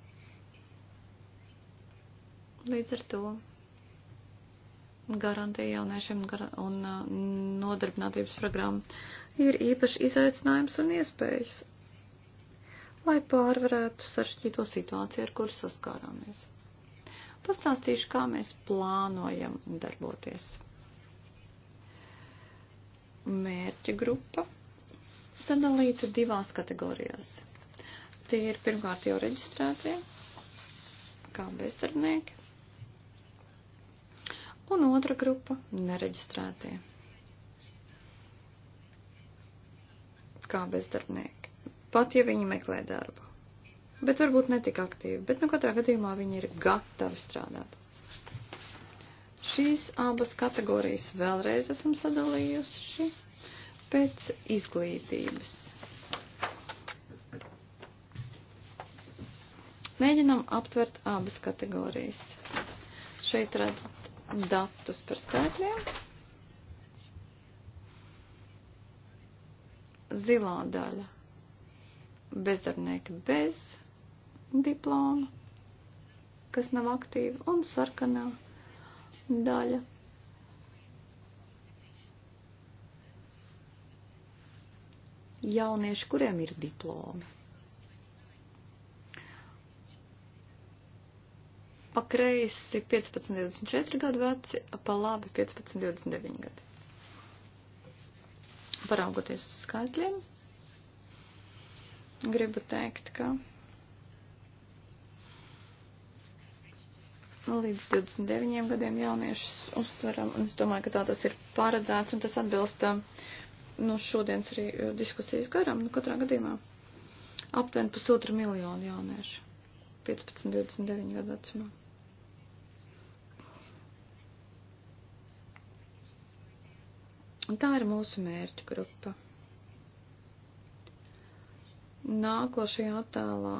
Līdz ar to garantija jauniešiem un uh, nodarbinātības programma ir īpaši izaicinājums un iespējas, lai pārvarētu saršķīto situāciju, ar kuru saskārāmies. Pastāstīšu, kā mēs plānojam darboties. Mērķa grupa sadalīta divās kategorijās. Tie ir pirmkārt jau reģistrētie, kā bezdarbnieki, un otra grupa - nereģistrētie. Kā bezdarbnieki. Pat ja viņi meklē darbu. Bet varbūt netik aktīvi, bet nu katrā gadījumā viņi ir gatavi strādāt. Šīs abas kategorijas vēlreiz esam sadalījuši pēc izglītības. Mēģinam aptvert abas kategorijas. Šeit redzat datus par skaitļiem. Zilā daļa - bezdarbnieki bez diploma, kas nav aktīvi, un sarkanā daļa - jaunieši, kuriem ir diplomi. pa kreisi 15-24 gadu veci, pa labi 15-29 gadu. Paraugoties uz skaitļiem, gribu teikt, ka līdz 29 gadiem jauniešus uztveram, un es domāju, ka tā tas ir paredzēts, un tas atbilst nu, šodienas arī eh, diskusijas garam, nu, katrā gadījumā aptuveni pusotra miljonu jauniešu 15-29 gadu vecumā. Un tā ir mūsu mērķu grupa. Nākošajā attēlā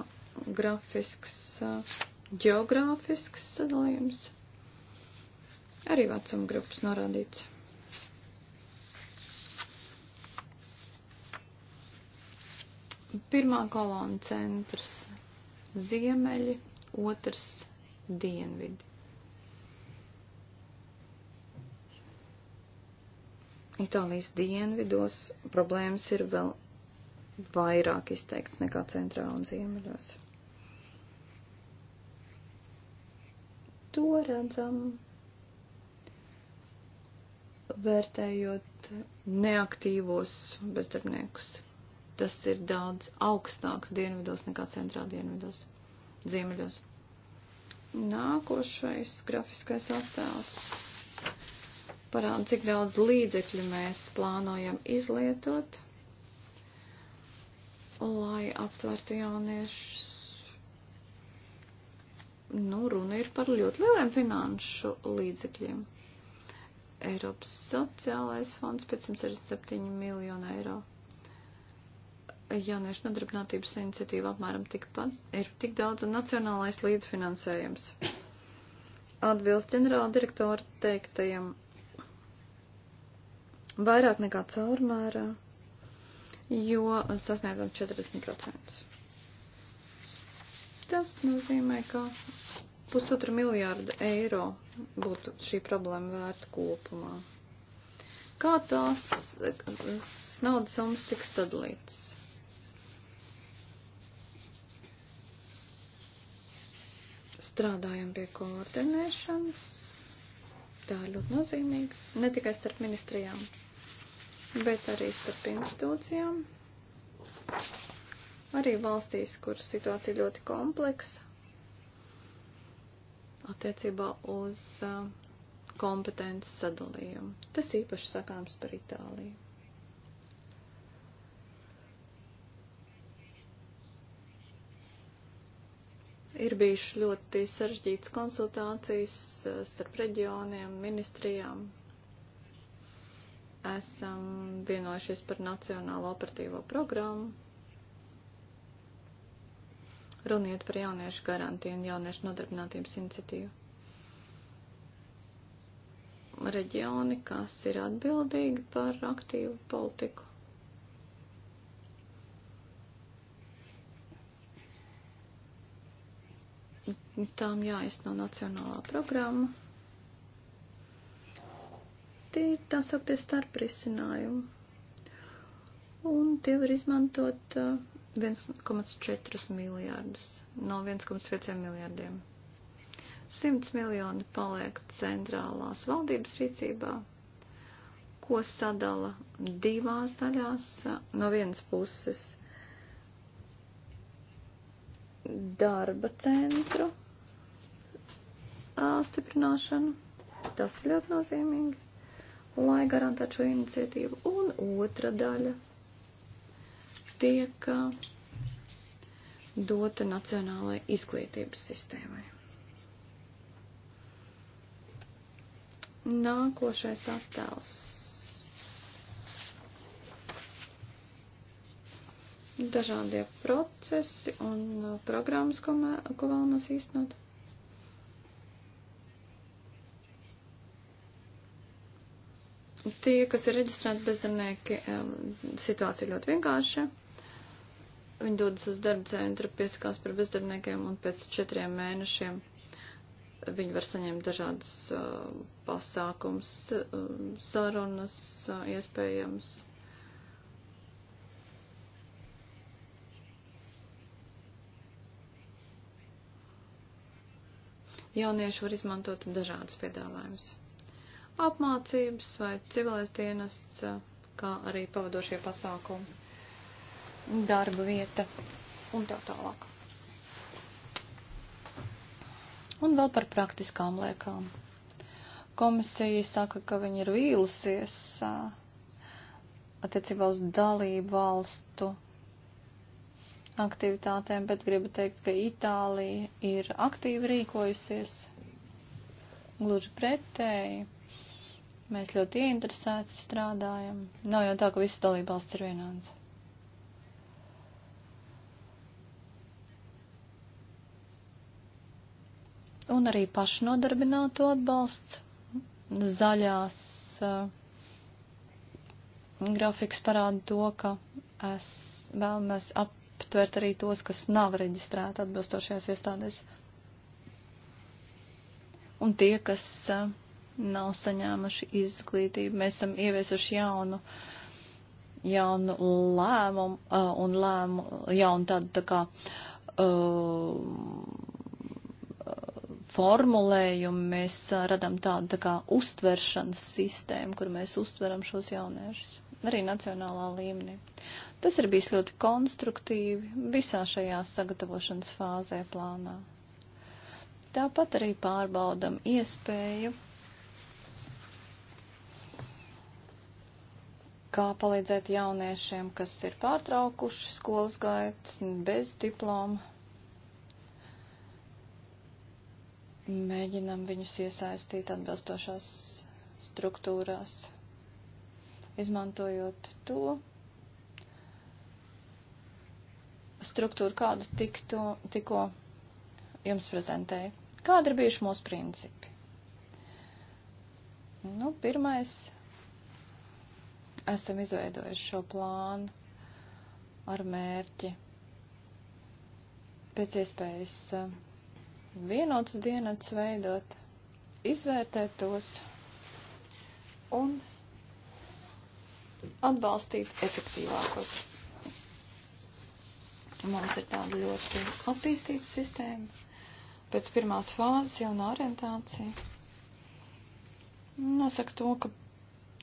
grafisks, geogrāfisks sadalījums. Arī vecuma grupas norādīts. Pirmā kolona centrs - ziemeļi, otrs - dienvidi. Itālijas dienvidos problēmas ir vēl vairāk izteikts nekā centrā un ziemeļos. To redzam, vērtējot neaktīvos bezdarbniekus. Tas ir daudz augstāks dienvidos nekā centrā dienvidos, ziemeļos. Nākošais grafiskais attēls parāda, cik daudz līdzekļu mēs plānojam izlietot, lai aptvertu jauniešus. Nu, runa ir par ļoti lieliem finanšu līdzekļiem. Eiropas sociālais fonds 567 miljonu eiro. Jauniešu nodarbinātības iniciatīva apmēram tikpat ir tik daudz un nacionālais līdzfinansējums. Atbilst ģenerāla direktora teiktajam vairāk nekā caurmērā, jo sasniedzam 40%. Tas nozīmē, ka pusotra miljārda eiro būtu šī problēma vērta kopumā. Kā tās naudas summas tiks sadalītas? Strādājam pie koordinēšanas. Tā ir ļoti nozīmīga. Ne tikai starp ministrijām, bet arī starp institūcijām. Arī valstīs, kur situācija ļoti kompleksa attiecībā uz uh, kompetences sadalījumu. Tas īpaši sakāms par Itāliju. Ir bijušas ļoti sarežģītas konsultācijas uh, starp reģioniem, ministrijām, esam vienojušies par Nacionālo operatīvo programmu. Runiet par jauniešu garantiju un jauniešu nodarbinātības iniciatīvu. Reģioni, kas ir atbildīgi par aktīvu politiku. Tām jāizno nacionālā programma. Tie ir tā sauktie starprisinājumi. Un tie var izmantot 1,4 uh, miljārdus no 1,5 miljārdiem. 100 miljoni paliek centrālās valdības rīcībā, ko sadala divās daļās. No vienas puses darba centru uh, stiprināšanu. Tas ļoti nozīmīgi lai garantētu šo iniciatīvu. Un otra daļa tiek uh, dota Nacionālajai izglītības sistēmai. Nākošais attēls. Dažādie procesi un uh, programmas, ko, mē, ko vēlamies īstenot. tie, kas ir reģistrēti bezdarbnieki, situācija ļoti vienkārša. Viņi dodas uz darba centru, piesakās par bezdarbniekiem un pēc četriem mēnešiem viņi var saņemt dažādas eh, pasākums, eh, sarunas, eh, iespējams. Jaunieši var izmantot dažādas piedāvājumus apmācības vai civilais dienests, kā arī pavadošie pasākumi, darba vieta un tā tālāk. Un vēl par praktiskām liekām. Komisija saka, ka viņi ir vīlusies attiecībā uz dalību valstu aktivitātēm, bet gribu teikt, ka Itālija ir aktīvi rīkojusies. Gluži pretēji, Mēs ļoti ieinteresēti strādājam. Nav jau tā, ka visas dalībvalsts ir vienāds. Un arī pašnodarbināto atbalsts, zaļās uh, grafiks parāda to, ka es vēlamies aptvert arī tos, kas nav reģistrēti atbilstošajās iestādēs. Un tie, kas uh, nav saņēmuši izglītību. Mēs esam ieviesuši jaunu, jaunu lēmumu uh, un lēmu, jaunu tādu tā kā uh, formulējumu. Mēs uh, radam tādu tā kā uztveršanas sistēmu, kur mēs uztveram šos jauniešus. Arī nacionālā līmenī. Tas ir bijis ļoti konstruktīvi visā šajā sagatavošanas fāzē plānā. Tāpat arī pārbaudam iespēju kā palīdzēt jauniešiem, kas ir pārtraukuši skolas gaitas bez diploma. Mēģinam viņus iesaistīt atbilstošās struktūrās, izmantojot to struktūru, kādu tikto, tikko jums prezentēju. Kādi ir bijuši mūsu principi? Nu, pirmais esam izveidojuši šo plānu ar mērķi pēc iespējas eh, vienotus dienatus veidot, izvērtēt tos un atbalstīt efektīvākos. Mums ir tāda ļoti attīstīta sistēma. Pēc pirmās fāzes jauna orientācija nosaka to, ka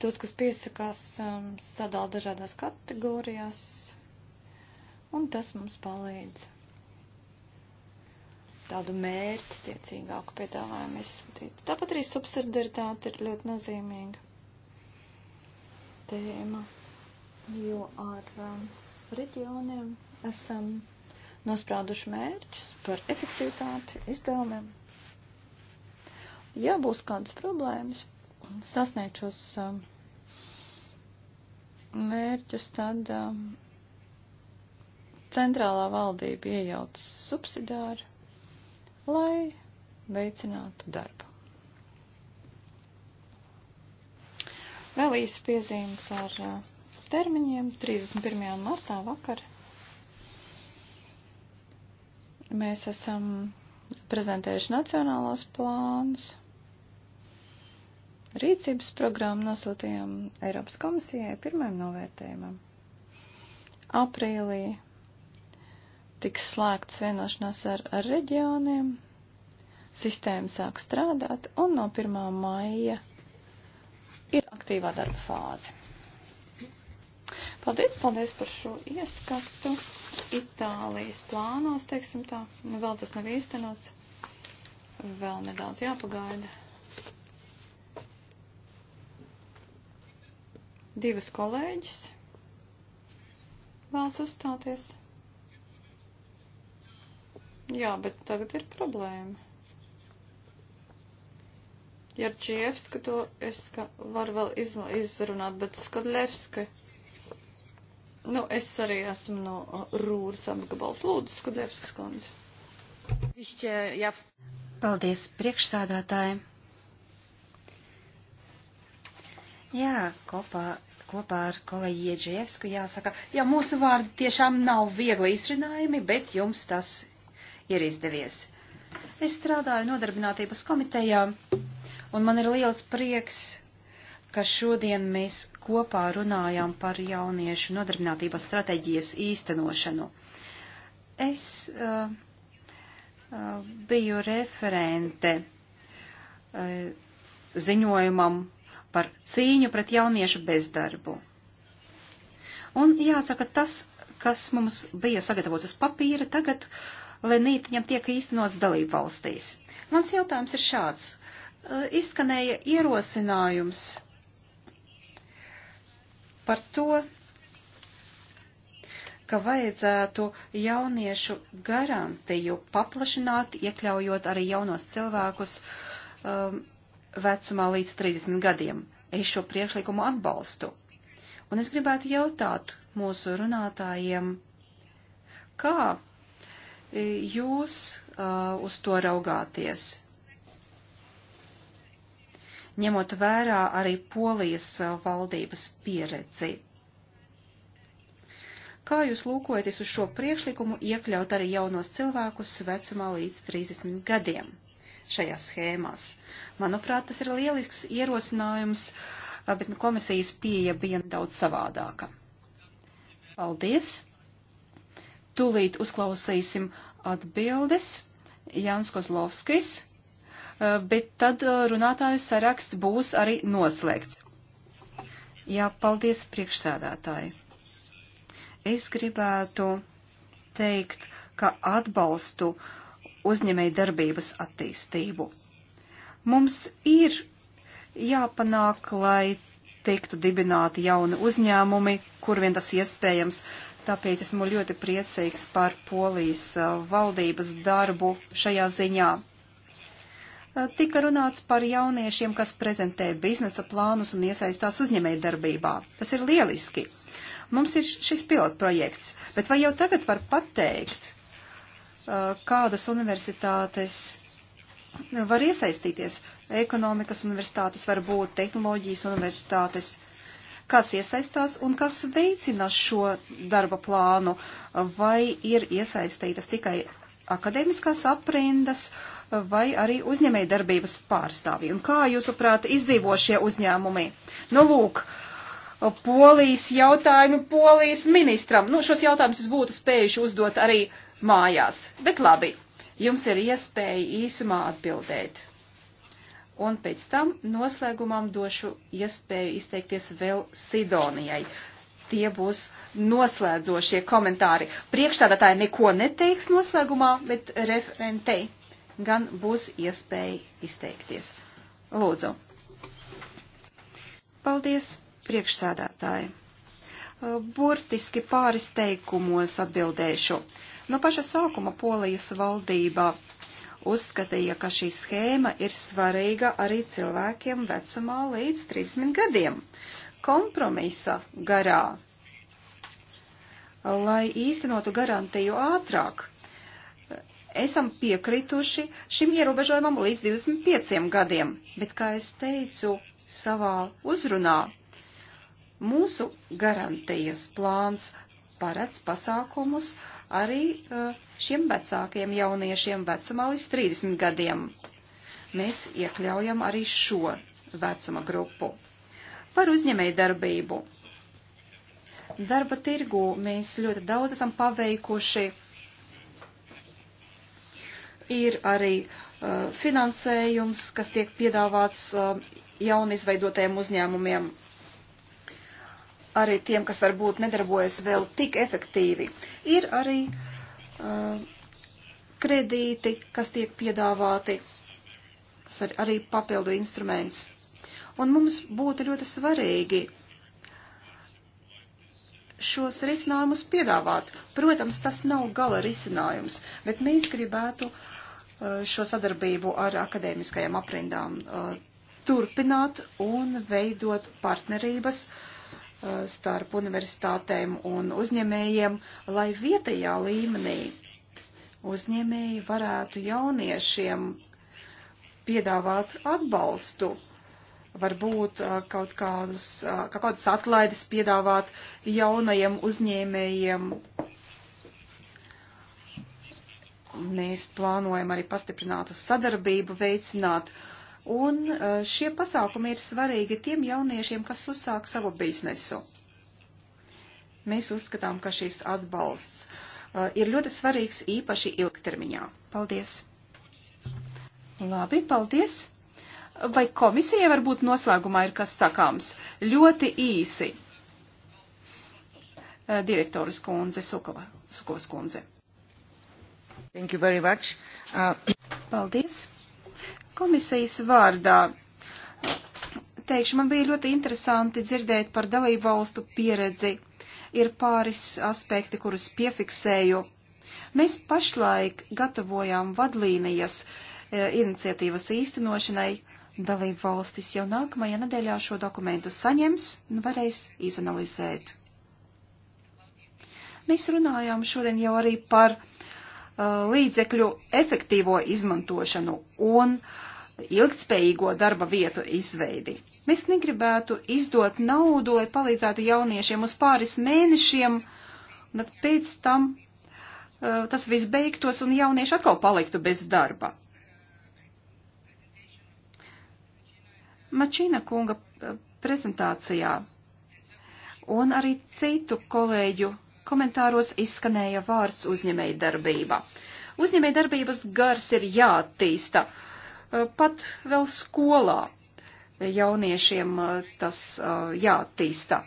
tos, kas piesakās, um, sadala dažādās kategorijās, un tas mums palīdz tādu mērķi tiecīgāku piedāvājumu izskatīt. Tāpat arī subsidiaritāte ir ļoti nozīmīga tēma, jo ar um, reģioniem esam nosprauduši mērķus par efektivitāti, izdevumiem. Ja būs kādas problēmas, sasniegt šos um, mērķus, tad um, centrālā valdība iejaucas subsidāri, lai veicinātu darbu. Vēl īsa piezīme par uh, termiņiem. 31. martā vakar mēs esam prezentējuši nacionālos plānus rīcības programmu nosūtījām Eiropas komisijai pirmajam novērtējumam. Aprīlī tiks slēgts vienošanās ar, ar reģioniem, sistēma sāk strādāt un no 1. maija ir aktīvā darba fāze. Paldies, paldies par šo ieskatu Itālijas plānos, teiksim tā. Nu, vēl tas nav īstenots, vēl nedaudz jāpagaida. Divas kolēģis vēlas uzstāties. Jā, bet tagad ir problēma. Jarčievska to es ka varu vēl izla, izrunāt, bet Skodļevska. Nu, es arī esmu no Rūras apgabals. Lūdzu, Skodļevskas kundze. Paldies, priekšsādātāji. Jā, kopā kopā ar kolēģi Ieģievsku jāsaka, jā, mūsu vārdi tiešām nav viegli izrinājumi, bet jums tas ir izdevies. Es strādāju nodarbinātības komitejā, un man ir liels prieks, ka šodien mēs kopā runājām par jauniešu nodarbinātības stratēģijas īstenošanu. Es uh, uh, biju referente uh, ziņojumam par cīņu pret jauniešu bezdarbu. Un jāsaka, tas, kas mums bija sagatavots uz papīra, tagad lenītiņam tiek īstenots dalību valstīs. Mans jautājums ir šāds. Uh, izskanēja ierosinājums par to, ka vajadzētu jauniešu garantiju paplašināt, iekļaujot arī jaunos cilvēkus um, vecumā līdz 30 gadiem. Es šo priekšlikumu atbalstu. Un es gribētu jautāt mūsu runātājiem, kā e, jūs uh, uz to raugāties? Ņemot vērā arī polijas e, valdības pieredzi. Kā jūs lūkojaties uz šo priekšlikumu iekļaut arī jaunos cilvēkus vecumā līdz 30 gadiem? šajās schēmās. Manuprāt, tas ir lielisks ierosinājums, bet komisijas pieeja bija daudz savādāka. Paldies! Tūlīt uzklausīsim atbildes. Jānis Kozlovskis, bet tad runātāju saraksts būs arī noslēgts. Jā, paldies priekšsēdētāji. Es gribētu teikt, ka atbalstu uh, uzņēmēju darbības attīstību. Mums ir jāpanāk, lai tiktu dibināti jauni uzņēmumi, kur vien tas iespējams. Tāpēc esmu ļoti priecīgs par polijas valdības darbu šajā ziņā. Tika runāts par jauniešiem, kas prezentē biznesa plānus un iesaistās uzņēmēju darbībā. Tas ir lieliski. Mums ir šis pilotprojekts, bet vai jau tagad var pateikt, Eh, kādas universitātes var iesaistīties. Ekonomikas universitātes var būt, tehnoloģijas universitātes, kas iesaistās un kas veicina šo darba plānu, vai ir iesaistītas tikai akadēmiskās aprindas vai arī uzņēmēja darbības pārstāvji. Un kā jūsuprāt izdzīvo šie uzņēmumi? Nu, lūk, polijas jautājumu polijas ministram. Nu, šos jautājumus es būtu spējuši uzdot arī uh, mājās. Bet labi, jums ir iespēja īsumā atbildēt. Un pēc tam noslēgumam došu iespēju izteikties vēl Sidonijai. Tie būs noslēdzošie komentāri. Priekšstādātāji neko neteiks noslēgumā, bet referentei gan būs iespēja izteikties. Lūdzu. Paldies, priekšsēdētāji. Burtiski pāris teikumos atbildēšu. Uh, No paša sākuma Polijas valdībā uzskatīja, ka šī schēma ir svarīga arī cilvēkiem vecumā līdz 30 gadiem. Kompromisa garā, lai īstenotu garantiju ātrāk, esam piekrituši šim ierobežojumam līdz 25 gadiem, bet, kā es teicu savā uzrunā, mūsu garantijas plāns paredz pasākumus arī eh, šiem vecākiem jauniešiem vecumā līdz 30 gadiem. Mēs iekļaujam arī šo vecuma grupu. Par uzņēmēju darbību. Darba tirgu mēs ļoti daudz esam paveikuši. Ir arī uh, finansējums, kas tiek piedāvāts uh, jaunizveidotajiem uzņēmumiem arī tiem, kas varbūt nedarbojas vēl tik efektīvi. Ir arī uh, kredīti, kas tiek piedāvāti, kas ir arī papildu instruments. Un mums būtu ļoti svarīgi šos risinājumus piedāvāt. Protams, tas nav gala risinājums, bet mēs gribētu uh, šo sadarbību ar akadēmiskajām aprindām uh, turpināt un veidot partnerības uh, Uh, starp universitātēm un uzņēmējiem, lai vietējā līmenī uzņēmēji varētu jauniešiem piedāvāt atbalstu, varbūt uh, kaut kādus, uh, kaut kādas atlaides piedāvāt jaunajiem uzņēmējiem. Mēs plānojam arī pastiprinātu sadarbību, veicināt uh, Un uh, šie pasākumi ir svarīgi tiem jauniešiem, kas uzsāk savu biznesu. Mēs uzskatām, ka šis atbalsts uh, ir ļoti svarīgs īpaši ilgtermiņā. Paldies! Labi, paldies! Vai komisija varbūt noslēgumā ir kas sakāms? Ļoti īsi. Uh, direktoras kundze, Sukovas kundze. Thank you very much. Uh... Paldies! Komisijas vārdā teikšu, man bija ļoti interesanti dzirdēt par dalību valstu pieredzi. Ir pāris aspekti, kurus piefiksēju. Mēs pašlaik gatavojām vadlīnijas e, iniciatīvas īstenošanai. Dalību valstis jau nākamajā nedēļā šo dokumentu saņems un varēs izanalizēt. Mēs runājām šodien jau arī par līdzekļu efektīvo izmantošanu un ilgtspējīgo darba vietu izveidi. Mēs negribētu izdot naudu, lai palīdzētu jauniešiem uz pāris mēnešiem, un pēc tam uh, tas viss beigtos un jaunieši atkal paliktu bez darba. Mačīna kunga uh, prezentācijā un arī citu kolēģu Komentāros izskanēja vārds uzņēmēja darbība. Uzņēmēja darbības gars ir jāattīsta eh, pat vēl skolā. Jauniešiem eh, tas eh, jāattīsta.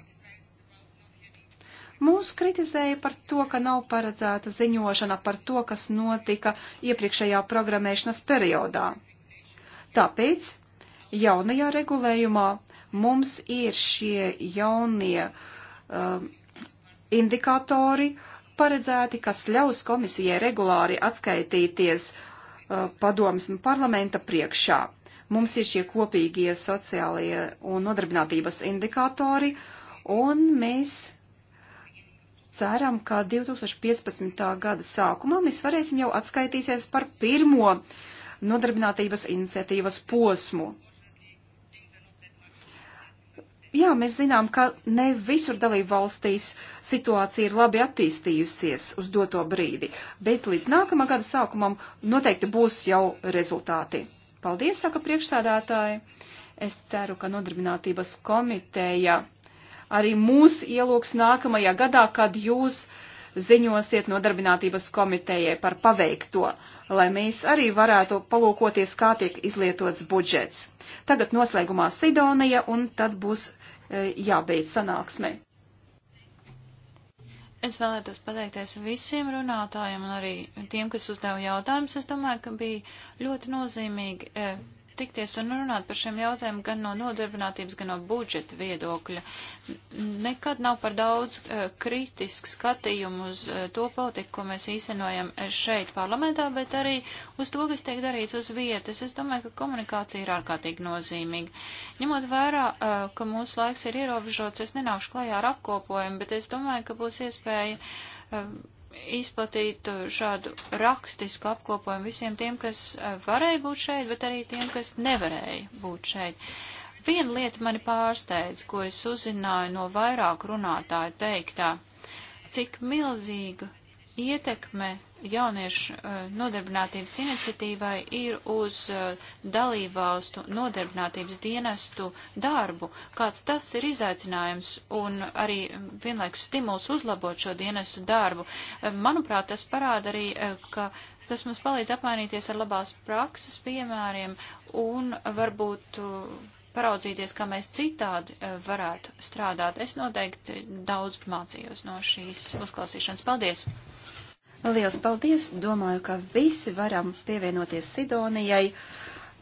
Mūs kritizēja par to, ka nav paredzēta ziņošana par to, kas notika iepriekšējā programmēšanas periodā. Tāpēc jaunajā regulējumā mums ir šie jaunie um, indikatori paredzēti, kas ļaus komisijai regulāri atskaitīties uh, padomas un parlamenta priekšā. Mums ir šie kopīgie sociālie un nodarbinātības indikatori, un mēs ceram, ka 2015. gada sākumā mēs varēsim jau atskaitīties par pirmo nodarbinātības iniciatīvas posmu. Jā, mēs zinām, ka ne visur dalību valstīs situācija ir labi attīstījusies uz doto brīdi, bet līdz nākamā gada sākumam noteikti būs jau rezultāti. Paldies, saka priekšsādātāji. Es ceru, ka nodarbinātības komiteja arī mūs ielūks nākamajā gadā, kad jūs ziņosiet nodarbinātības komitejai par paveikto, lai mēs arī varētu palūkoties, kā tiek izlietots budžets. Tagad noslēgumā Sidonija un tad būs jābeidz sanāksmei. Es vēlētos pateikties visiem runātājiem un arī tiem, kas uzdeva jautājumus. Es domāju, ka bija ļoti nozīmīgi eh, tikties un runāt par šiem jautājumiem gan no nodarbinātības, gan no budžeta viedokļa. Nekad nav par daudz e, kritisku skatījumu uz e, to politiku, ko mēs īstenojam e, šeit parlamentā, bet arī uz to, kas tiek darīts uz vietas. Es domāju, ka komunikācija ir ārkārtīgi nozīmīga. Ņemot vērā, ka mūsu laiks ir ierobežots, es nenākšu klajā ar apkopojumu, bet es domāju, ka būs iespēja izplatīt uh, šādu rakstisku apkopojumu visiem tiem, kas uh, varēja būt šeit, bet arī tiem, kas nevarēja būt šeit. Viena lieta mani pārsteidz, ko es uzzināju no vairāku runātāju teiktā, cik milzīga ietekme jauniešu uh, nodarbinātības iniciatīvai ir uz uh, dalībvalstu nodarbinātības dienestu darbu, kāds tas ir izaicinājums un arī vienlaikus stimuls uzlabot šo dienestu darbu. Uh, manuprāt, tas parāda arī, ka tas mums palīdz apmainīties ar labās prakses piemēriem un varbūt paraudzīties, kā mēs citādi varētu strādāt. Es noteikti daudz mācījos no šīs uzklausīšanas. Paldies! Liels paldies! Domāju, ka visi varam pievienoties Sidonijai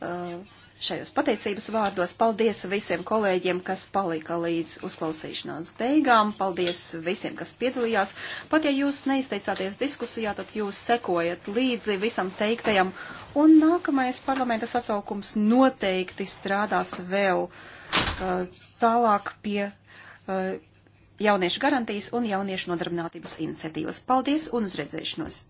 uh, šajos pateicības vārdos. Paldies visiem kolēģiem, kas palika līdz uzklausīšanās beigām. Paldies visiem, kas piedalījās. Pat ja jūs neizteicāties diskusijā, tad jūs sekojat līdzi visam teiktajam. Un nākamais parlamenta sasaukums noteikti strādās vēl uh, tālāk pie uh, jauniešu garantijas un jauniešu nodarbinātības iniciatīvas. Paldies un uzredzēšanos!